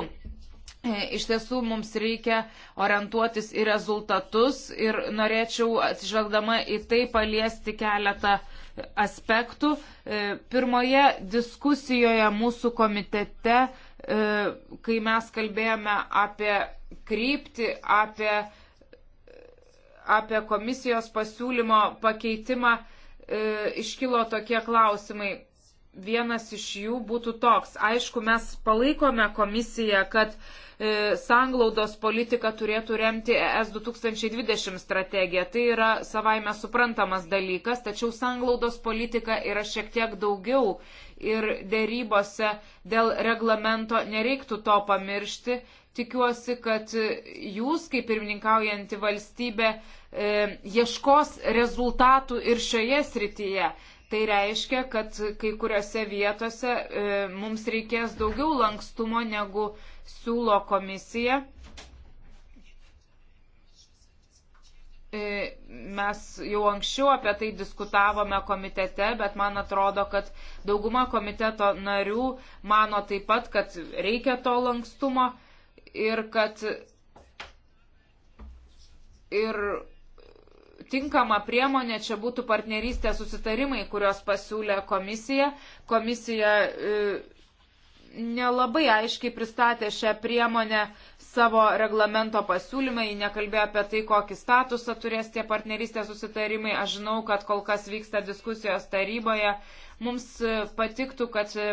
E, iš tiesų mums reikia orientuotis į rezultatus ir norėčiau atsižvelgdama į tai paliesti keletą aspektų. E, pirmoje diskusijoje mūsų komitete, e, kai mes kalbėjome apie kryptį, apie apie komisijos pasiūlymo pakeitimą e, iškilo tokie klausimai vienas iš jų būtų toks. Aišku, mes palaikome komisiją, kad e, sanglaudos politika turėtų remti ES 2020 strategiją. Tai yra savaime suprantamas dalykas, tačiau sanglaudos politika yra šiek tiek daugiau ir dėrybose dėl reglamento nereiktų to pamiršti. Tikiuosi, kad jūs, kaip pirmininkaujanti valstybė, e, ieškos rezultatų ir šioje srityje Tai reiškia, kad kai kuriuose vietose e, mums reikės daugiau lankstumo negu siūlo komisija. E, mes jau anksčiau apie tai diskutavome komitete, bet man atrodo, kad dauguma komiteto narių mano taip pat, kad reikia to lankstumo ir kad ir tinkama priemonė čia būtų partnerystės susitarimai, kurios pasiūlė komisija. Komisija e, nelabai aiškiai pristatė šią priemonę savo reglamento pasiūlymą, ji nekalbėjo apie tai, kokį statusą turės tie partnerystės susitarimai. Aš žinau, kad kol kas vyksta diskusijos taryboje. Mums e, patiktų, kad e,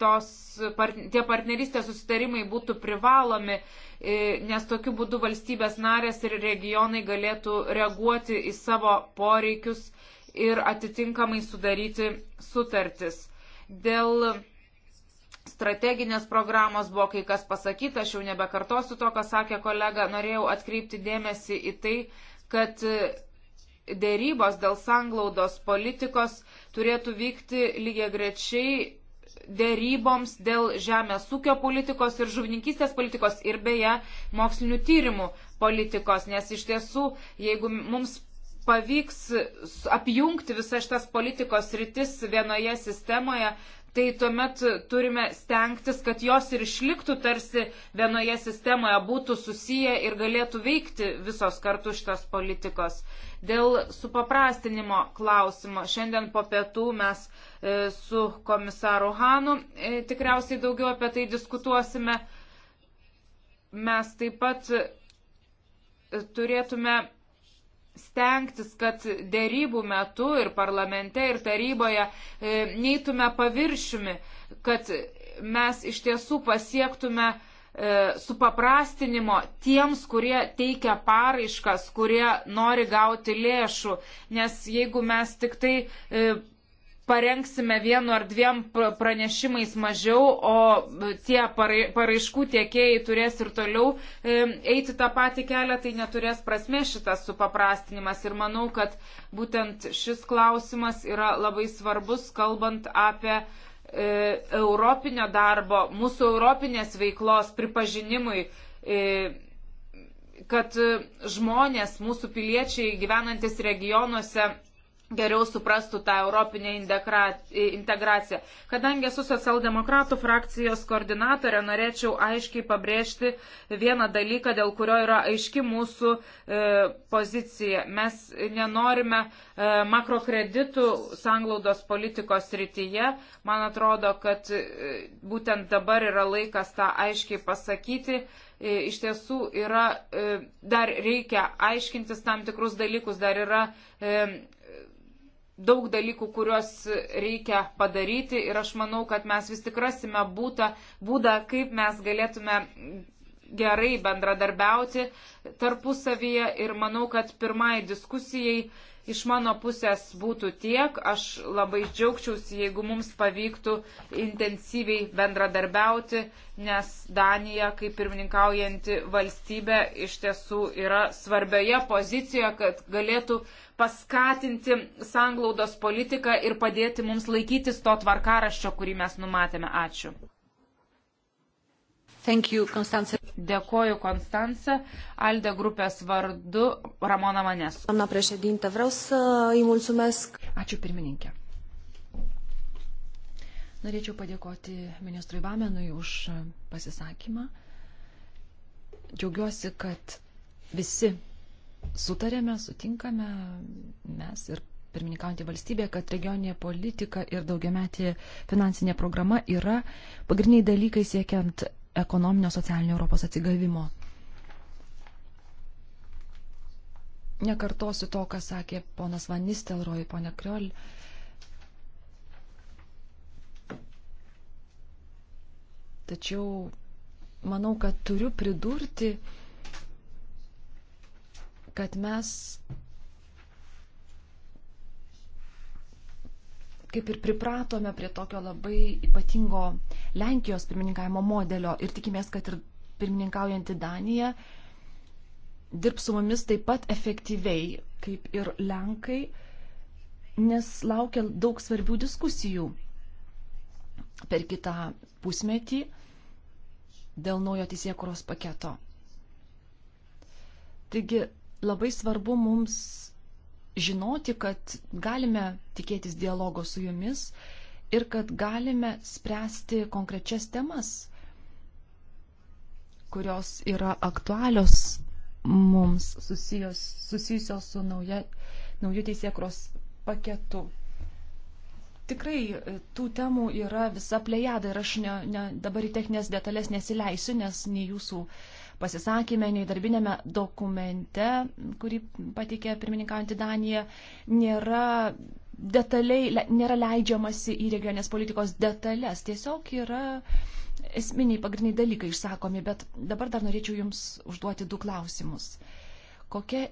tos, part, tie partnerystės susitarimai būtų privalomi, e, nes tokiu būdu valstybės narės ir regionai galėtų reaguoti į savo poreikius ir atitinkamai sudaryti sutartis. Dėl strateginės programos buvo kai kas pasakyta, aš jau nebekartosiu to, ką sakė kolega, norėjau atkreipti dėmesį į tai, kad dėrybos dėl sanglaudos politikos turėtų vykti lygiai grečiai dėryboms dėl žemės ūkio politikos ir žuvininkystės politikos ir beje mokslinių tyrimų politikos, nes iš tiesų, jeigu mums pavyks apjungti visas šitas politikos rytis vienoje sistemoje, tai tuomet turime stengtis, kad jos ir išliktų tarsi vienoje sistemoje, būtų susiję ir galėtų veikti visos kartu šitos politikos. Dėl supaprastinimo klausimo šiandien po pietų mes e, su komisaru Hanu e, tikriausiai daugiau apie tai diskutuosime. Mes taip pat e, turėtume stengtis, kad dėrybų metu ir parlamente, ir taryboje neįtume paviršiumi, kad mes iš tiesų pasiektume E, supaprastinimo tiems, kurie teikia paraiškas, kurie nori gauti lėšų. Nes jeigu mes tik tai e, parengsime vienu ar dviem pranešimais mažiau, o tie paraiškų tiekėjai turės ir toliau e, eiti tą patį kelią, tai neturės prasme šitas supaprastinimas. Ir manau, kad būtent šis klausimas yra labai svarbus, kalbant apie E, europinio darbo, mūsų europinės veiklos pripažinimui, e, kad žmonės, mūsų piliečiai gyvenantis regionuose geriau suprastų tą europinę integraciją. Kadangi esu socialdemokratų frakcijos koordinatorė, norėčiau aiškiai pabrėžti vieną dalyką, dėl kurio yra aiški mūsų e, pozicija. Mes nenorime e, makrokreditų sanglaudos politikos rytyje. Man atrodo, kad e, būtent dabar yra laikas tą aiškiai pasakyti e, iš tiesų yra, e, dar reikia aiškintis tam tikrus dalykus, dar yra e, daug dalykų, kuriuos reikia padaryti ir aš manau, kad mes vis tik rasime būtą, būdą, kaip mes galėtume gerai bendradarbiauti tarpusavyje ir manau, kad pirmai diskusijai Iš mano pusės būtų tiek. Aš labai džiaugčiausi, jeigu mums pavyktų intensyviai bendradarbiauti, nes Danija, kaip pirmininkaujanti valstybė, iš tiesų yra svarbioje pozicijoje, kad galėtų paskatinti sanglaudos politiką ir padėti mums laikytis to tvarkaraščio, kurį mes numatėme. Ačiū. You, Constance. Dėkoju, Constanță. Alde grupės vardu Ramona Manes. Doamna președinte, vreau să îi mulțumesc. Ačiū pirmininkė. Norėčiau padėkoti ministrui Vamenui už pasisakymą. Džiaugiuosi, kad visi sutarėme, sutinkame mes ir pirmininkaujantį valstybę, kad regioninė politika ir daugiametė finansinė programa yra pagrindiniai dalykai siekiant ekonominio socialinio Europos atsigavimo. Nekartosiu to, ką sakė ponas Van Nistelrooy, ponė Kriol. Tačiau manau, kad turiu pridurti, kad mes kaip ir pripratome prie tokio labai ypatingo Lenkijos pirmininkavimo modelio ir tikimės, kad ir pirmininkaujantį Daniją dirbs su mumis taip pat efektyviai, kaip ir Lenkai, nes laukia daug svarbių diskusijų per kitą pusmetį dėl naujo teisėkuros paketo. Taigi labai svarbu mums žinoti, kad galime tikėtis dialogo su jumis ir kad galime spręsti konkrečias temas, kurios yra aktualios mums susijos, susijusios su nauja, naujų teisėkros paketu. Tikrai e, tų temų yra visa plejada ir aš ne, ne, dabar į techninės detalės nesileisiu, nes nei jūsų uh, pasisakymė, nei darbinėme dokumente, kurį pateikė pirmininkaujantį Daniją, nėra detaliai, nėra leidžiamasi į regionės politikos detalės. Tiesiog yra esminiai pagrindiniai dalykai išsakomi, bet dabar dar norėčiau Jums užduoti du klausimus. Kokia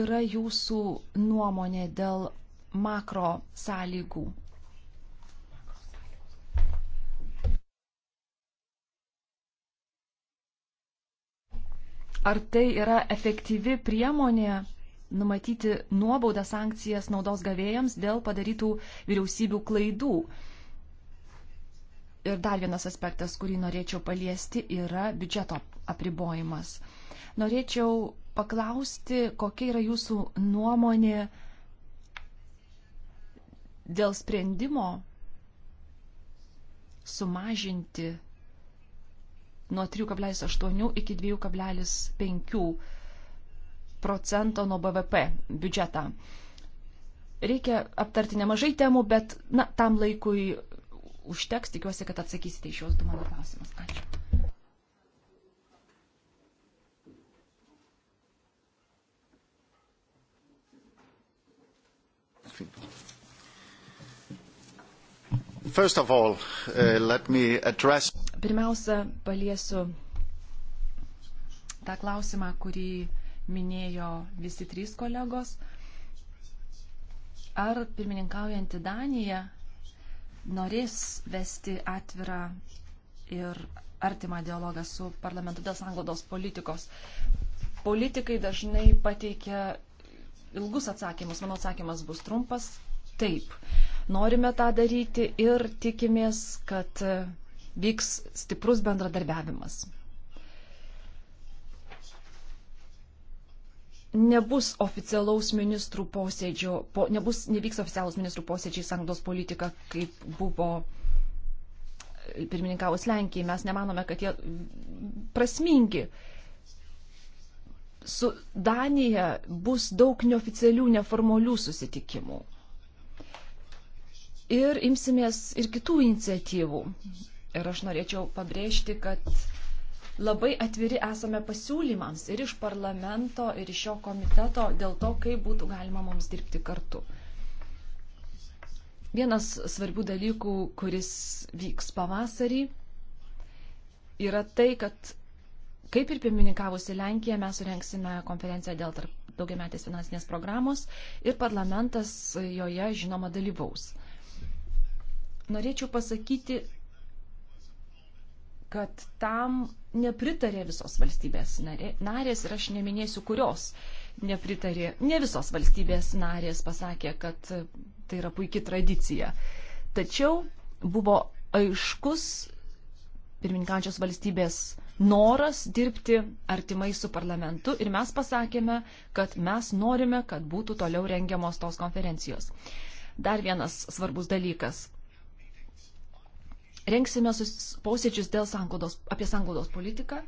yra Jūsų nuomonė dėl makro sąlygų Ar tai yra efektyvi priemonė numatyti nuobaudą sankcijas naudos gavėjams dėl padarytų vyriausybių klaidų? Ir dar vienas aspektas, kurį norėčiau paliesti, yra biudžeto apribojimas. Norėčiau paklausti, kokia yra jūsų nuomonė dėl sprendimo sumažinti nuo 3,8 iki 2,5 procento nuo BVP biudžetą. Reikia aptarti nemažai temų, bet na, tam laikui užteks, tikiuosi, kad atsakysite iš juos du mano klausimus. Ačiū. First of all, uh, let me address Pirmiausia, paliesiu tą klausimą, kurį minėjo visi trys kolegos. Ar pirmininkaujanti Danija norės vesti atvirą ir artimą dialogą su parlamentu dėl sanglodos politikos? Politikai dažnai pateikia ilgus atsakymus. Mano atsakymas bus trumpas. Taip, norime tą daryti ir tikimės, kad vyks stiprus bendradarbiavimas. Nebus oficialaus ministrų posėdžio, po, nebus, nevyks oficialus ministrų posėdžiai sanglos politika, kaip buvo pirmininkavus Lenkijai. Mes nemanome, kad jie prasmingi su Danija bus daug neoficialių, neformalių susitikimų. Ir imsimės ir kitų iniciatyvų. Ir aš norėčiau pabrėžti, kad labai atviri esame pasiūlymams ir iš parlamento, ir iš šio komiteto dėl to, kaip būtų galima mums dirbti kartu. Vienas svarbių dalykų, kuris vyks pavasarį, yra tai, kad kaip ir pirmininkavusi Lenkija, mes surenksime konferenciją dėl tarp daugiametės finansinės programos ir parlamentas joje, žinoma, dalyvaus. Norėčiau pasakyti, kad tam nepritarė visos valstybės narės ir aš neminėsiu kurios nepritarė. Ne visos valstybės narės pasakė, kad tai yra puikia tradicija. Tačiau buvo aiškus pirmininkančios valstybės noras dirbti artimai su parlamentu ir mes pasakėme, kad mes norime, kad būtų toliau rengiamos tos konferencijos. Dar vienas svarbus dalykas Renksime posėdžius dėl sankodos, apie sankodos politiką.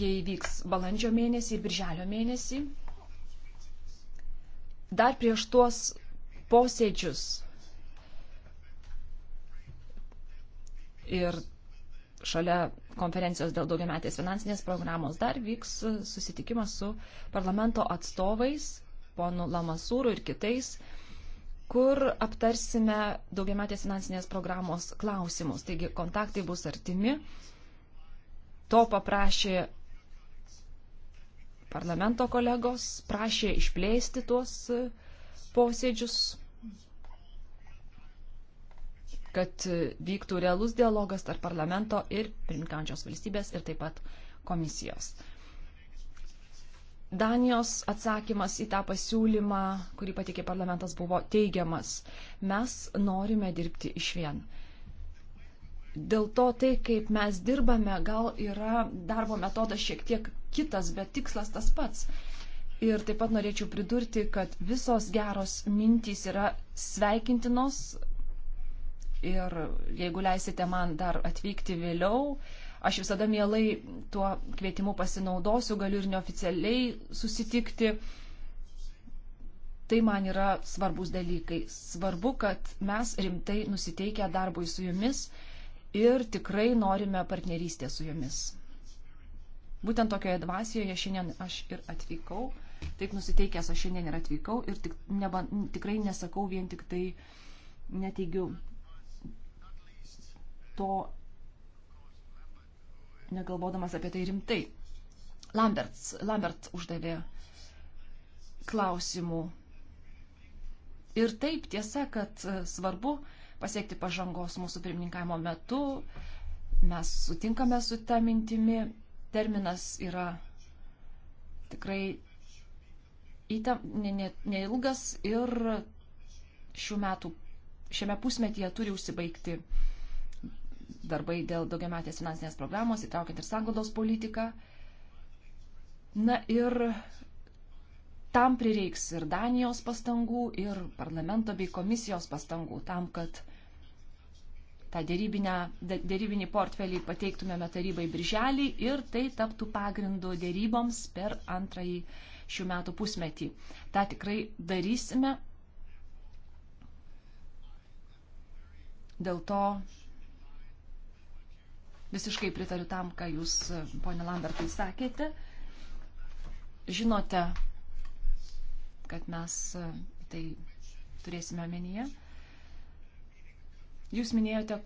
Jie įvyks balandžio mėnesį ir birželio mėnesį. Dar prieš tuos posėdžius ir šalia konferencijos dėl daugiametės finansinės programos dar vyks susitikimas su parlamento atstovais, ponu Lamasūru ir kitais kur aptarsime daugiametės finansinės programos klausimus. Taigi kontaktai bus artimi. To paprašė parlamento kolegos, prašė išplėsti tuos e, posėdžius, kad e, vyktų realus dialogas tarp parlamento ir pirmininkančios valstybės ir taip pat komisijos. Danijos atsakymas į tą pasiūlymą, kurį patikė parlamentas, buvo teigiamas. Mes norime dirbti iš vien. Dėl to tai, kaip mes dirbame, gal yra darbo metodas šiek tiek kitas, bet tikslas tas pats. Ir taip pat norėčiau pridurti, kad visos geros mintys yra sveikintinos. Ir jeigu leisite man dar atvykti vėliau, uh, Aš visada mielai tuo kvietimu pasinaudosiu, galiu ir neoficialiai susitikti. Tai man yra svarbus dalykai. Svarbu, kad mes rimtai nusiteikę darbui su jumis ir tikrai norime partnerystės su jumis. Būtent tokioje dvasioje šiandien aš ir atvykau taip nusiteikęs aš šiandien ir atvykau ir tik, neba, tikrai nesakau vien tik tai neteigiu to, negalvodamas apie tai rimtai. Lamberts, Lambert uždavė klausimų. Ir taip tiesa, kad e, svarbu pasiekti pažangos mūsų pirmininkavimo metu. Mes sutinkame su tą mintimi. Terminas yra tikrai įtem, ne, ne, neilgas ir šių metų, šiame pusmetyje turi užsibaigti uh, darbai dėl daugiametės finansinės programos, įtraukiant ir sanglaudos politiką. Na ir tam prireiks ir Danijos pastangų, ir parlamento bei komisijos pastangų tam, kad tą dėrybinę, dėrybinį portfelį pateiktumėme tarybai birželį ir tai taptų pagrindu dėryboms per antrąjį šių metų pusmetį. Ta tikrai darysime. Dėl to Visiškai pritariu tam, ką jūs, ponė Lambertai, sakėte. Žinote, kad mes e, tai turėsime omenyje. Jūs minėjote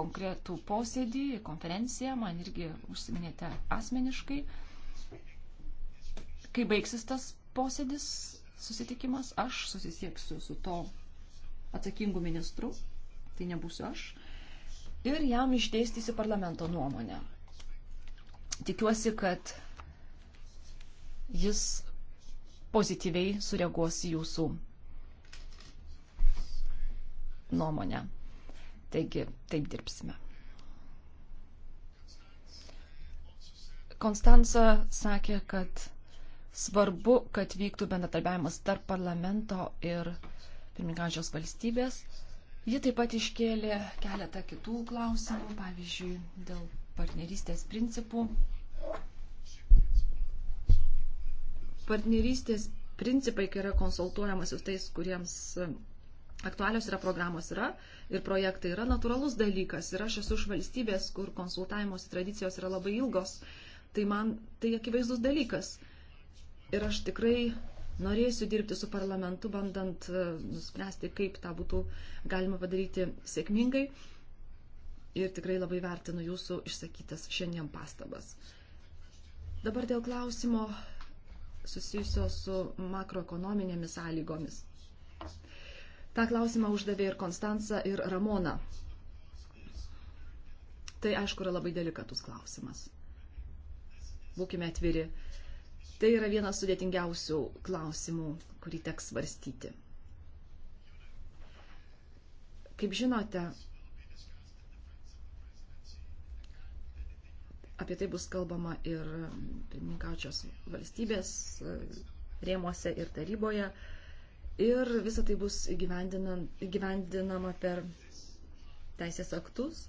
konkretų posėdį, konferenciją, man irgi užsiminėte asmeniškai. Kai baigsis tas posėdis, susitikimas, aš susisieksiu su to atsakingu ministru, tai nebūsiu aš, ir jam išdėstysiu parlamento nuomonę. Tikiuosi, kad jis pozityviai sureaguos į jūsų nuomonę. Taigi, taip dirbsime. Konstanca sakė, kad svarbu, kad vyktų bendradarbiavimas tarp parlamento ir pirmininkančios valstybės. Ji taip pat iškėlė keletą kitų klausimų, pavyzdžiui, dėl partnerystės principų. Partnerystės principai, kai yra konsultuojamas su tais, kuriems aktualios yra programos yra ir projektai yra natūralus dalykas. Ir aš esu iš valstybės, kur konsultavimosi tradicijos yra labai ilgos. Tai man tai akivaizdus dalykas. Ir aš tikrai norėsiu dirbti su parlamentu, bandant e, nuspręsti, kaip tą būtų galima padaryti sėkmingai. Ir tikrai labai vertinu jūsų išsakytas šiandien pastabas. Dabar dėl klausimo susijusio su makroekonominėmis sąlygomis. Ta klausimą uždavė ir Konstanca, ir Ramona. Tai aišku yra labai delikatus klausimas. Būkime atviri Tai yra vienas sudėtingiausių klausimų, kurį teks svarstyti. Kaip žinote, apie tai bus kalbama ir pirmininkaučios valstybės e, rėmuose ir taryboje. Ir visa tai bus įgyvendinama per teisės aktus.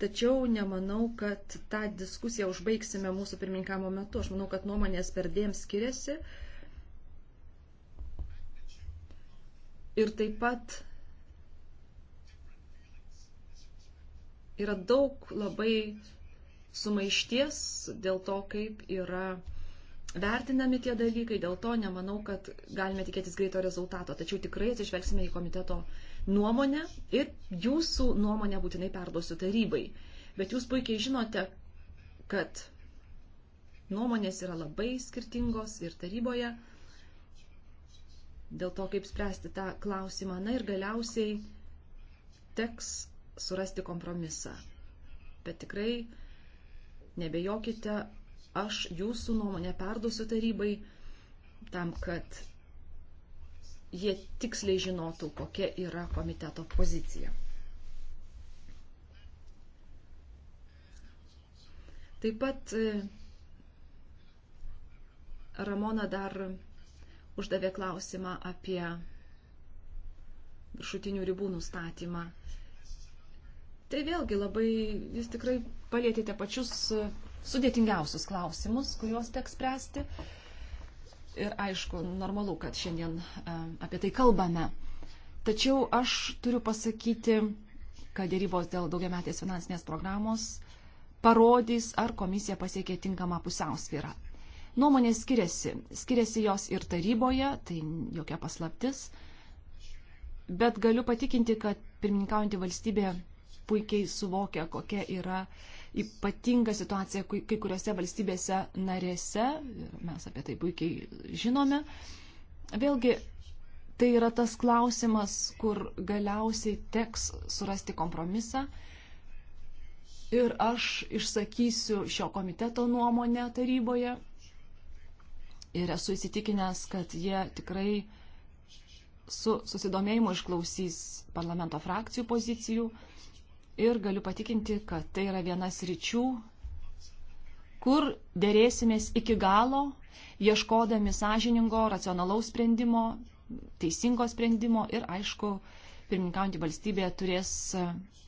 Tačiau nemanau, kad tą diskusiją užbaigsime mūsų pirmininkamo metu. Aš manau, kad nuomonės perdėm skiriasi. Ir taip pat yra daug labai sumaišties dėl to, kaip yra vertinami tie dalykai. Dėl to nemanau, kad galime tikėtis greito rezultato. Tačiau tikrai atsižvelgsime į komiteto uh, nuomonę ir jūsų nuomonę būtinai perduosiu tarybai. Bet jūs puikiai žinote, kad nuomonės yra labai skirtingos ir taryboje dėl to, kaip spręsti tą klausimą. Na ir galiausiai teks surasti kompromisą. Bet tikrai nebejokite, aš jūsų nuomonę perduosiu tarybai tam, kad jie tiksliai žinotų, kokia yra komiteto pozicija. Taip pat e, Ramona dar uždavė klausimą apie viršutinių ribų nustatymą. Tai vėlgi labai, jūs tikrai palėtėte pačius sudėtingiausius klausimus, kuriuos teks spręsti. Uh, ir aišku, normalu, kad šiandien e, apie tai kalbame. Tačiau aš turiu pasakyti, kad dėrybos dėl daugiametės finansinės programos parodys, ar komisija pasiekė tinkamą pusiausvyrą. Nuomonės skiriasi. Skiriasi jos ir taryboje, tai jokia paslaptis. Bet galiu patikinti, kad pirmininkaujantį valstybę puikiai suvokia, kokia yra uh, ypatinga situacija kai kuriuose valstybėse narėse, mes apie tai puikiai žinome. Vėlgi, tai yra tas klausimas, kur galiausiai teks surasti kompromisą. Ir aš išsakysiu šio komiteto nuomonę taryboje. Ir esu įsitikinęs, kad jie tikrai su susidomėjimu išklausys parlamento frakcijų pozicijų ir galiu patikinti, kad tai yra vienas ryčių, kur dėrėsimės iki galo, ieškodami sąžiningo, racionalaus sprendimo, teisingo sprendimo ir, aišku, pirmininkaujantį valstybė turės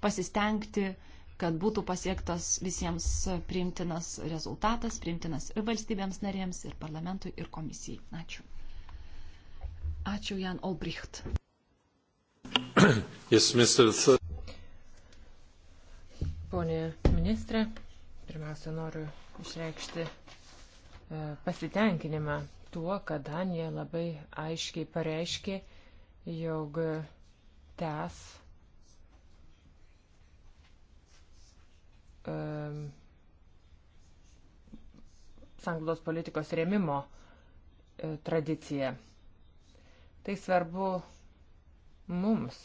pasistengti, kad būtų pasiektas visiems priimtinas rezultatas, priimtinas ir valstybėms narėms, ir parlamentui, ir komisijai. Ačiū. Ačiū Jan Olbricht. Yes, Mr. Pone ministrė, pirmiausia noriu išreikšti e, pasitenkinimą tuo, kad Danija labai aiškiai pareiškė, jog tęs um, e, sanglos politikos rėmimo e, tradiciją. Tai svarbu mums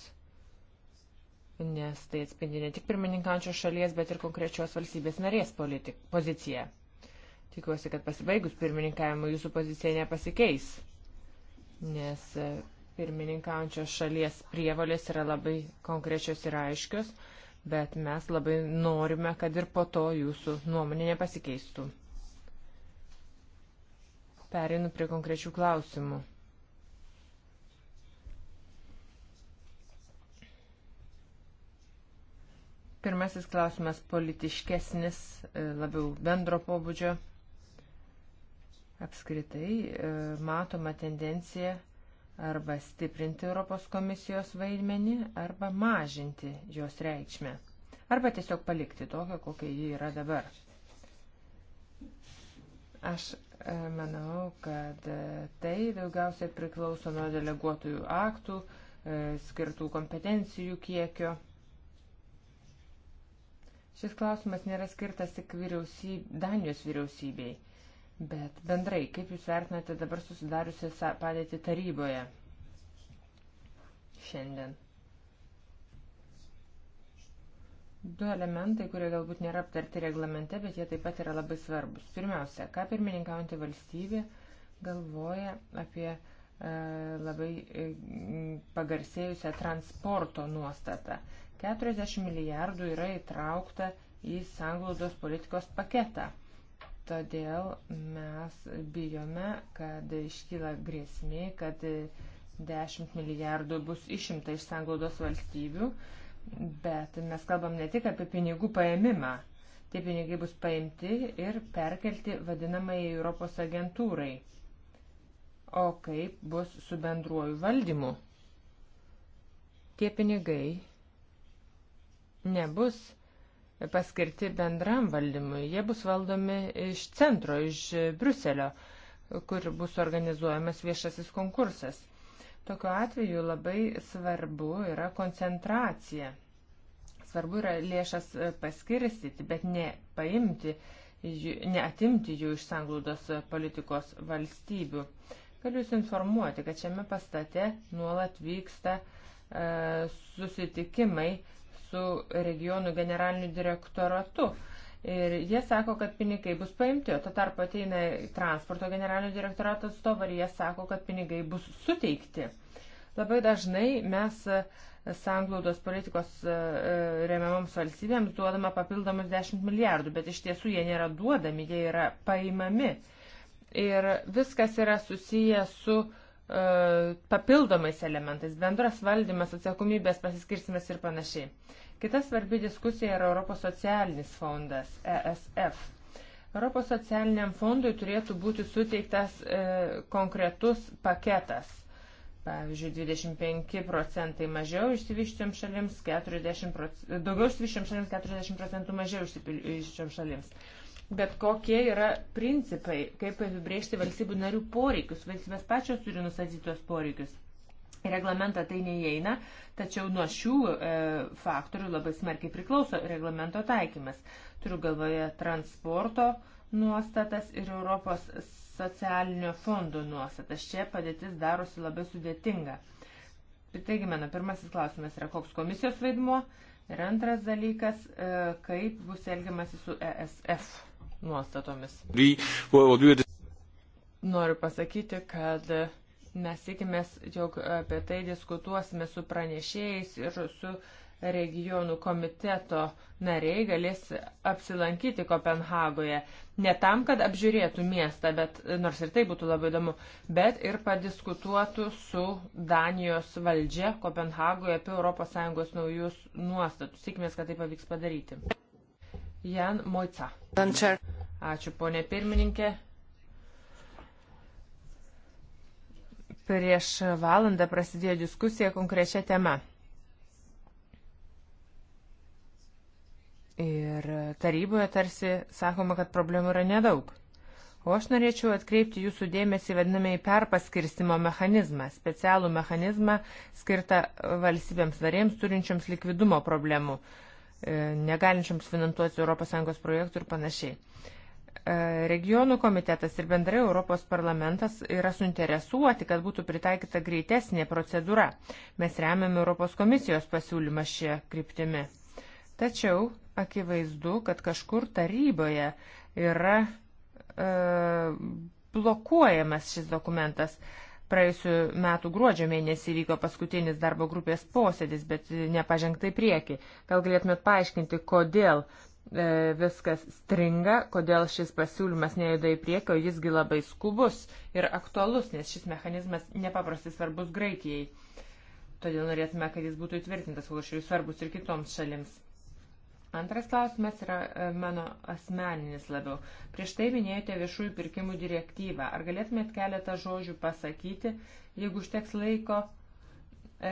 nes tai atspindi ne tik pirmininkančios šalies, bet ir konkrečios valstybės narės politik, poziciją. Tikiuosi, kad pasibaigus pirmininkavimui jūsų pozicija nepasikeis, nes e, pirmininkaujančios šalies prievalės yra labai konkrečios ir aiškios, bet mes labai norime, kad ir po to jūsų nuomonė nepasikeistų. Perinu prie konkrečių klausimų. Pirmasis klausimas politiškesnis, e, labiau bendro pobūdžio. Apskritai e, matoma tendencija arba stiprinti Europos komisijos vaidmenį, arba mažinti jos reikšmę. Arba tiesiog palikti tokią, kokia ji yra dabar. Aš e, manau, kad tai daugiausia priklauso nuo deleguotųjų aktų, skirtų kompetencijų kiekio Šis klausimas nėra skirtas tik vyriausyb... Danijos vyriausybei, bet bendrai, kaip Jūs vertinate dabar susidariusią padėtį taryboje šiandien? Du elementai, kurie galbūt nėra aptarti reglamente, bet jie taip pat yra labai svarbus. Pirmiausia, ką pirmininkaujantį valstybė galvoja apie e, labai e, pagarsėjusią transporto nuostatą. 40 milijardų yra įtraukta į sanglaudos politikos paketą. Todėl mes bijome, kad iškyla grėsmė, kad 10 milijardų bus išimta iš sanglaudos valstybių, bet mes kalbam ne tik apie pinigų paėmimą. Tie pinigai bus paimti ir perkelti vadinamai Europos agentūrai. O kaip bus su bendruoju valdymu? Tie pinigai nebus paskirti bendram valdymui. Jie bus valdomi iš centro, iš Bruselio, kur bus organizuojamas viešasis konkursas. Tokiu atveju labai svarbu yra koncentracija. Svarbu yra lėšas paskirstyti, bet ne paimti, neatimti jų iš sanglaudos politikos valstybių. Galiu Jūs informuoti, kad šiame pastate nuolat vyksta e, susitikimai su regionų generaliniu direktoratu. Ir jie sako, kad pinigai bus paimti, o to tarp ateina transporto generalinio direktorato atstovai ir jie sako, kad pinigai bus suteikti. Labai dažnai mes e, sanglaudos politikos e, e, remiamoms valstybėms duodama papildomus 10 milijardų, bet iš tiesų jie nėra duodami, jie yra paimami. Ir viskas yra susiję su uh, E, papildomais elementais, bendras valdymas, atsakomybės pasiskirstimas ir panašiai. Kita svarbi diskusija yra Europos socialinis fondas, ESF. Europos socialiniam fondui turėtų būti suteiktas e, konkretus paketas. Pavyzdžiui, 25 procentai mažiau išsivyščiam šalims, 40 procentų, daugiau išsivyščiam šalims, 40 procentų mažiau išsivyščiam šalims bet kokie yra principai, kaip apibrėžti valstybių narių poreikius. Valstybės pačios turi nustatyti tuos poreikius. Į reglamentą tai neįeina, tačiau nuo šių e, faktorių labai smarkiai priklauso reglamento taikymas. Turiu galvoje transporto nuostatas ir Europos socialinio fondo nuostatas. Čia padėtis darosi labai sudėtinga. Taigi, mano pirmasis klausimas yra, koks komisijos vaidmuo ir antras dalykas, e, kaip bus elgiamasi su ESF nuostatomis. Noriu pasakyti, kad mes tikimės, jog apie tai diskutuosime su pranešėjais ir su regionų komiteto nariai galės apsilankyti Kopenhagoje. Ne tam, kad apžiūrėtų miestą, bet nors ir tai būtų labai įdomu, bet ir padiskutuotų su Danijos valdžia Kopenhagoje apie ES naujus nuostatus. Tikimės, kad tai pavyks padaryti. Jan Moica. Ačiū, ponė pirmininkė. Prieš valandą prasidėjo diskusija konkrečia tema. Ir taryboje tarsi sakoma, kad problemų yra nedaug. O aš norėčiau atkreipti jūsų dėmesį vadinamai perpaskirstimo mechanizmą, specialų mechanizmą skirtą valstybėms narėms turinčiams likvidumo problemų. E, negalinčiams finansuoti ES projektų ir panašiai. E, regionų komitetas ir bendrai Europos parlamentas yra suinteresuoti, kad būtų pritaikyta greitesnė procedūra. Mes remiam Europos komisijos pasiūlymą šie kryptimi. Tačiau akivaizdu, kad kažkur taryboje yra e, blokuojamas šis dokumentas. E, Praėjusiu metu gruodžio mėnesį vyko paskutinis darbo grupės posėdis, bet nepažengtai prieki. Gal galėtumėt paaiškinti, kodėl e, viskas stringa, kodėl šis pasiūlymas nejuda į priekį, o jisgi labai skubus ir aktualus, nes šis mechanizmas nepaprastai svarbus Graikijai. Todėl norėtume, kad jis būtų įtvirtintas, o šis svarbus ir kitoms šalims. Antras klausimas yra e, mano asmeninis labiau. Prieš tai minėjote viešųjų pirkimų direktyvą. Ar galėtumėt keletą žodžių pasakyti, jeigu užteks laiko, e,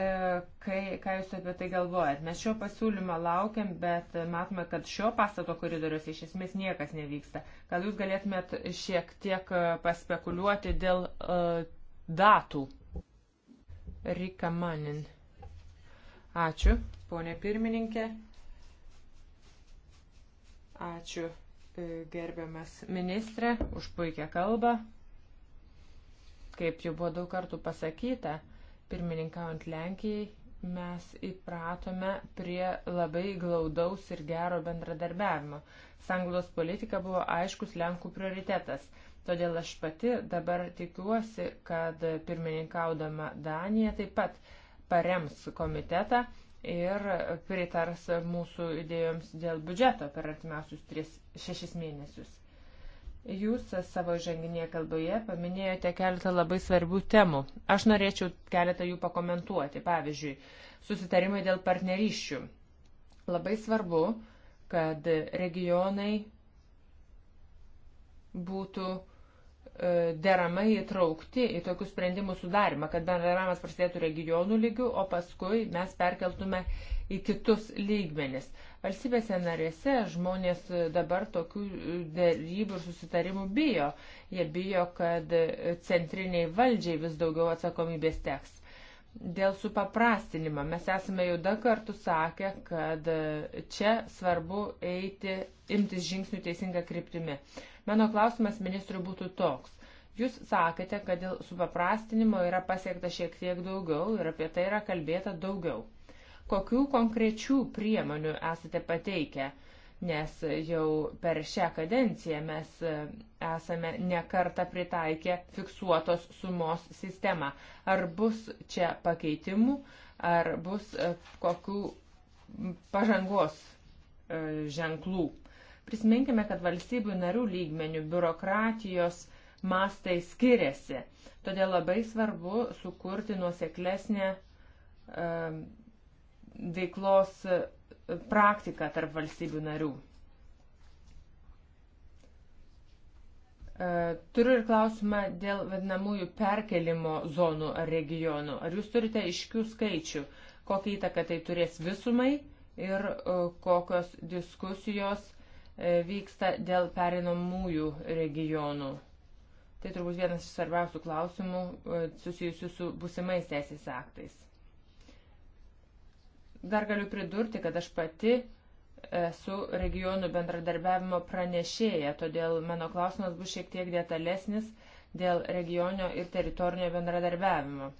kai, ką jūs apie tai galvojat? Mes šio pasiūlymo laukiam, bet matome, kad šio pastato koridoriuose iš esmės niekas nevyksta. Gal jūs galėtumėt šiek tiek e, paspekuliuoti dėl e, datų? Rika Manin. Ačiū, ponė pirmininkė. Ačiū e, gerbiamas ministrė už puikią kalbą. Kaip jau buvo daug kartų pasakyta, pirmininkaujant Lenkijai mes įpratome prie labai glaudaus ir gero bendradarbiavimo. Sanglos politika buvo aiškus Lenkų prioritetas. Todėl aš pati dabar tikiuosi, kad pirmininkaudama Danija taip pat parems komitetą ir pritars mūsų idėjoms dėl biudžeto per artimiausius 3-6 mėnesius. Jūs savo žanginėje kalboje paminėjote keletą labai svarbių temų. Aš norėčiau keletą jų pakomentuoti. Pavyzdžiui, susitarimai dėl partnerysčių. Labai svarbu, kad regionai būtų E, deramai įtraukti į tokių sprendimų sudarimą, kad bendravimas prasidėtų regionų lygių, o paskui mes perkeltume į kitus lygmenis. Valstybėse narėse žmonės dabar tokių dėrybų ir susitarimų bijo. Jie bijo, kad centriniai valdžiai vis daugiau atsakomybės teks. Dėl supaprastinimo mes esame jau daug kartų sakę, kad čia svarbu eiti, imtis žingsnių teisinga kryptimi. Mano klausimas ministrui būtų toks. Jūs sakėte, kad dėl supaprastinimo yra pasiekta šiek tiek daugiau ir apie tai yra kalbėta daugiau. Kokių konkrečių priemonių esate pateikę? Nes jau per šią kadenciją mes e, esame nekarta pritaikę fiksuotos sumos sistemą. Ar bus čia pakeitimų, ar bus e, kokių pažangos e, ženklų Prisiminkime, kad valstybių narių lygmenių biurokratijos mastai skiriasi. Todėl labai svarbu sukurti nuoseklesnę um, veiklos e, praktiką tarp valstybių narių. E, turiu ir klausimą dėl vadinamųjų perkelimo zonų ar regionų. Ar jūs turite iškių skaičių, kokią įtaką tai turės visumai ir e, kokios diskusijos E, vyksta dėl perinamųjų regionų. Tai turbūt vienas iš svarbiausių klausimų e, susijusių su busimais teisės aktais. Dar galiu pridurti, kad aš pati esu regionų bendradarbiavimo pranešėja, todėl mano klausimas bus šiek tiek detalesnis dėl regionio ir teritorinio bendradarbiavimo.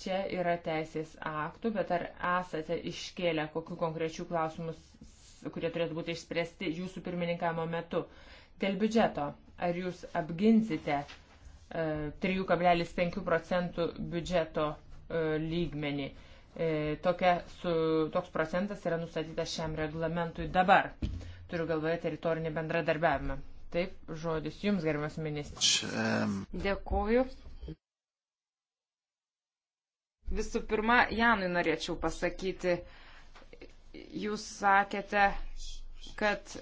Čia yra teisės aktų, bet ar esate iškėlę kokiu konkrečiu klausimus kurie turėtų būti išspręsti jūsų pirmininkavimo metu. Dėl biudžeto, ar jūs apginsite 3,5 e, procentų biudžeto e, lygmenį? E, tokia, su, toks procentas yra nustatytas šiam reglamentui dabar. Turiu galvoje teritorinį bendradarbiavimą. Taip, žodis jums, gerbiamas ministras. Dėkuoju. Visų pirma, Janui norėčiau pasakyti, uh, jūs sakėte, kad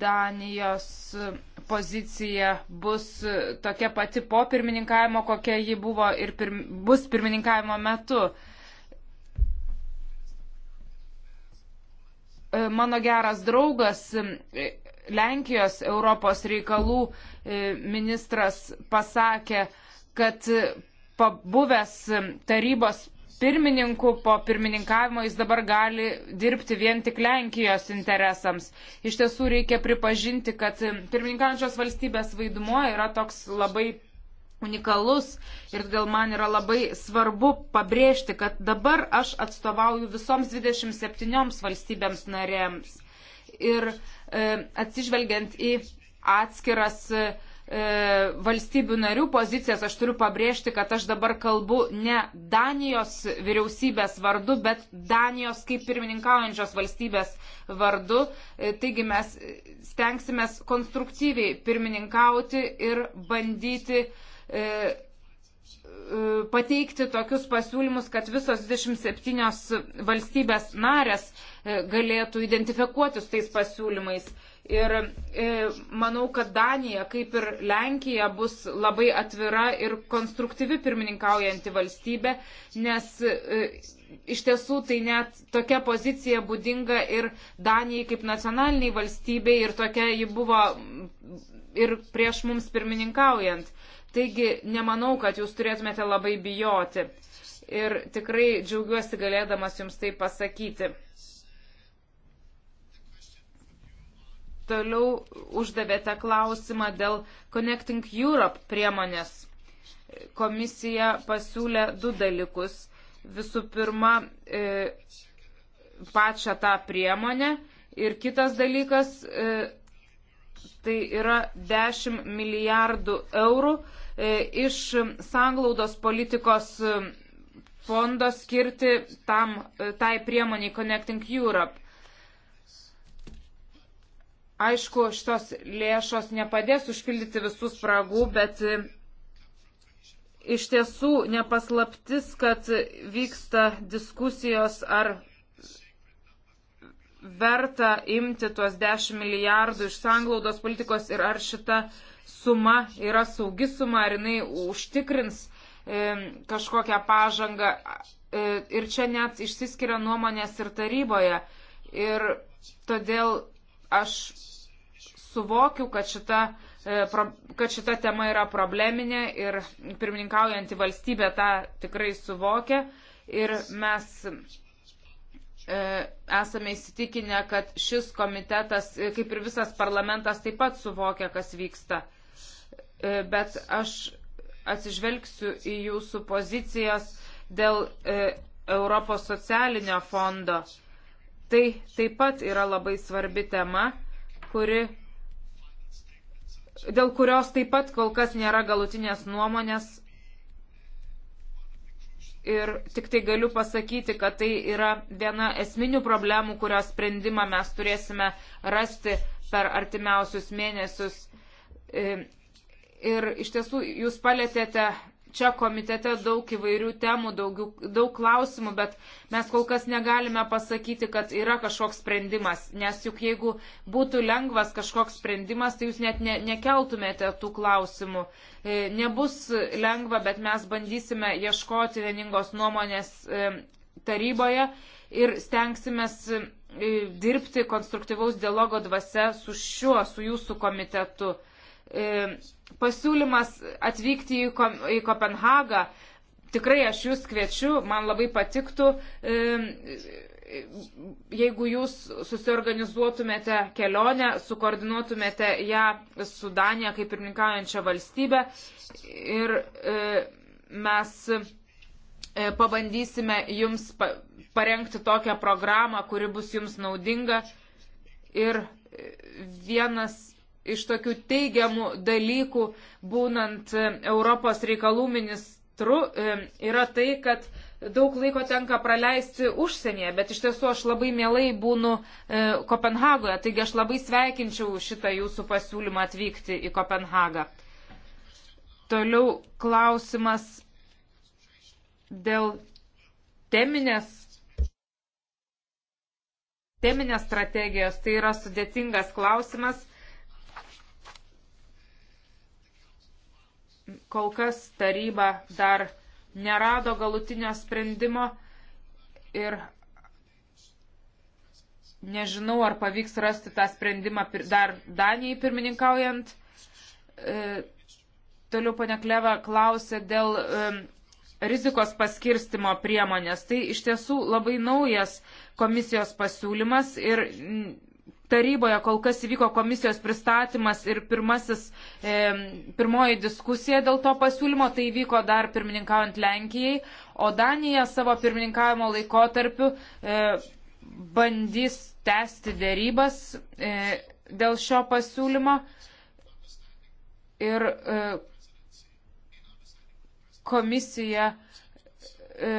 Danijos pozicija bus tokia pati po pirmininkavimo, kokia ji buvo ir pirm, bus pirmininkavimo metu. E, mano geras draugas e, Lenkijos Europos reikalų e, ministras pasakė, kad pabuvęs tarybos pirmininku, po pirmininkavimo jis dabar gali dirbti vien tik Lenkijos interesams. Iš tiesų reikia pripažinti, kad e, pirmininkaujančios valstybės vaidmuo yra toks labai unikalus ir dėl man yra labai svarbu pabrėžti, kad dabar aš atstovauju visoms 27 valstybėms narėms. Ir e, atsižvelgiant į atskiras e, E, valstybių narių pozicijas, aš turiu pabrėžti, kad aš dabar kalbu ne Danijos vyriausybės vardu, bet Danijos kaip pirmininkaujančios valstybės vardu. E, taigi mes stengsime konstruktyviai pirmininkauti ir bandyti e, pateikti tokius pasiūlymus, kad visos 27 valstybės narės galėtų identifikuotis tais pasiūlymais. Ir e, manau, kad Danija, kaip ir Lenkija, bus labai atvira ir konstruktyvi pirmininkaujanti valstybė, nes e, iš tiesų tai net tokia pozicija būdinga ir Danijai kaip nacionaliniai valstybei ir tokia ji buvo ir prieš mums pirmininkaujant. Taigi nemanau, kad jūs turėtumėte labai bijoti. Ir tikrai džiaugiuosi galėdamas jums tai pasakyti. toliau uždavėte klausimą dėl Connecting Europe priemonės. Komisija pasiūlė du dalykus. Visų pirma, e, pačią tą priemonę ir kitas dalykas, e, tai yra 10 milijardų eurų e, iš sanglaudos politikos e, fondo skirti tam, e, tai priemoniai Connecting Europe Aišku, šitos lėšos nepadės užpildyti visų spragų, bet e, iš tiesų nepaslaptis, kad vyksta diskusijos, ar verta imti tuos 10 milijardų iš sanglaudos politikos ir ar šita suma yra saugi suma, ar jinai užtikrins e, kažkokią pažangą. E, ir čia net išsiskiria nuomonės ir taryboje. Ir todėl aš suvokiu, kad šita, e, kad šita tema yra probleminė ir pirmininkaujantį valstybę tą tikrai suvokia. Ir mes e, esame įsitikinę, kad šis komitetas, e, kaip ir visas parlamentas, taip pat suvokia, kas vyksta. Bet aš atsižvelgsiu į jūsų pozicijas dėl Europos socialinio fondo. Tai taip pat yra labai svarbi tema, kuri dėl kurios taip pat kol kas nėra galutinės nuomonės. Ir tik tai galiu pasakyti, kad tai yra viena esminių problemų, kurios sprendimą mes turėsime rasti per artimiausius mėnesius. E, ir iš tiesų jūs palėtėte čia komitete daug įvairių temų, daugiau, daug klausimų, bet mes kol kas negalime pasakyti, kad yra kažkoks sprendimas, nes juk jeigu būtų lengvas kažkoks sprendimas, tai jūs net ne, nekeltumėte tų klausimų. E, nebus lengva, bet mes bandysime ieškoti vieningos nuomonės e, taryboje ir stengsime e, dirbti konstruktyvaus dialogo dvasia su šiuo, su jūsų komitetu. E, pasiūlymas atvykti į, Kom į Kopenhagą. Tikrai aš jūs kviečiu, man labai patiktų, e, jeigu jūs susiorganizuotumėte kelionę, sukoordinuotumėte ją su Danija kaip pirmininkaujančią valstybę ir e, mes pabandysime jums parengti tokią programą, kuri bus jums naudinga. Ir vienas iš tokių teigiamų dalykų, būnant e, Europos reikalų ministru, e, yra tai, kad daug laiko tenka praleisti užsienyje, bet iš tiesų aš labai mielai būnu e, Kopenhagoje, taigi aš labai sveikinčiau šitą jūsų pasiūlymą atvykti į Kopenhagą. Toliau klausimas dėl teminės teminės strategijos, tai yra sudėtingas klausimas. Kol kas taryba dar nerado galutinio sprendimo ir nežinau, ar pavyks rasti tą sprendimą dar Danijai pirmininkaujant. E, toliau pane Kleva klausė dėl e, rizikos paskirstimo priemonės. Tai iš tiesų labai naujas komisijos pasiūlymas ir taryboje kol kas įvyko komisijos pristatymas ir pirmasis, e, pirmoji diskusija dėl to pasiūlymo, tai vyko dar pirmininkaujant Lenkijai, o Danija savo pirmininkavimo laikotarpiu e, bandys tęsti dėrybas e, dėl šio pasiūlymo. Ir e, komisija e,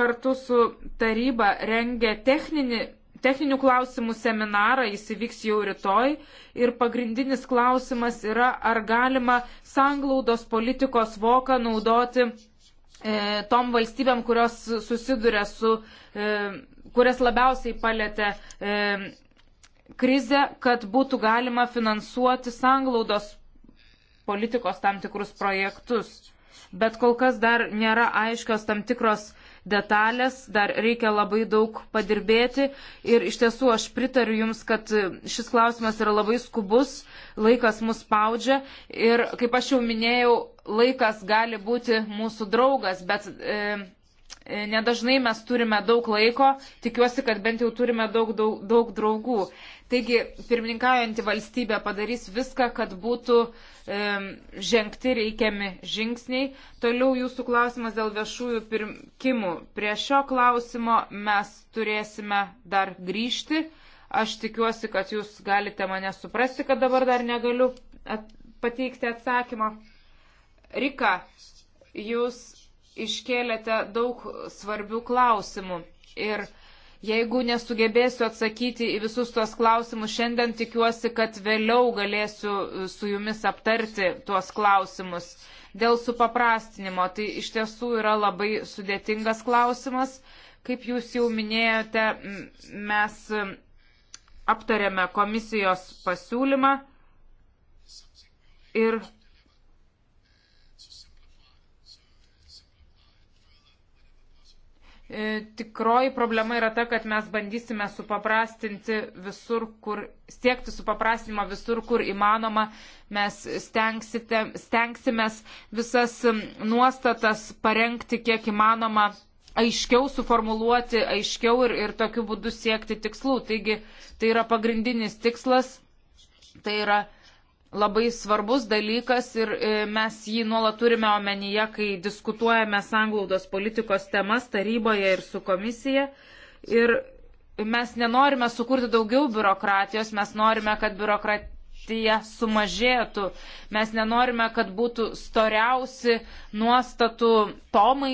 kartu su taryba rengia techninį techninių klausimų seminarą, jis įvyks jau rytoj. Ir pagrindinis klausimas yra, ar galima sanglaudos politikos voką naudoti e, tom valstybėm, kurios susiduria su, e, kurias labiausiai palėtė. E, krizę, kad būtų galima finansuoti sanglaudos politikos tam tikrus projektus. Bet kol kas dar nėra aiškios tam tikros detalės, dar reikia labai daug padirbėti ir iš tiesų aš pritariu Jums, kad šis klausimas yra labai skubus, laikas mus spaudžia ir kaip aš jau minėjau, laikas gali būti mūsų draugas, bet. E, e Nedažnai mes turime daug laiko, tikiuosi, kad bent jau turime daug, daug, daug draugų. Taigi, pirmininkaujanti valstybė padarys viską, kad būtų e, žengti reikiami žingsniai. Toliau jūsų klausimas dėl viešųjų pirkimų. Prie šio klausimo mes turėsime dar grįžti. Aš tikiuosi, kad jūs galite mane suprasti, kad dabar dar negaliu at pateikti atsakymą. Rika, jūs iškėlėte daug svarbių klausimų. Ir Jeigu nesugebėsiu atsakyti į visus tuos klausimus šiandien, tikiuosi, kad vėliau galėsiu e, su jumis aptarti tuos klausimus. Dėl supaprastinimo, tai iš tiesų yra labai sudėtingas klausimas. Kaip jūs jau minėjote, mes e, aptarėme komisijos pasiūlymą ir E, tikroji problema yra ta, kad mes bandysime supaprastinti visur, kur siekti supaprastinimo visur, kur įmanoma. Mes stengsime visas nuostatas parengti kiek įmanoma aiškiau suformuluoti, aiškiau ir, ir tokiu būdu siekti tikslų. Taigi tai yra pagrindinis tikslas. Tai yra labai svarbus dalykas ir e, mes jį nuolat turime omenyje, kai diskutuojame sanglaudos politikos temas taryboje ir su komisija. Ir mes nenorime sukurti daugiau biurokratijos, mes norime, kad biurokratija partija sumažėtų. Mes nenorime, kad būtų storiausi nuostatų tomai,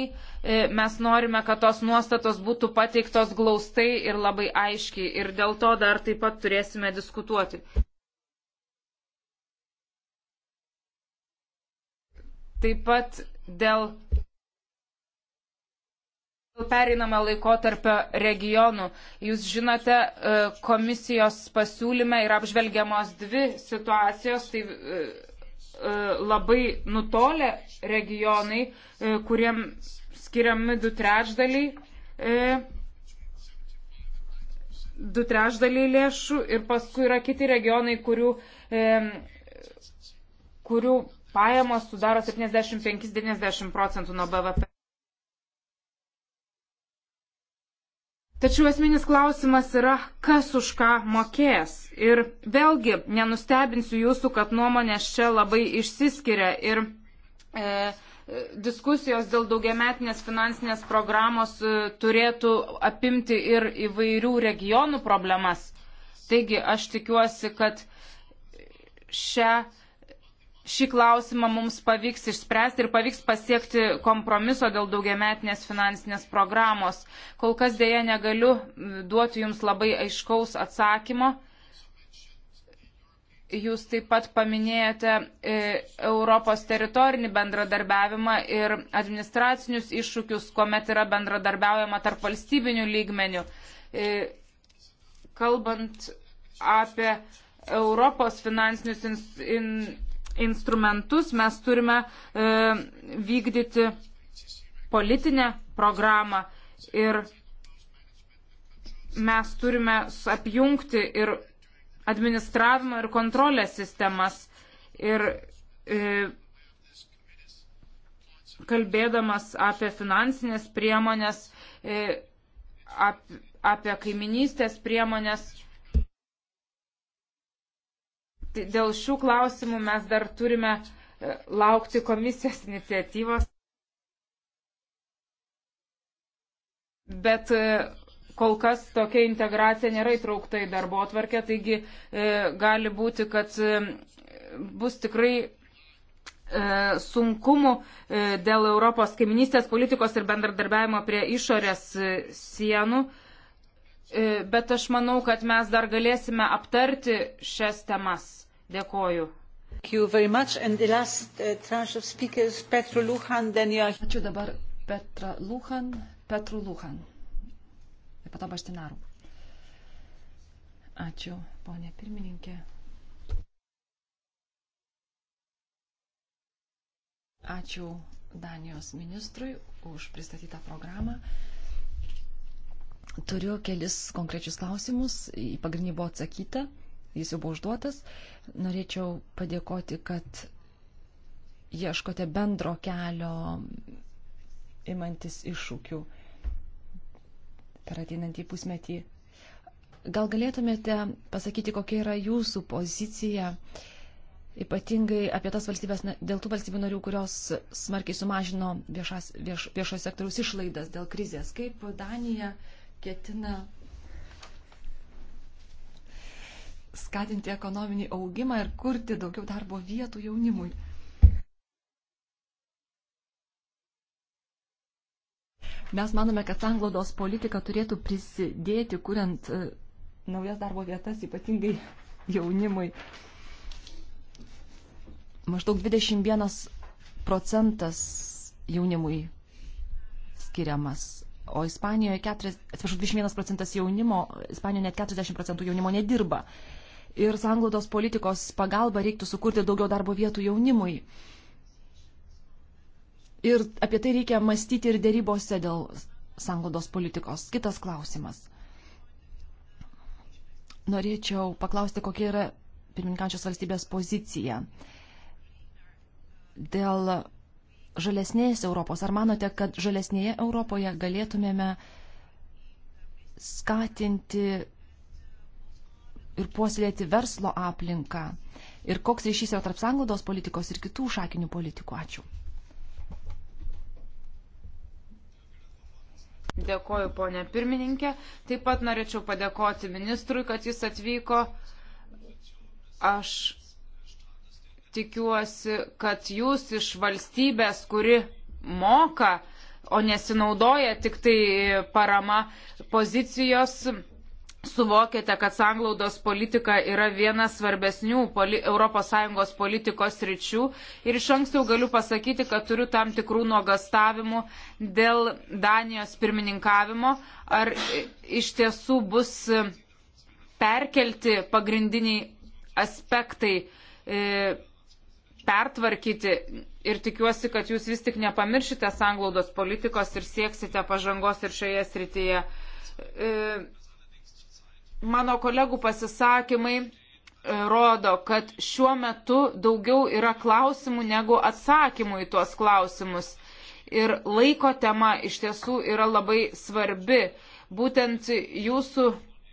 e, mes norime, kad tos nuostatos būtų pateiktos glaustai ir labai aiškiai. Ir dėl to dar taip pat turėsime diskutuoti. Taip pat dėl pereinamą laikotarpio regionų. Jūs žinote, e, komisijos pasiūlyme yra apžvelgiamos dvi situacijos, tai e, e, labai nutolę regionai, kuriem skiriami du trečdaliai, du trečdaliai lėšų ir paskui yra kiti regionai, kurių, kurių pajamos sudaro 75-90 procentų nuo BVP. Tačiau esminis klausimas yra, kas už ką mokės. Ir vėlgi, nenustebinsiu jūsų, kad nuomonės čia labai išsiskiria. Ir e, diskusijos dėl daugiametinės finansinės programos e, turėtų apimti ir įvairių regionų problemas. Taigi aš tikiuosi, kad šią šį klausimą mums pavyks išspręsti ir pavyks pasiekti kompromiso dėl daugiametinės finansinės programos. Kol kas dėja negaliu duoti Jums labai aiškaus atsakymo. Jūs taip pat paminėjote e, Europos teritorinį bendradarbiavimą ir administracinius iššūkius, kuomet yra bendradarbiaujama tarp valstybinių lygmenių. E, kalbant apie Europos finansinius in, in, instrumentus, mes turime e, vykdyti politinę programą ir mes turime apjungti ir administravimo ir kontrolės sistemas. Ir e, kalbėdamas apie finansinės priemonės, e, ap, apie kaiminystės priemonės, Tai dėl šių klausimų mes dar turime e, laukti komisijos iniciatyvos. Bet e, kol kas tokia integracija nėra įtraukta į darbo atvarkę, taigi e, gali būti, kad e, bus tikrai e, sunkumų e, dėl Europos kaiminystės politikos ir bendradarbiavimo prie išorės e, sienų. E, E, bet aš manau, kad mes dar galėsime aptarti šias temas. Dėkoju. Last, uh, speakers, Luhan, are... Ačiū dabar Petra Luhan, Petru Luhan ir pato Baštinaru. Ačiū, ponė pirmininkė. Ačiū Danijos ministrui už pristatytą programą. Turiu kelis konkrečius klausimus, į pagrindinį buvo atsakyta, jis jau buvo užduotas. Norėčiau padėkoti, kad ieškote bendro kelio imantis iššūkių per ateinantį pusmetį. Gal galėtumėte pasakyti, kokia yra jūsų pozicija, ypatingai apie tas valstybės, dėl tų valstybių narių, kurios smarkiai sumažino viešas, vieš, viešo sektoriaus išlaidas dėl krizės, kaip Danija. Mhm ketina skatinti ekonominį augimą ir kurti daugiau darbo vietų jaunimui. Mes manome, kad anglodos politika turėtų prisidėti, kuriant e, naujas darbo vietas, ypatingai jaunimui. Maždaug 21 procentas jaunimui skiriamas o Ispanijoje 4, atsiprašau, 21 procentas jaunimo, Ispanijoje net 40 procentų jaunimo nedirba. Ir sanglaudos politikos pagalba reiktų sukurti daugiau darbo vietų jaunimui. Ir apie tai reikia mąstyti ir dėrybose dėl sanglaudos politikos. Kitas klausimas. Norėčiau paklausti, kokia yra pirmininkančios valstybės pozicija dėl žalesnės Europos. Ar manote, kad žalesnėje Europoje galėtumėme skatinti ir puoselėti verslo aplinką? Ir koks ryšys yra tarp sanglaudos politikos ir kitų šakinių politikų? Ačiū. Dėkoju, ponė pirmininkė. Taip pat norėčiau padėkoti ministrui, kad jis atvyko. Aš tikiuosi, kad jūs iš valstybės, kuri moka, o nesinaudoja tik tai parama pozicijos, suvokėte, kad sanglaudos politika yra viena svarbesnių poli ES politikos ryčių ir iš anksto galiu pasakyti, kad turiu tam tikrų nuogastavimų dėl Danijos pirmininkavimo, ar iš tiesų bus perkelti pagrindiniai aspektai e, pertvarkyti ir tikiuosi, kad jūs vis tik nepamiršite sanglaudos politikos ir sieksite pažangos ir šioje srityje. E, mano kolegų pasisakymai e, rodo, kad šiuo metu daugiau yra klausimų negu atsakymų į tuos klausimus. Ir laiko tema iš tiesų yra labai svarbi. Būtent jūsų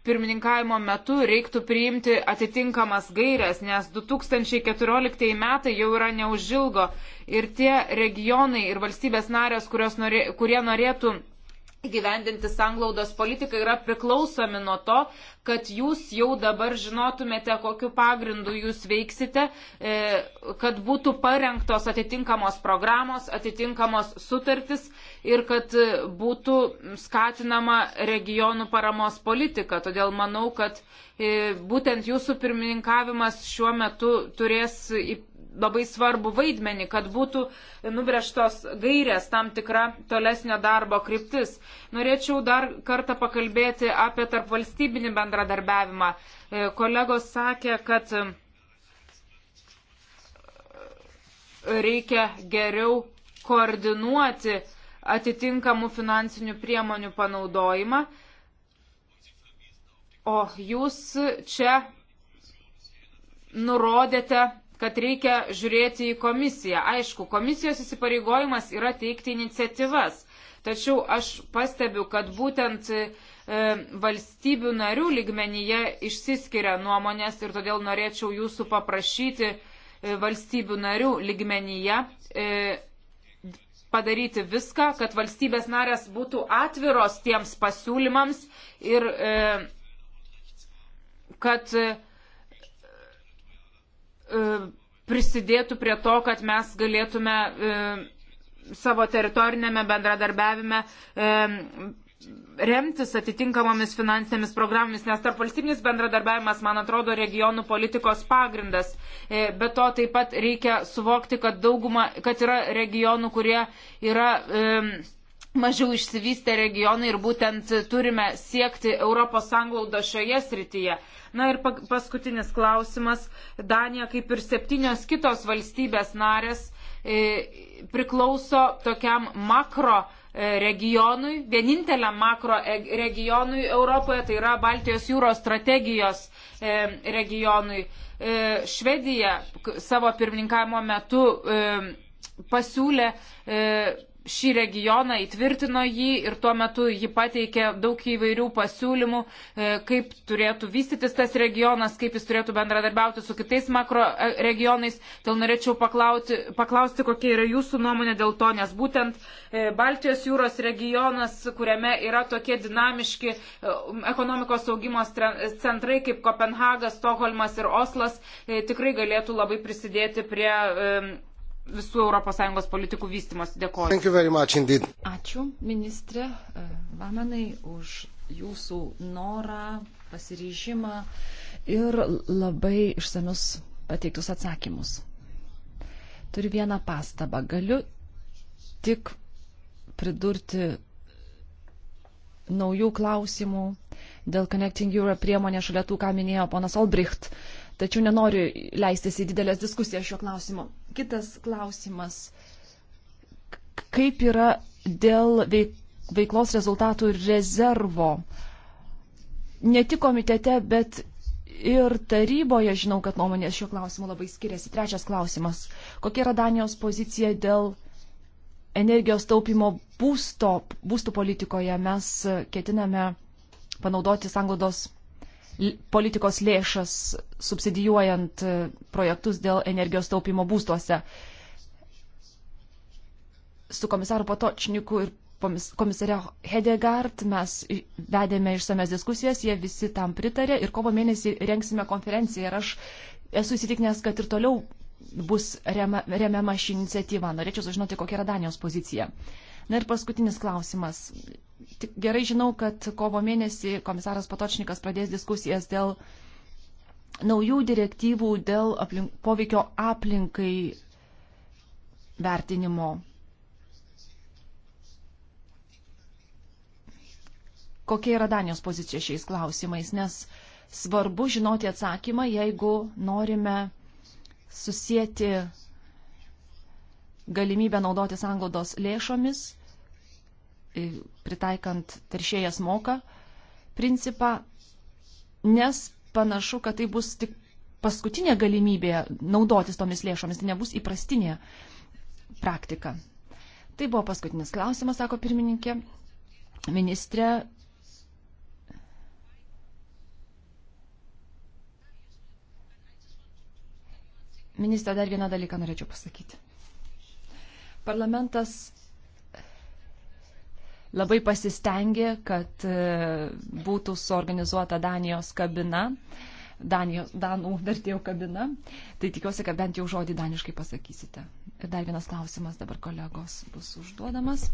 pirmininkavimo metu reiktų priimti atitinkamas gairias, nes 2014 metai jau yra neužilgo ir tie regionai ir valstybės narės, norė, kurie norėtų gyvendinti sanglaudos politiką yra priklausomi nuo to, kad jūs jau dabar žinotumėte, kokiu pagrindu jūs veiksite, e, kad būtų parengtos atitinkamos programos, atitinkamos sutartis ir kad e, būtų skatinama regionų paramos politika. Todėl manau, kad e, būtent jūsų pirmininkavimas šiuo metu turės labai svarbu vaidmenį, kad būtų nubrėžtos gairės tam tikra tolesnio darbo kryptis. Norėčiau dar kartą pakalbėti apie tarpvalstybinį bendradarbiavimą. E, kolegos sakė, kad e, reikia geriau koordinuoti atitinkamų finansinių priemonių panaudojimą. O jūs čia nurodėte kad reikia žiūrėti į komisiją. Aišku, komisijos įsipareigojimas yra teikti iniciatyvas, tačiau aš pastebiu, kad būtent e, valstybių narių lygmenyje išsiskiria nuomonės ir todėl norėčiau jūsų paprašyti e, valstybių narių lygmenyje e, padaryti viską, kad valstybės narės būtų atviros tiems pasiūlymams ir kad E, prisidėtų prie to, kad mes galėtume e, savo teritorinėme bendradarbiavime e, remtis atitinkamomis finansinėmis programomis, nes tarp valstybinis bendradarbiavimas, man atrodo, regionų politikos pagrindas. Be to taip pat reikia suvokti, kad, dauguma, kad yra regionų, kurie yra. E, mažiau išsivystę regionai ir būtent turime siekti Europos sanglaudo šioje srityje. Na ir paskutinis klausimas. Danija, kaip ir septynios kitos valstybės narės, e, priklauso tokiam makro e, regionui, vieninteliam makro e, regionui Europoje, tai yra Baltijos jūros strategijos regionui. Švedija savo pirmininkavimo metu pasiūlė šį regioną, įtvirtino jį ir tuo metu ji pateikė daug įvairių pasiūlymų, e, kaip turėtų vystytis tas regionas, kaip jis turėtų bendradarbiauti su kitais makro e, regionais. Dėl norėčiau paklauti, paklausti, kokia yra jūsų nuomonė dėl to, nes būtent e, Baltijos jūros regionas, kuriame yra tokie dinamiški ekonomikos augimo centrai kaip Kopenhagas, Stokholmas ir Oslas, tikrai galėtų labai prisidėti prie visų ES politikų vystimosi. Dėkoju. Ačiū, ministrė e, Vamenai, už jūsų norą, pasiryžimą ir labai išsamius pateiktus atsakymus. Turiu vieną pastabą. Galiu tik pridurti naujų klausimų dėl Connecting Europe priemonės šalia tų, ką minėjo ponas Olbricht, tačiau nenoriu leistis į didelės diskusijas šiuo klausimu. Kitas klausimas. Kaip yra dėl veiklos rezultatų rezervo? Ne tik komitete, bet ir taryboje žinau, kad nuomonės šiuo klausimu labai skiriasi. Trečias klausimas. Kokia yra Danijos pozicija dėl energijos taupimo būsto, būstų politikoje? Mes ketiname panaudoti sanglaudos politikos lėšas subsidijuojant e, projektus dėl energijos taupimo būstuose. Su komisaru Patočniku ir komisare Hedegard mes vedėme išsames diskusijas, jie visi tam pritarė ir kovo mėnesį rengsime konferenciją ir aš esu įsitikinęs, kad ir toliau bus rema, remiama ši iniciatyva. Norėčiau sužinoti, kokia yra Danijos pozicija. Uh, Na ir paskutinis klausimas. Tik gerai žinau, kad kovo mėnesį komisaras Patočnikas pradės diskusijas dėl naujų direktyvų dėl aplink, poveikio aplinkai vertinimo. Kokia yra Danijos pozicija šiais klausimais, nes svarbu žinoti atsakymą, jeigu norime susijęti galimybę naudotis anglodos lėšomis pritaikant teršėjas moka principą, nes panašu, kad tai bus tik paskutinė galimybė naudotis tomis lėšomis, tai nebus įprastinė praktika. Tai buvo paskutinis klausimas, sako pirmininkė. Ministrė. Ministrė, dar vieną dalyką norėčiau pasakyti. Parlamentas labai pasistengė, kad e, būtų suorganizuota Danijos kabina, Danijos, Danų vertėjų kabina. Tai tikiuosi, kad bent jau žodį daniškai pasakysite. Ir dar vienas klausimas dabar kolegos bus užduodamas.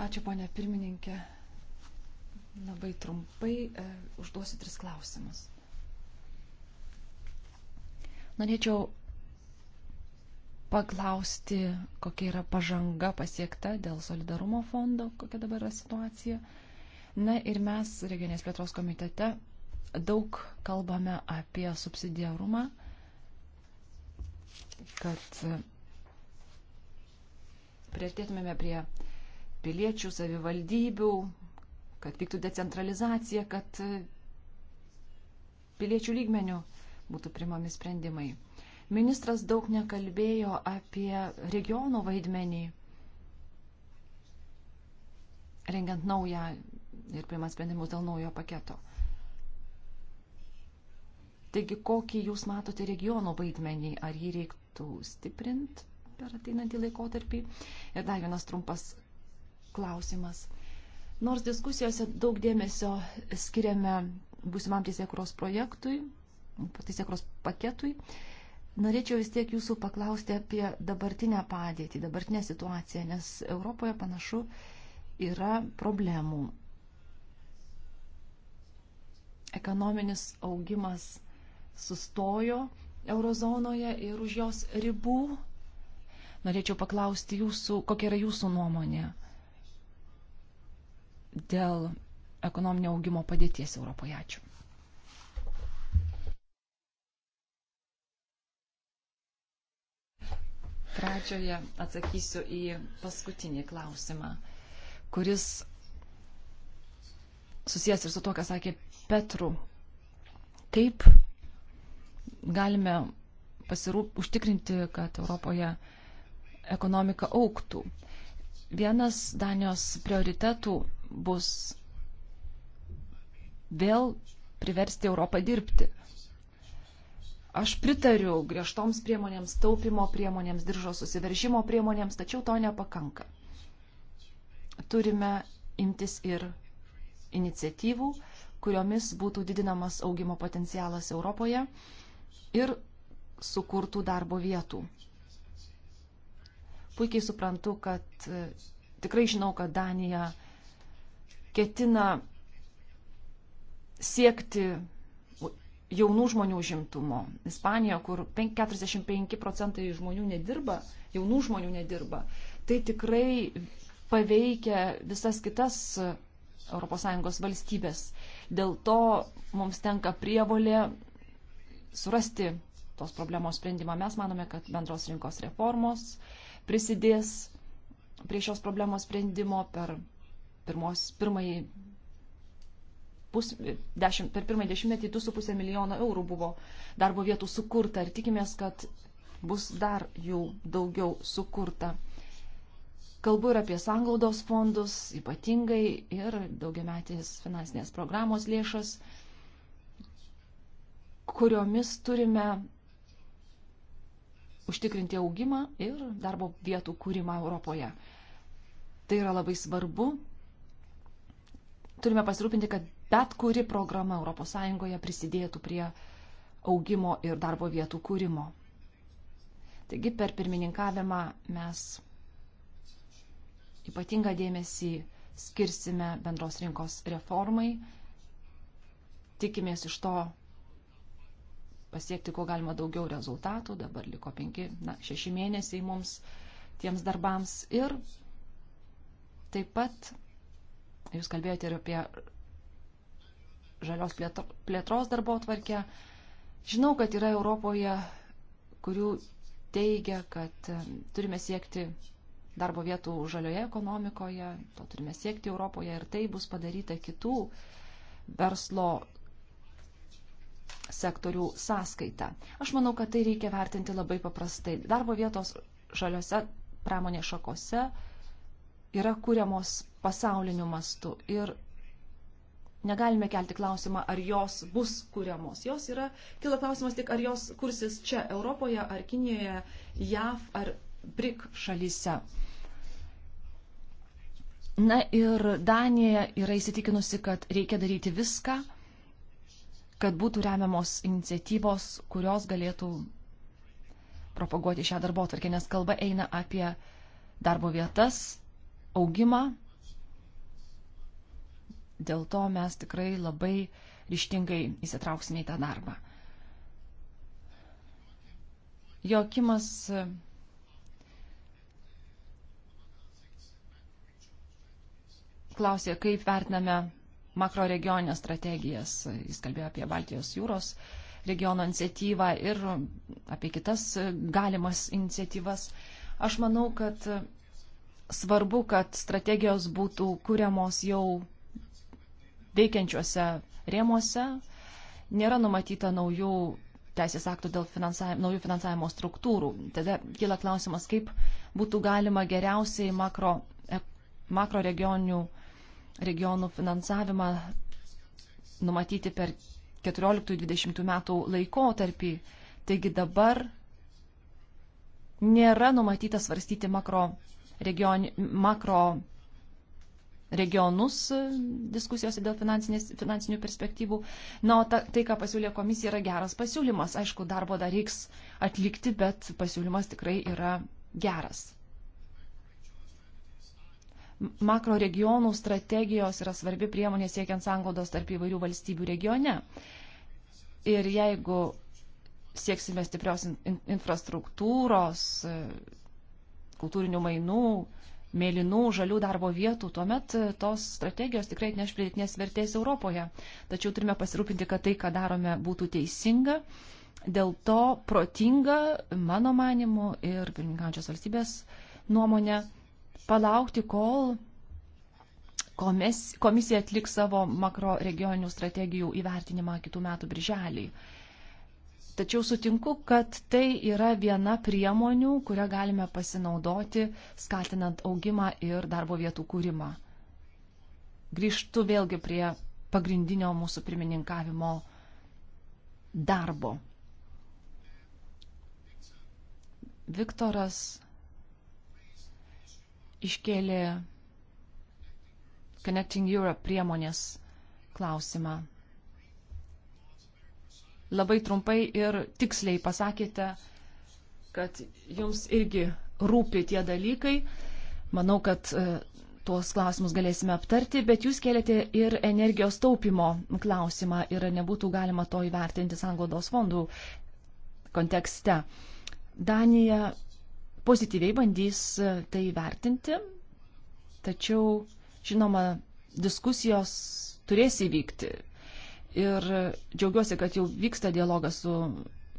Ačiū, ponė pirmininkė. Labai trumpai e, užduosiu tris klausimus. Norėčiau paklausti, kokia yra pažanga pasiekta dėl solidarumo fondo, kokia dabar yra situacija. Na ir mes regionės plėtros komitete daug kalbame apie subsidiarumą, kad prieartėtumėme prie piliečių, savivaldybių, kad vyktų decentralizacija, kad piliečių lygmenių būtų primami sprendimai. Ministras daug nekalbėjo apie regiono vaidmenį, rengiant naują ir priimant sprendimus dėl naujo paketo. Taigi, kokį jūs matote regiono vaidmenį, ar jį reiktų stiprinti per ateinantį laikotarpį? Ir dar vienas trumpas klausimas. Nors diskusijose daug dėmesio skiriame būsimam teisėkuros projektui, teisėkuros paketui, Norėčiau vis tiek jūsų paklausti apie dabartinę padėtį, dabartinę situaciją, nes Europoje panašu yra problemų. Ekonominis augimas sustojo eurozonoje ir už jos ribų. Norėčiau paklausti jūsų, kokia yra jūsų nuomonė dėl ekonominio augimo padėties Europoje. Ačiū. Pradžioje atsakysiu į paskutinį klausimą, kuris susijęs ir su to, ką sakė Petru. Kaip galime pasirūp, užtikrinti, kad Europoje ekonomika auktų? Vienas Danijos prioritetų bus vėl priversti Europą dirbti. Aš pritariu griežtoms priemonėms, taupimo priemonėms, diržo susiveržimo priemonėms, tačiau to nepakanka. Turime imtis ir iniciatyvų, kuriomis būtų didinamas augimo potencialas Europoje ir sukurtų darbo vietų. Puikiai suprantu, kad e, tikrai žinau, kad Danija ketina siekti jaunų žmonių užimtumo. Ispanija, kur 45 procentai žmonių nedirba, jaunų žmonių nedirba, tai tikrai paveikia visas kitas ES valstybės. Dėl to mums tenka prievolė surasti tos problemos sprendimą. Mes manome, kad bendros rinkos reformos prisidės prie šios problemos sprendimo per pirmos, pirmąjį pus, dešim, per pirmąjį dešimtmetį 2,5 milijono eurų buvo darbo vietų sukurta ir tikimės, kad bus dar jų daugiau sukurta. Kalbu ir apie sanglaudos fondus, ypatingai ir daugiametės finansinės programos lėšas, kuriomis turime užtikrinti augimą ir darbo vietų kūrimą Europoje. Tai yra labai svarbu. Turime pasirūpinti, kad bet kuri programa ES prisidėtų prie augimo ir darbo vietų kūrimo. Taigi per pirmininkavimą mes ypatingą dėmesį skirsime bendros rinkos reformai. Tikimės iš to pasiekti kuo galima daugiau rezultatų. Dabar liko 5-6 mėnesiai mums tiems darbams. Ir taip pat jūs kalbėjote ir apie žalios plėtros darbo tvarkę. Žinau, kad yra Europoje, kurių teigia, kad turime siekti darbo vietų žalioje ekonomikoje, to turime siekti Europoje ir tai bus padaryta kitų verslo sektorių sąskaita. Aš manau, kad tai reikia vertinti labai paprastai. Darbo vietos žaliose pramonės šakose yra kūriamos pasauliniu mastu ir negalime kelti klausimą, ar jos bus kuriamos. Jos yra, kila klausimas tik, ar jos kursis čia Europoje, ar Kinijoje, JAV, ar BRIC šalyse. Na ir Danija yra įsitikinusi, kad reikia daryti viską, kad būtų remiamos iniciatyvos, kurios galėtų propaguoti šią darbo tvarkę, nes kalba eina apie darbo vietas, augimą, Dėl to mes tikrai labai ryštingai įsitrauksime į tą darbą. Jokimas e, klausė, kaip vertiname makro regioninės strategijas. Jis kalbėjo apie Baltijos jūros regiono iniciatyvą ir apie kitas galimas iniciatyvas. Aš manau, kad svarbu, kad strategijos būtų kuriamos jau veikiančiuose rėmuose. Nėra numatyta naujų teisės aktų dėl finansavimo, naujų finansavimo struktūrų. Tada kyla klausimas, kaip būtų galima geriausiai makro, e, makro regionių, regionų finansavimą numatyti per 14-20 metų laikotarpį. Taigi dabar nėra numatyta svarstyti makro, regioni, makro regionus e, diskusijose dėl finansinių perspektyvų. Na, o ta, tai, ką pasiūlė komisija, yra geras pasiūlymas. Aišku, darbo dar reiks atlikti, bet pasiūlymas tikrai yra geras. Makro regionų strategijos yra svarbi priemonė siekiant sanglaudos tarp įvairių valstybių regione. Ir jeigu sieksime stiprios infrastruktūros, e, kultūrinių mainų, mėlynų, žalių darbo vietų, tuomet e, tos strategijos tikrai atneš pridėtinės vertės Europoje. Tačiau turime pasirūpinti, kad tai, ką darome, būtų teisinga. Dėl to protinga, mano manimu, ir pirmininkančios valstybės nuomonė palaukti, kol komisija atliks savo makro regioninių strategijų įvertinimą kitų metų birželį. Tačiau sutinku, kad tai yra viena priemonių, kurią galime pasinaudoti, skatinant augimą ir darbo vietų kūrimą. Grįžtu vėlgi prie pagrindinio mūsų pirmininkavimo darbo. Viktoras iškėlė Connecting Europe priemonės klausimą labai trumpai ir tiksliai pasakėte, kad jums irgi rūpi tie dalykai. Manau, kad e, tuos klausimus galėsime aptarti, bet jūs kėlėte ir energijos taupimo klausimą ir nebūtų galima to įvertinti sanglaudos fondų kontekste. Danija pozityviai bandys e, tai įvertinti, tačiau, žinoma, diskusijos turės įvykti ir džiaugiuosi, kad jau vyksta dialogas su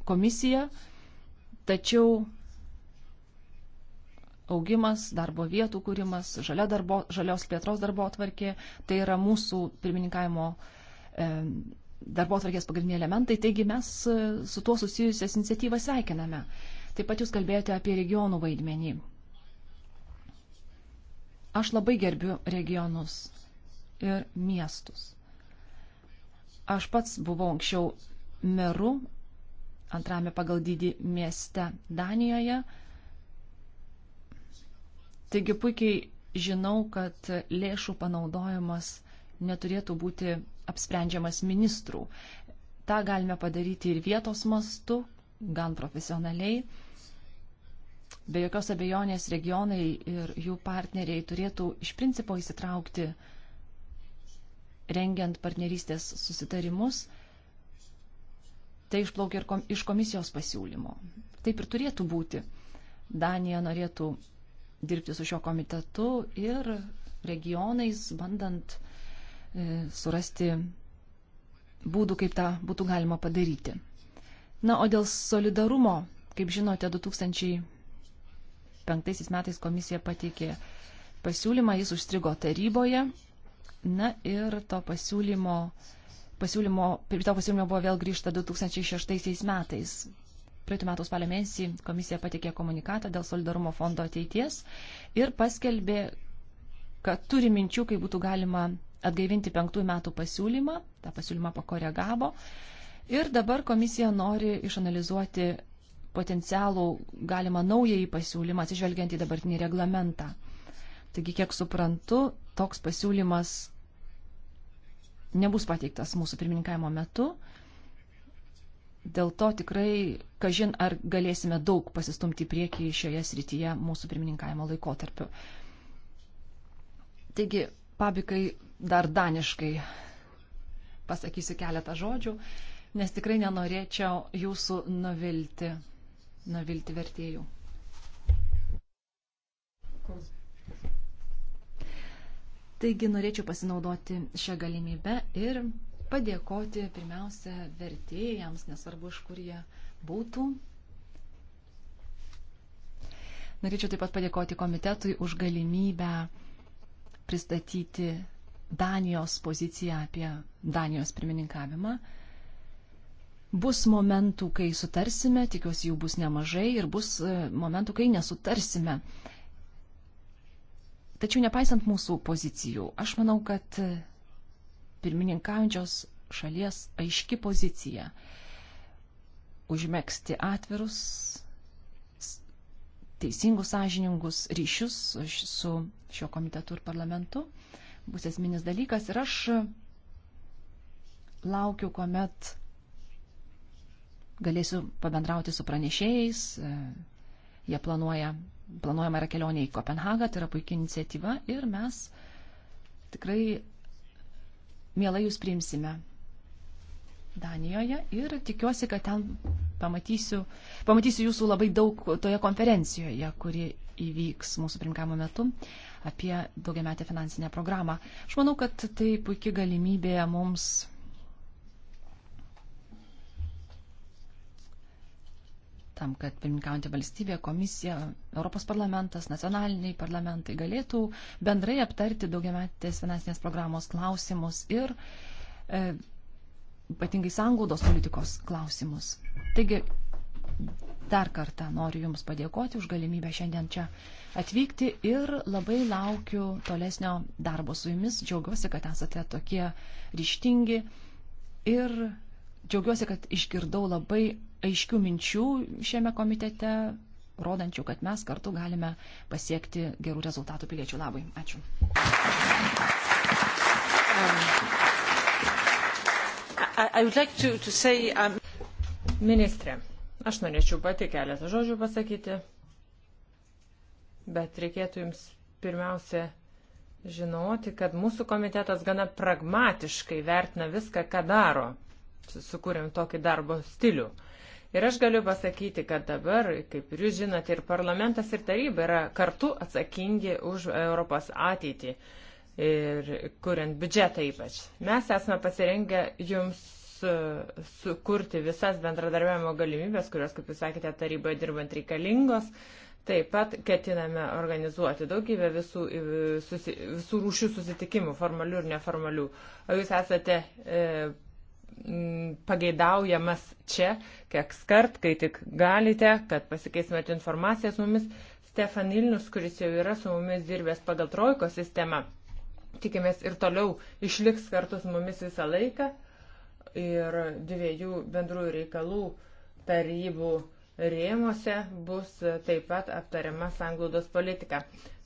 komisija, tačiau augimas, darbo vietų kūrimas, žalia darbo, žalios plėtros darbo atvarkė, tai yra mūsų pirmininkavimo e, darbo atvarkės pagrindiniai elementai, taigi mes e, su tuo susijusias iniciatyvas sveikiname. Taip pat jūs kalbėjote apie regionų vaidmenį. Aš labai gerbiu regionus ir miestus. Aš pats buvau anksčiau meru antrame pagal dydį mieste Danijoje. Taigi puikiai žinau, kad lėšų panaudojimas neturėtų būti apsprendžiamas ministrų. Ta galime padaryti ir vietos mastu, gan profesionaliai. Be jokios abejonės regionai ir jų partneriai turėtų iš principo įsitraukti rengiant partnerystės susitarimus, tai išplaukia ir kom, iš komisijos pasiūlymo. Taip ir turėtų būti. Danija norėtų dirbti su šio komitetu ir regionais, bandant e, surasti būdų, kaip tą būtų galima padaryti. Na, o dėl solidarumo, kaip žinote, 2005 metais komisija pateikė pasiūlymą, jis užstrigo taryboje Na ir to pasiūlymo, pasiūlymo, prie to pasiūlymo buvo vėl grįžta 2006 metais. Praeitų metų spalio mėnesį komisija patikė komunikatą dėl solidarumo fondo ateities ir paskelbė, kad turi minčių, kaip būtų galima atgaivinti penktųjų metų pasiūlymą, tą pasiūlymą pakoregavo ir dabar komisija nori išanalizuoti potencialų galimą naująjį pasiūlymą atsižvelgiant į dabartinį reglamentą. Taigi, kiek suprantu, toks pasiūlymas nebus pateiktas mūsų pirmininkavimo metu. Dėl to tikrai, kažin ar galėsime daug pasistumti į priekį šioje srityje mūsų pirmininkavimo laikotarpiu. Taigi, pabikai dar daniškai pasakysiu keletą žodžių, nes tikrai nenorėčiau jūsų nuvilti, nuvilti vertėjų. Taigi norėčiau pasinaudoti šią galimybę ir padėkoti pirmiausia vertėjams, nesvarbu, iš kur jie būtų. Norėčiau taip pat padėkoti komitetui už galimybę pristatyti Danijos poziciją apie Danijos pirmininkavimą. Bus momentų, kai sutarsime, tikiuosi jų bus nemažai, ir bus e, momentų, kai nesutarsime. Uh, Tačiau nepaisant mūsų pozicijų, aš manau, kad pirmininkaujančios šalies aiški pozicija užmėgsti atvirus, teisingus, sąžiningus ryšius su šio komitetu ir parlamentu bus esminis dalykas. Ir aš laukiu, kuomet galėsiu pabendrauti su pranešėjais. Jie planuoja planuojama yra kelionė į Kopenhagą, tai yra puikia iniciatyva ir mes tikrai mielai jūs priimsime Danijoje ir tikiuosi, kad ten pamatysiu, pamatysiu jūsų labai daug toje konferencijoje, kuri įvyks mūsų primkamo metu apie daugiametę finansinę programą. Aš manau, kad tai puikia galimybė mums tam, kad pirmininkaujantį valstybę, komisiją, Europos parlamentas, nacionaliniai parlamentai galėtų bendrai aptarti daugiametės finansinės programos klausimus ir e, ypatingai sanglaudos politikos klausimus. Taigi, dar kartą noriu Jums padėkoti už galimybę šiandien čia atvykti ir labai laukiu tolesnio darbo su Jumis. Džiaugiuosi, kad esate tokie ryštingi ir džiaugiuosi, kad išgirdau labai aiškių minčių šiame komitete, rodančių, kad mes kartu galime pasiekti gerų rezultatų piliečių labui. Ačiū. Um, like to, to say, um... Ministrė, aš norėčiau pati keletą žodžių pasakyti, bet reikėtų jums pirmiausia žinoti, kad mūsų komitetas gana pragmatiškai vertina viską, ką daro. Sukūrėm tokį darbo stilių. Uh, Ir aš galiu pasakyti, kad dabar, kaip ir jūs žinote, ir parlamentas, ir taryba yra kartu atsakingi už Europos ateitį ir kuriant biudžetą ypač. Mes esame pasirengę jums e, sukurti visas bendradarbiavimo galimybės, kurios, kaip jūs sakėte, taryboje dirbant reikalingos. Taip pat ketiname organizuoti daugybę visų, e, susi, visų rūšių susitikimų, formalių ir neformalių. O jūs esate e, Mm, pageidaujamas čia, kiek skart, kai tik galite, kad pasikeistumėte informaciją su mumis. Stefan Ilnius, kuris jau yra su mumis dirbęs pagal trojko sistemą, tikimės ir toliau išliks kartu su mumis visą laiką. Ir dviejų bendrųjų reikalų tarybų rėmose bus taip pat aptariama sanglaudos politika.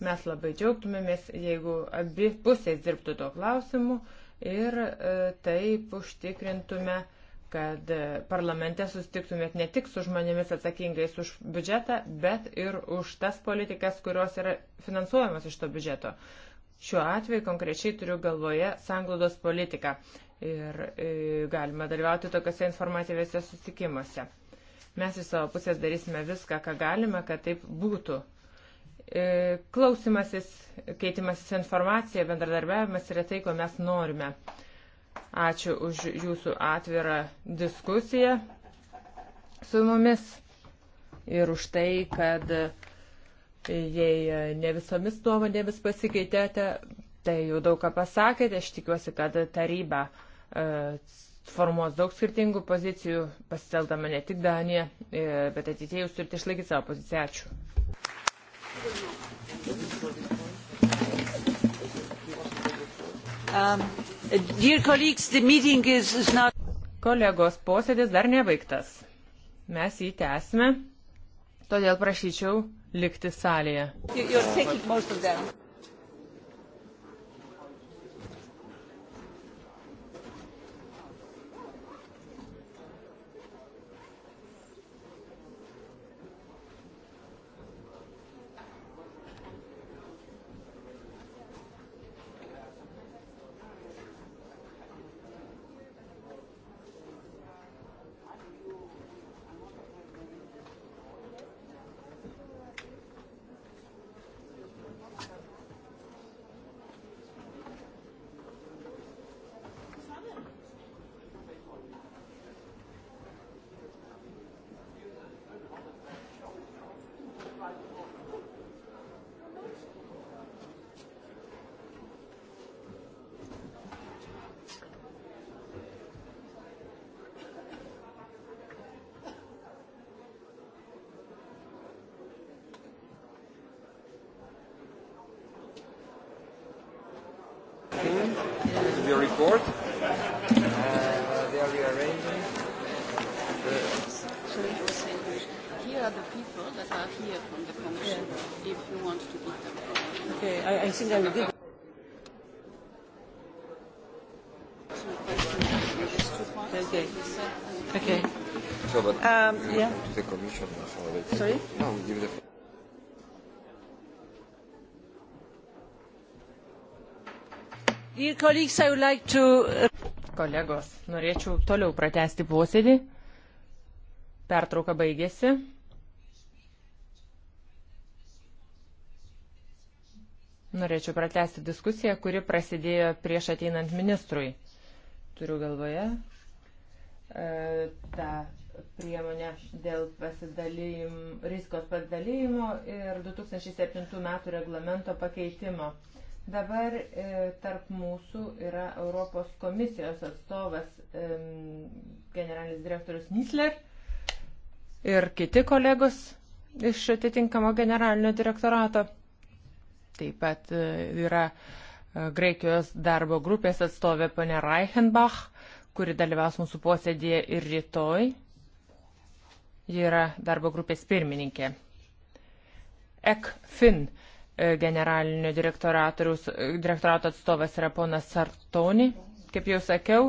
Mes labai džiaugtumėmės, jeigu abi pusės dirbtų tuo klausimu ir e, taip užtikrintume, kad parlamente sustiktumėt ne tik su žmonėmis atsakingais už biudžetą, bet ir už tas politikas, kurios yra finansuojamas iš to biudžeto. Šiuo atveju konkrečiai turiu galvoje sanglaudos politiką ir e, galima dalyvauti tokiuose informatyvėse susitikimuose. Mes iš savo pusės darysime viską, ką galime, kad taip būtų E, klausimasis, keitimasis informacija, bendradarbiavimas yra tai, ko mes norime. Ačiū už jūsų atvirą diskusiją su mumis ir už tai, kad jei ne visomis nuomonėmis pasikeitėte, tai jau daug ką pasakėte. Aš tikiuosi, kad taryba e, formuos daug skirtingų pozicijų, pasitelkdama ne tik Daniją, e, bet atitėjus turite išlaikyti savo poziciją. Ačiū. Um, is, is not... Kolegos posėdis dar nebaigtas. Mes jį tęsime, todėl prašyčiau likti salėje. You, the commission national election. Sorry? No, we give the floor. Dear colleagues, I would like to... Uh, Kolegos, norėčiau toliau pratesti posėdį. Pertrauka baigėsi. Norėčiau pratesti diskusiją, kuri prasidėjo prieš ateinant ministrui. Turiu galvoje e, tą priemonę dėl pasidalyjim, rizikos pasidalymo ir 2007 metų reglamento pakeitimo. Dabar e, tarp mūsų yra Europos komisijos atstovas e, generalinis direktorius Nisler ir kiti kolegos iš atitinkamo generalinio direktorato. Taip pat e, yra e, Graikijos darbo grupės atstovė ponė Reichenbach, kuri dalyvaus mūsų posėdėje ir rytoj Ji yra darbo grupės pirmininkė. ECFIN e, generalinio e, direktorato atstovas yra ponas Sartoni. Kaip jau sakiau,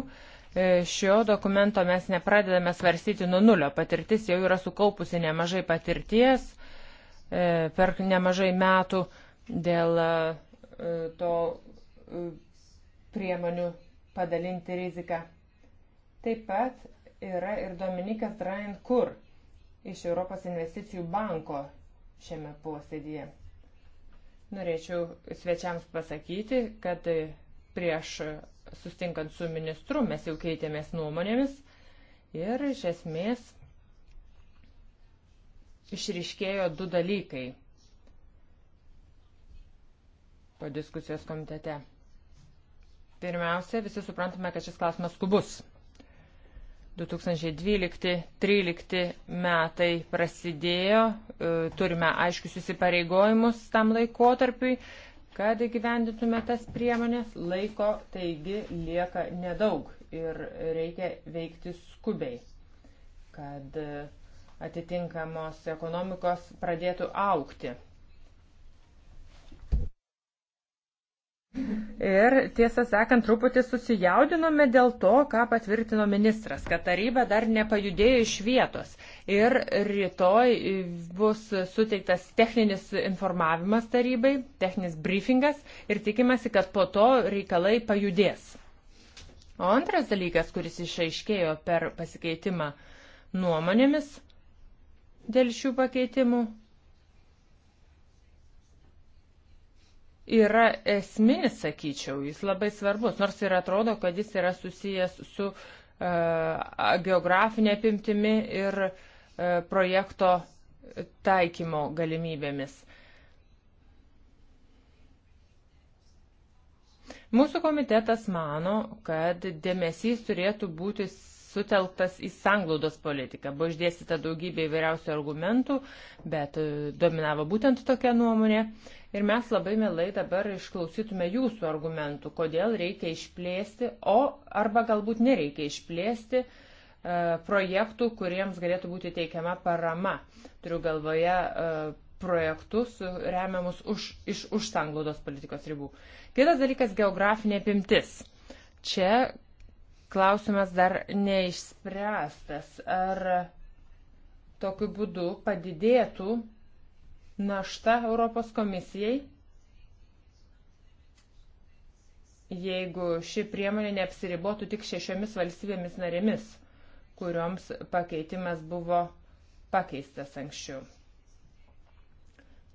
e, šio dokumento mes nepradedame svarstyti nuo nulio. Patirtis jau yra sukaupusi nemažai patirties per nemažai metų dėl to priemonių padalinti riziką. Taip pat yra ir Dominikas Drain Kur iš Europos investicijų banko šiame posėdėje. Norėčiau svečiams pasakyti, kad prieš sustinkant su ministru mes jau keitėmės nuomonėmis ir iš esmės išriškėjo du dalykai po diskusijos komitete. Pirmiausia, visi suprantame, kad šis klausimas skubus. 2012-2013 metai prasidėjo, e, turime aiškius įsipareigojimus tam laikotarpiui, kad įgyvendintume tas priemonės, laiko taigi lieka nedaug ir reikia veikti skubiai, kad e, atitinkamos ekonomikos pradėtų aukti. Ir tiesą sakant, truputį susijaudinome dėl to, ką patvirtino ministras, kad taryba dar nepajudėjo iš vietos. Ir rytoj bus suteiktas techninis informavimas tarybai, techninis briefingas ir tikimasi, kad po to reikalai pajudės. O antras dalykas, kuris išaiškėjo per pasikeitimą nuomonėmis dėl šių pakeitimų, yra esminis, sakyčiau, jis labai svarbus, nors ir atrodo, kad jis yra susijęs su uh, geografinė apimtimi ir uh, projekto taikymo galimybėmis. Mūsų komitetas mano, kad dėmesys turėtų būti sutelktas į sanglaudos politiką. Buvo išdėstyta daugybė įvairiausių argumentų, bet e, dominavo būtent tokia nuomonė. Ir mes labai mielai dabar išklausytume jūsų argumentų, kodėl reikia išplėsti, o arba galbūt nereikia išplėsti e, projektų, kuriems galėtų būti teikiama parama. Turiu galvoje e, projektus remiamus už, iš už sanglaudos politikos ribų. Kitas dalykas - geografinė apimtis. Čia klausimas dar neišspręstas. Ar tokiu būdu padidėtų našta Europos komisijai, jeigu ši priemonė neapsiribotų tik šešiomis valstybėmis narėmis, kurioms pakeitimas buvo pakeistas anksčiau.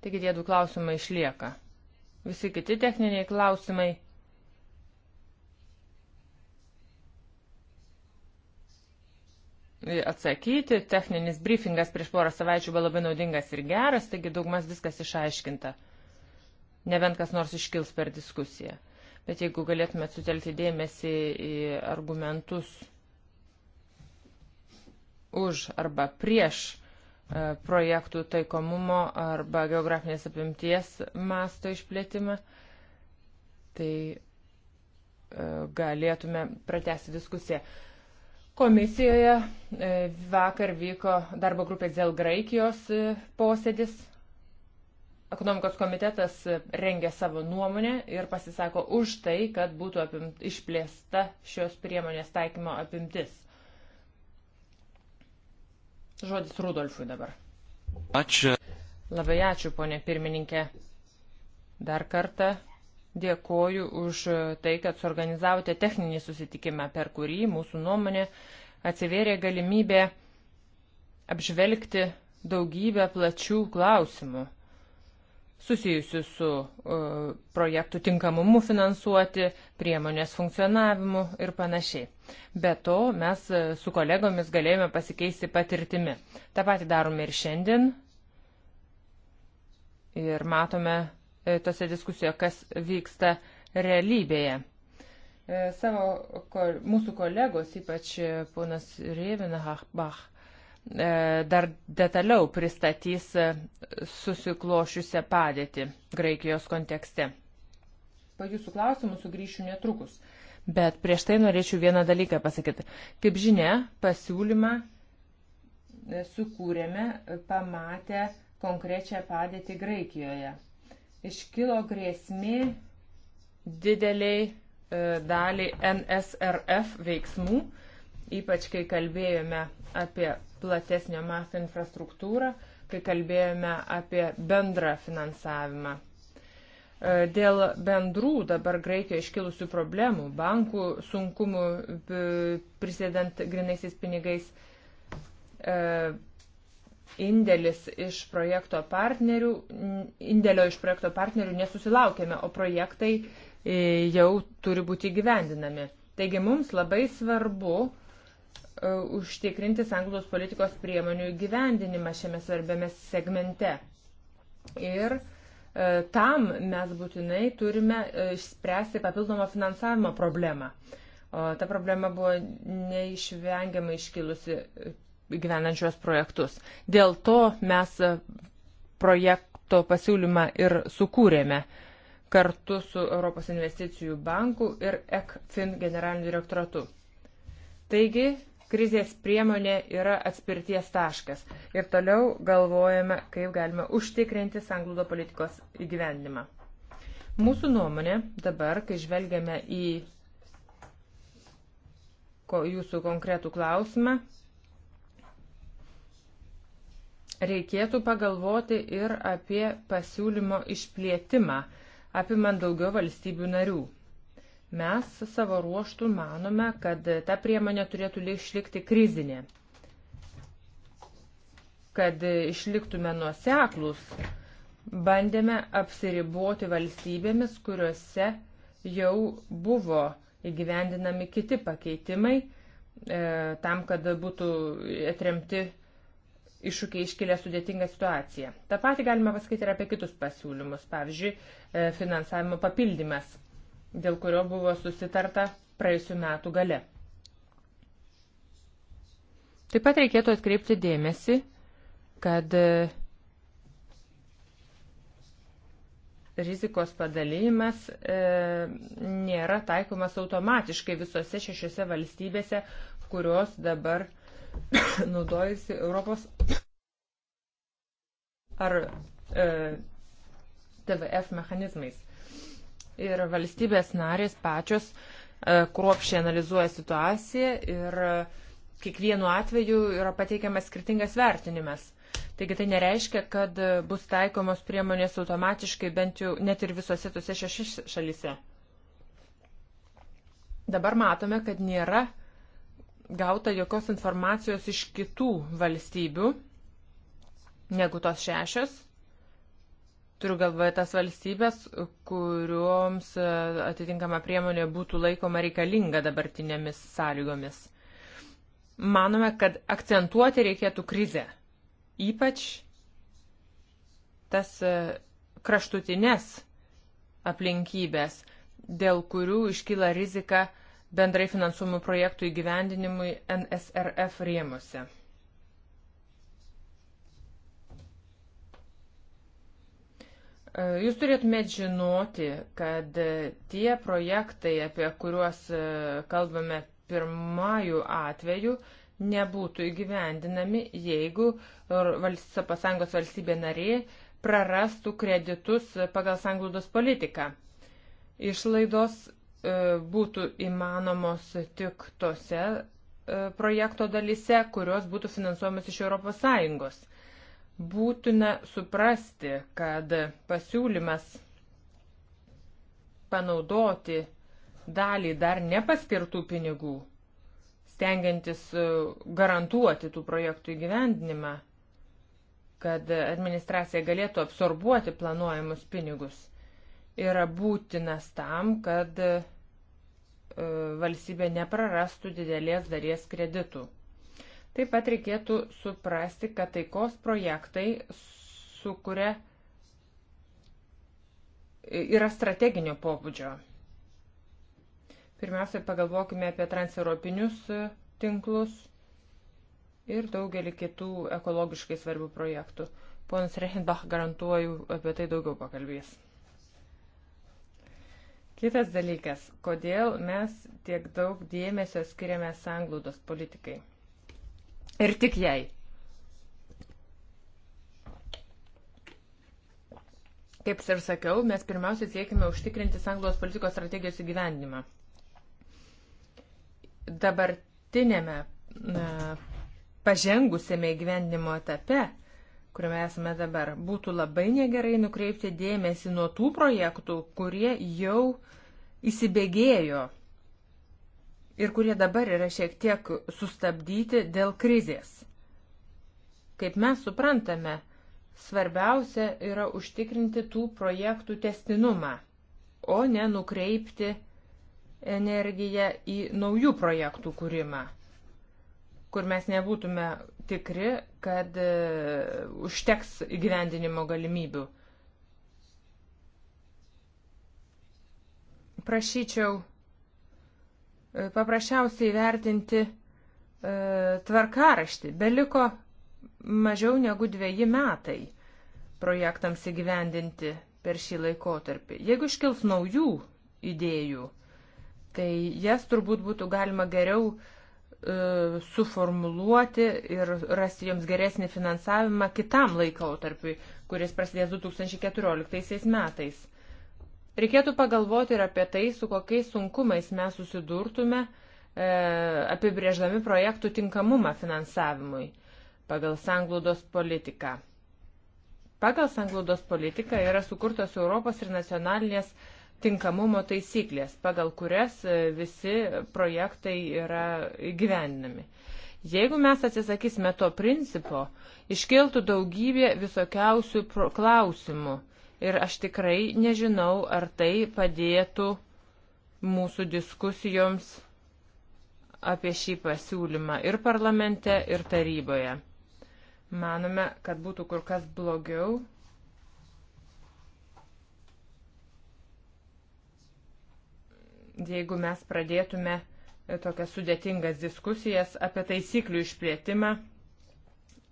Taigi tie du klausimai išlieka. Visi kiti techniniai klausimai atsakyti. Techninis briefingas prieš porą savaičių buvo labai naudingas ir geras, taigi daugmas viskas išaiškinta. Nebent kas nors iškils per diskusiją. Bet jeigu galėtumėt sutelti dėmesį į argumentus už arba prieš e, projektų taikomumo arba geografinės apimties masto išplėtimą, tai e, galėtume pratesti diskusiją. Komisijoje e, vakar vyko darbo grupės dėl Graikijos e, posėdis. Ekonomikos komitetas e, rengia savo nuomonę ir pasisako už tai, kad būtų apimt, išplėsta šios priemonės taikymo apimtis. Žodis Rudolfui dabar. Ačiū. Labai ačiū, ponė pirmininkė. Dar kartą Dėkoju už tai, kad suorganizavote techninį susitikimą, per kurį mūsų nuomonė atsivėrė galimybė apžvelgti daugybę plačių klausimų susijusių su uh, projektų tinkamumu finansuoti, priemonės funkcionavimu ir panašiai. Be to, mes e, su kolegomis galėjome pasikeisti patirtimi. Ta pati darome ir šiandien. Ir matome E, tose diskusijose, kas vyksta realybėje. E, savo, mūsų kolegos, ypač e, ponas Rievinahbach, dar detaliau pristatys susiklošiusią padėtį Graikijos kontekste. Po jūsų klausimų sugrįšiu netrukus. Bet prieš tai norėčiau vieną dalyką pasakyti. Kaip žinia, pasiūlymą sukūrėme pamatę konkrečią padėtį Graikijoje iškilo grėsmė dideliai e, daliai NSRF veiksmų, ypač kai kalbėjome apie platesnio masto infrastruktūrą, kai kalbėjome apie bendrą finansavimą. E, dėl bendrų dabar Graikijoje iškilusių problemų, bankų sunkumų e, prisėdant grinaisiais pinigais, indėlis iš projekto partnerių, indėlio iš projekto partnerių nesusilaukėme, o projektai e, jau turi būti gyvendinami. Taigi mums labai svarbu e, užtikrinti sanglaudos politikos priemonių gyvendinimą šiame svarbiame segmente. Ir e, tam mes būtinai turime išspręsti papildomą finansavimo problemą. O ta problema buvo neišvengiamai iškilusi gyvenančios projektus. Dėl to mes e, projekto pasiūlymą ir sukūrėme kartu su Europos investicijų banku ir ECFIN generaliniu direktoratu. Taigi, krizės priemonė yra atspirties taškas ir toliau galvojame, kaip galime užtikrinti sanglūdo politikos įgyvendimą. Mūsų nuomonė dabar, kai žvelgiame į ko, jūsų konkretų klausimą, reikėtų pagalvoti ir apie pasiūlymo išplėtimą, apimant daugiau valstybių narių. Mes savo ruoštų manome, kad ta priemonė turėtų išlikti krizinė, kad išliktume nuoseklus. Bandėme apsiriboti valstybėmis, kuriuose jau buvo įgyvendinami kiti pakeitimai, e, tam, kad būtų atremti iššūkiai iškilė sudėtingą situaciją. Ta pati galime pasakyti ir apie kitus pasiūlymus, pavyzdžiui, e, finansavimo papildymas, dėl kurio buvo susitarta praėjusiu metu gale. Taip pat reikėtų atkreipti dėmesį, kad e, rizikos padalymas e, nėra taikomas automatiškai visose šešiose valstybėse, kurios dabar e, naudojasi Europos ar e, TVF mechanizmais. Ir valstybės narės pačios e, kruopšiai analizuoja situaciją ir e, kiekvienu atveju yra pateikiamas skirtingas vertinimas. Taigi tai nereiškia, kad e, bus taikomos priemonės automatiškai bent jau net ir visose tose šeši šalyse. Dabar matome, kad nėra gauta jokios informacijos iš kitų valstybių negu tos šešios. Turiu galvoje tas valstybės, kuriuoms e, atitinkama priemonė būtų laikoma reikalinga dabartinėmis sąlygomis. Manome, kad akcentuoti reikėtų krizę. Ypač tas e, kraštutinės aplinkybės, dėl kurių iškyla rizika uh, bendrai finansuomų projektų įgyvendinimui NSRF rėmose. E, jūs turėtumėt žinoti, kad tie projektai, apie kuriuos e, kalbame pirmajų atvejų, nebūtų įgyvendinami, jeigu pasangos valstybė narė prarastų kreditus pagal sanglaudos politiką. Išlaidos E, būtų įmanomos tik tose e, projekto dalise, kurios būtų finansuojamos iš ES. Būtina suprasti, kad pasiūlymas panaudoti dalį dar nepaskirtų pinigų, stengiantis e, garantuoti tų projektų įgyvendinimą, kad administracija galėtų absorbuoti planuojamus pinigus, yra būtinas tam, kad E, valstybė neprarastų didelės dalies kreditų. Taip pat reikėtų suprasti, kad taikos projektai sukuria yra strateginio pobūdžio. Pirmiausia, pagalvokime apie transeuropinius e, tinklus ir daugelį kitų ekologiškai svarbių projektų. Ponas Reichenbach garantuoju apie tai daugiau pakalbės. Kitas dalykas, kodėl mes tiek daug dėmesio skiriame sanglaudos politikai. Ir tik jai. Kaip ir sakiau, mes pirmiausia siekime užtikrinti sanglaudos politikos strategijos įgyvendimą. Dabartinėme na, pažengusėme įgyvendimo etape kuriame esame dabar, būtų labai negerai nukreipti dėmesį nuo tų projektų, kurie jau įsibėgėjo ir kurie dabar yra šiek tiek sustabdyti dėl krizės. Kaip mes suprantame, svarbiausia yra užtikrinti tų projektų testinumą, o ne nukreipti energiją į naujų projektų kūrimą kur mes nebūtume tikri, kad e, užteks įgyvendinimo galimybių. Prašyčiau e, paprasčiausiai vertinti e, tvarkaraštį. Beliko mažiau negu dviejai metai projektams įgyvendinti per šį laikotarpį. Jeigu iškils naujų idėjų, tai jas turbūt būtų galima geriau e, E, suformuluoti ir rasti joms geresnį finansavimą kitam laikotarpiui, kuris prasidės 2014 metais. Reikėtų pagalvoti ir apie tai, su kokiais sunkumais mes susidurtume, e, apibrėždami projektų tinkamumą finansavimui pagal sanglaudos politiką. Pagal sanglaudos politiką yra sukurtos Europos ir nacionalinės tinkamumo taisyklės, pagal kurias e, visi projektai yra gyvenami. Jeigu mes atsisakysime to principo, iškiltų daugybė visokiausių klausimų ir aš tikrai nežinau, ar tai padėtų mūsų diskusijoms apie šį pasiūlymą ir parlamente, ir taryboje. Manome, kad būtų kur kas blogiau, jeigu mes pradėtume e, tokias sudėtingas diskusijas apie taisyklių išplėtimą,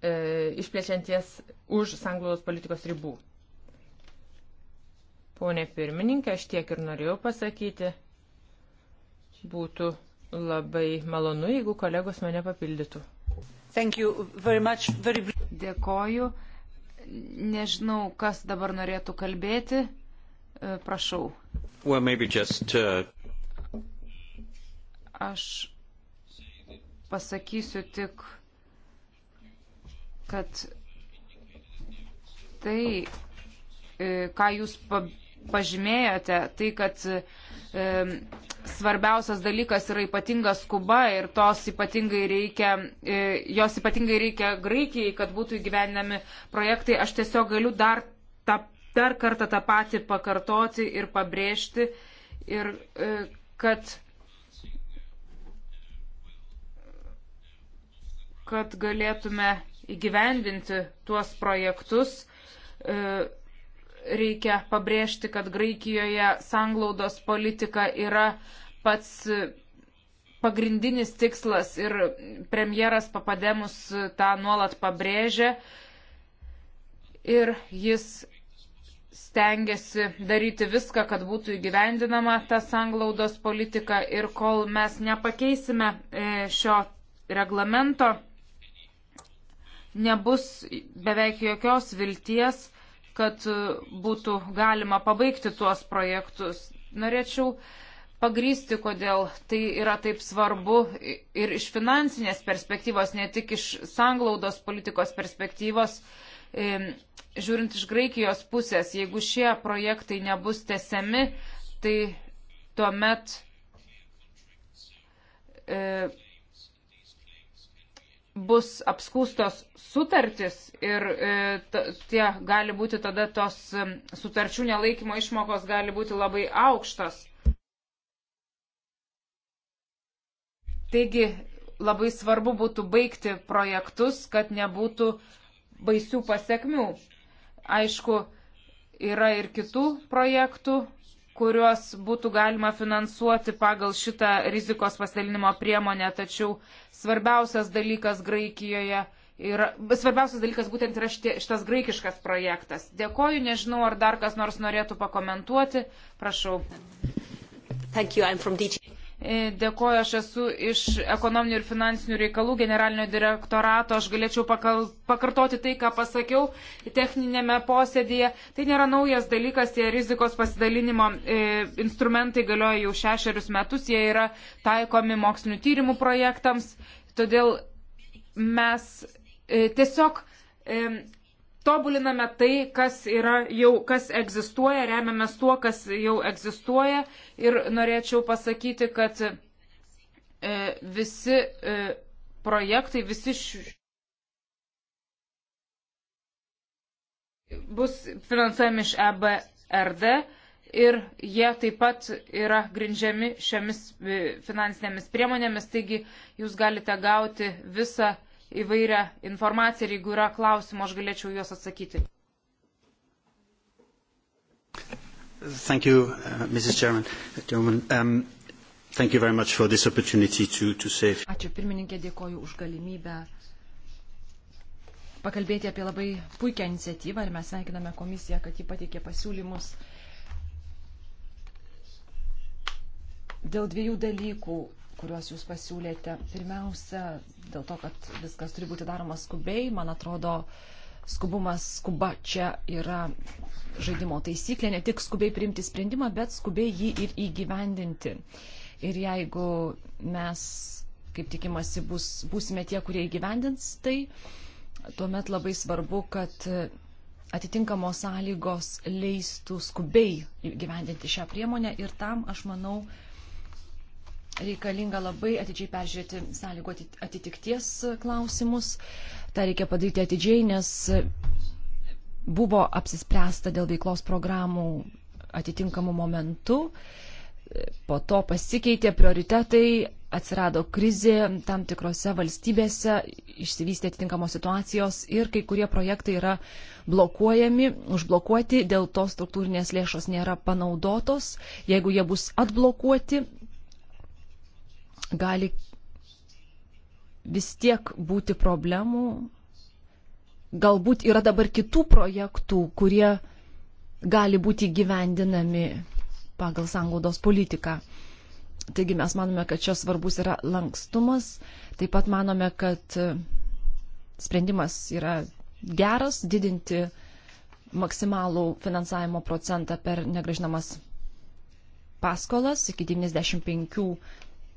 e, išplėčianties už sanglaudos politikos ribų. Pone pirmininkė, aš tiek ir norėjau pasakyti. Būtų labai malonu, jeigu kolegos mane papildytų. Very much, very... Dėkoju. Nežinau, kas dabar norėtų kalbėti. E, prašau. Well, just, uh... Aš pasakysiu tik, kad tai, e, ką jūs pažymėjote, tai, kad e, svarbiausias dalykas yra ypatinga skuba ir tos ypatingai reikia, e, jos ypatingai reikia Graikijai, kad būtų įgyvendinami projektai. Aš tiesiog galiu dar, tą, dar kartą tą patį pakartoti ir pabrėžti. Ir kad kad galėtume įgyvendinti tuos projektus, e, reikia pabrėžti, kad Graikijoje sanglaudos politika yra pats pagrindinis tikslas ir premjeras Papademus tą nuolat pabrėžia ir jis stengiasi daryti viską, kad būtų įgyvendinama ta sanglaudos politika ir kol mes nepakeisime e, šio reglamento, nebus beveik jokios vilties, kad būtų galima pabaigti tuos projektus. Norėčiau pagrysti, kodėl tai yra taip svarbu ir iš finansinės perspektyvos, ne tik iš sanglaudos politikos perspektyvos. Žiūrint iš Graikijos pusės, jeigu šie projektai nebus tesiami, tai tuomet e, bus apskūstos sutartis ir e, tie gali būti tada tos sutarčių nelaikymo išmokos gali būti labai aukštos. Taigi labai svarbu būtų baigti projektus, kad nebūtų baisių pasiekmių. Aišku, yra ir kitų projektų, kuriuos būtų galima finansuoti pagal šitą rizikos pasidalinimo priemonę, tačiau svarbiausias dalykas Graikijoje yra, svarbiausias dalykas būtent yra šitie, šitas graikiškas projektas. Dėkoju, nežinau, ar dar kas nors norėtų pakomentuoti, prašau. Thank you, E, dėkoju, aš esu iš ekonominių ir finansinių reikalų generalinio direktorato. Aš galėčiau pakal, pakartoti tai, ką pasakiau techninėme posėdėje. Tai nėra naujas dalykas, tie rizikos pasidalinimo e, instrumentai galioja jau šešerius metus, jie yra taikomi mokslinių tyrimų projektams. Todėl mes e, tiesiog. E, tobuliname tai, kas, yra, jau, kas egzistuoja, remiamės tuo, kas jau egzistuoja. Ir norėčiau pasakyti, kad e, visi e, projektai, visi š... bus finansuojami iš EBRD ir jie taip pat yra grindžiami šiomis e, finansinėmis priemonėmis, taigi jūs galite gauti visą įvairią informaciją ir jeigu yra klausimų, aš galėčiau juos atsakyti. Thank you, uh, Mrs. Chairman. Chairman um, thank you very much for this opportunity to, to save. Ačiū pirmininkė, dėkoju už galimybę pakalbėti apie labai puikią iniciatyvą ir mes sveikiname komisiją, kad ji pateikė pasiūlymus dėl dviejų dalykų, kuriuos jūs pasiūlėte. Pirmiausia, dėl to, kad viskas turi būti daroma skubiai. Man atrodo, skubumas skuba čia yra žaidimo taisyklė, ne tik skubiai priimti sprendimą, bet skubiai jį ir įgyvendinti. Ir jeigu mes, kaip tikimasi, bus, būsime tie, kurie įgyvendins tai, tuomet labai svarbu, kad atitinkamos sąlygos leistų skubiai gyvendinti šią priemonę ir tam, aš manau, reikalinga labai atidžiai peržiūrėti sąlygų atitikties klausimus. Ta reikia padaryti atidžiai, nes buvo apsispręsta dėl veiklos programų atitinkamų momentų, po to pasikeitė prioritetai, atsirado krizė tam tikrose valstybėse, išsivystė atitinkamos situacijos ir kai kurie projektai yra blokuojami, užblokuoti, dėl to struktūrinės lėšos nėra panaudotos. Jeigu jie bus atblokuoti, gali vis tiek būti problemų. Galbūt yra dabar kitų projektų, kurie gali būti gyvendinami pagal sanglaudos politiką. Taigi mes manome, kad čia svarbus yra lankstumas, taip pat manome, kad sprendimas yra geras didinti maksimalų finansavimo procentą per negražinamas paskolas iki 95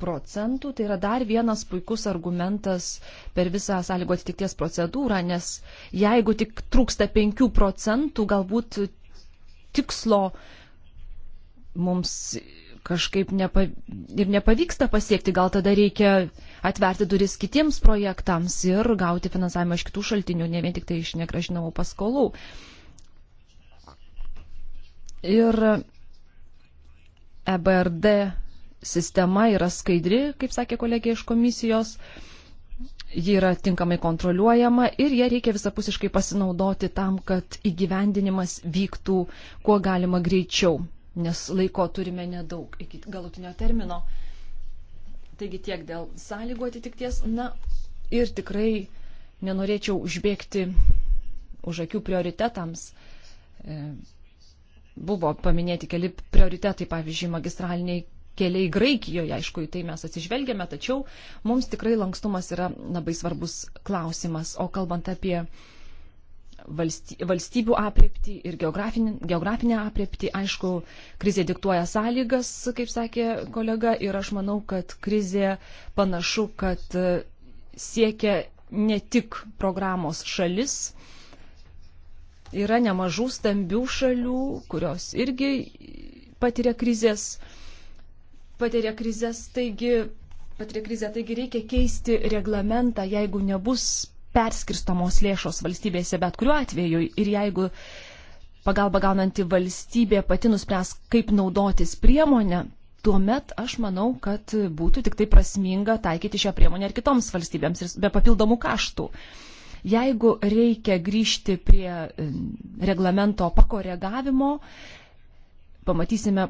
procentų. Tai yra dar vienas puikus argumentas per visą sąlygų atitikties procedūrą, nes jeigu tik trūksta 5 procentų, galbūt tikslo mums kažkaip nepa, ir nepavyksta pasiekti, gal tada reikia atverti duris kitiems projektams ir gauti finansavimą iš kitų šaltinių, ne vien tik tai iš negražinamų paskolų. Ir EBRD sistema yra skaidri, kaip sakė kolegė iš komisijos, ji yra tinkamai kontroliuojama ir ją reikia visapusiškai pasinaudoti tam, kad įgyvendinimas vyktų kuo galima greičiau, nes laiko turime nedaug iki galutinio termino. Taigi tiek dėl sąlygų atitikties. Na ir tikrai nenorėčiau užbėgti už akių prioritetams. E, Buvo paminėti keli prioritetai, pavyzdžiui, magistraliniai keliai Graikijoje, aišku, į tai mes atsižvelgiame, tačiau mums tikrai lankstumas yra labai svarbus klausimas. O kalbant apie valstybių apriepti ir geografinį, geografinę apriepti, aišku, krizė diktuoja sąlygas, kaip sakė kolega, ir aš manau, kad krizė panašu, kad e, siekia ne tik programos šalis, yra nemažų stambių šalių, kurios irgi patiria krizės. Uh, patiria krizės, taigi, patiria krizę, taigi reikia keisti reglamentą, jeigu nebus perskirstamos lėšos valstybėse bet kuriuo atveju ir jeigu pagalba gaunanti valstybė pati nuspręs, kaip naudotis priemonę, tuomet aš manau, kad būtų tik tai prasminga taikyti šią priemonę ir kitoms valstybėms ir be papildomų kaštų. Jeigu reikia grįžti prie reglamento pakoregavimo, pamatysime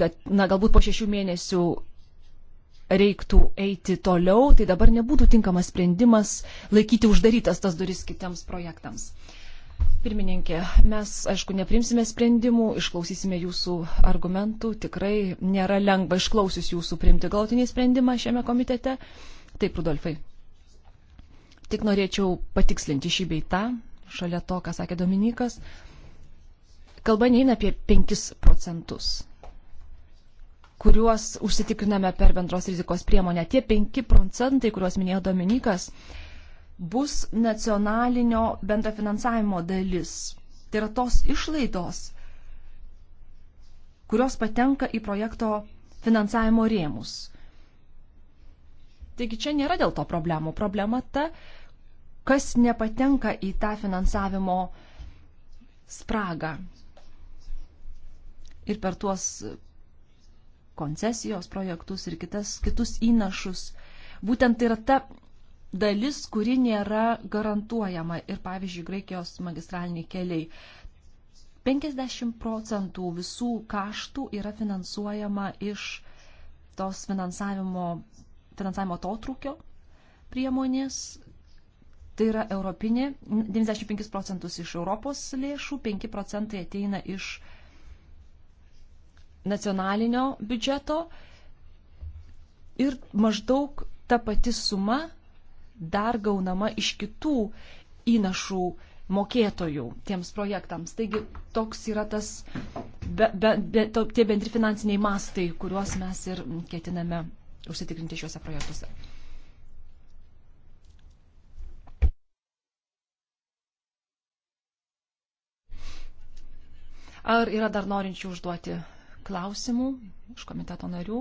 kad, na, galbūt po šešių mėnesių reiktų eiti toliau, tai dabar nebūtų tinkamas sprendimas laikyti uždarytas tas duris kitiems projektams. Pirmininkė, mes, aišku, neprimsime sprendimų, išklausysime jūsų argumentų, tikrai nėra lengva išklausius jūsų priimti galutinį sprendimą šiame komitete. Taip, Rudolfai. Tik norėčiau patikslinti šį beitą, šalia to, ką sakė Dominikas. Kalba neina apie 5 procentus kuriuos užsitikriname per bendros rizikos priemonę. Tie 5 procentai, kuriuos minėjo Dominikas, bus nacionalinio bendro finansavimo dalis. Tai yra tos išlaidos, kurios patenka į projekto finansavimo rėmus. Taigi čia nėra dėl to problemų. Problema ta, kas nepatenka į tą finansavimo spragą. Ir per tuos koncesijos projektus ir kitas, kitus įnašus. Būtent tai yra ta dalis, kuri nėra garantuojama ir, pavyzdžiui, Graikijos magistraliniai keliai. 50 procentų visų kaštų yra finansuojama iš tos finansavimo, finansavimo totrukio priemonės, Tai yra europinė, 95 procentus iš Europos lėšų, 5 procentai ateina iš nacionalinio biudžeto ir maždaug ta pati suma dar gaunama iš kitų įnašų mokėtojų tiems projektams. Taigi toks yra tas, be, be, be, to, tie bendri finansiniai mastai, kuriuos mes ir ketiname užsitikrinti šiuose projektuose. Ar yra dar norinčių užduoti klausimų iš komiteto narių?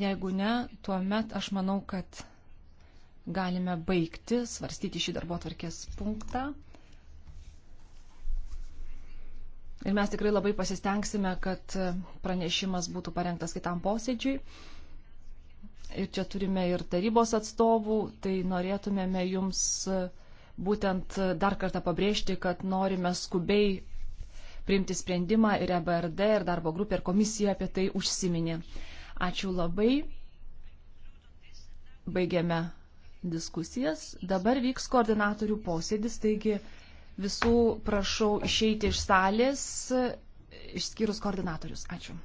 Jeigu ne, tuomet aš manau, kad galime baigti svarstyti šį darbo tvarkės punktą. Ir mes tikrai labai pasistengsime, kad pranešimas būtų parengtas kitam posėdžiui. Ir čia turime ir tarybos atstovų, tai norėtumėme jums būtent dar kartą pabrėžti, kad norime skubiai priimti sprendimą ir EBRD, ir darbo grupė, ir komisija apie tai užsiminė. Ačiū labai. Baigiame diskusijas. Dabar vyks koordinatorių posėdis, taigi visų prašau išeiti iš salės, išskyrus koordinatorius. Ačiū.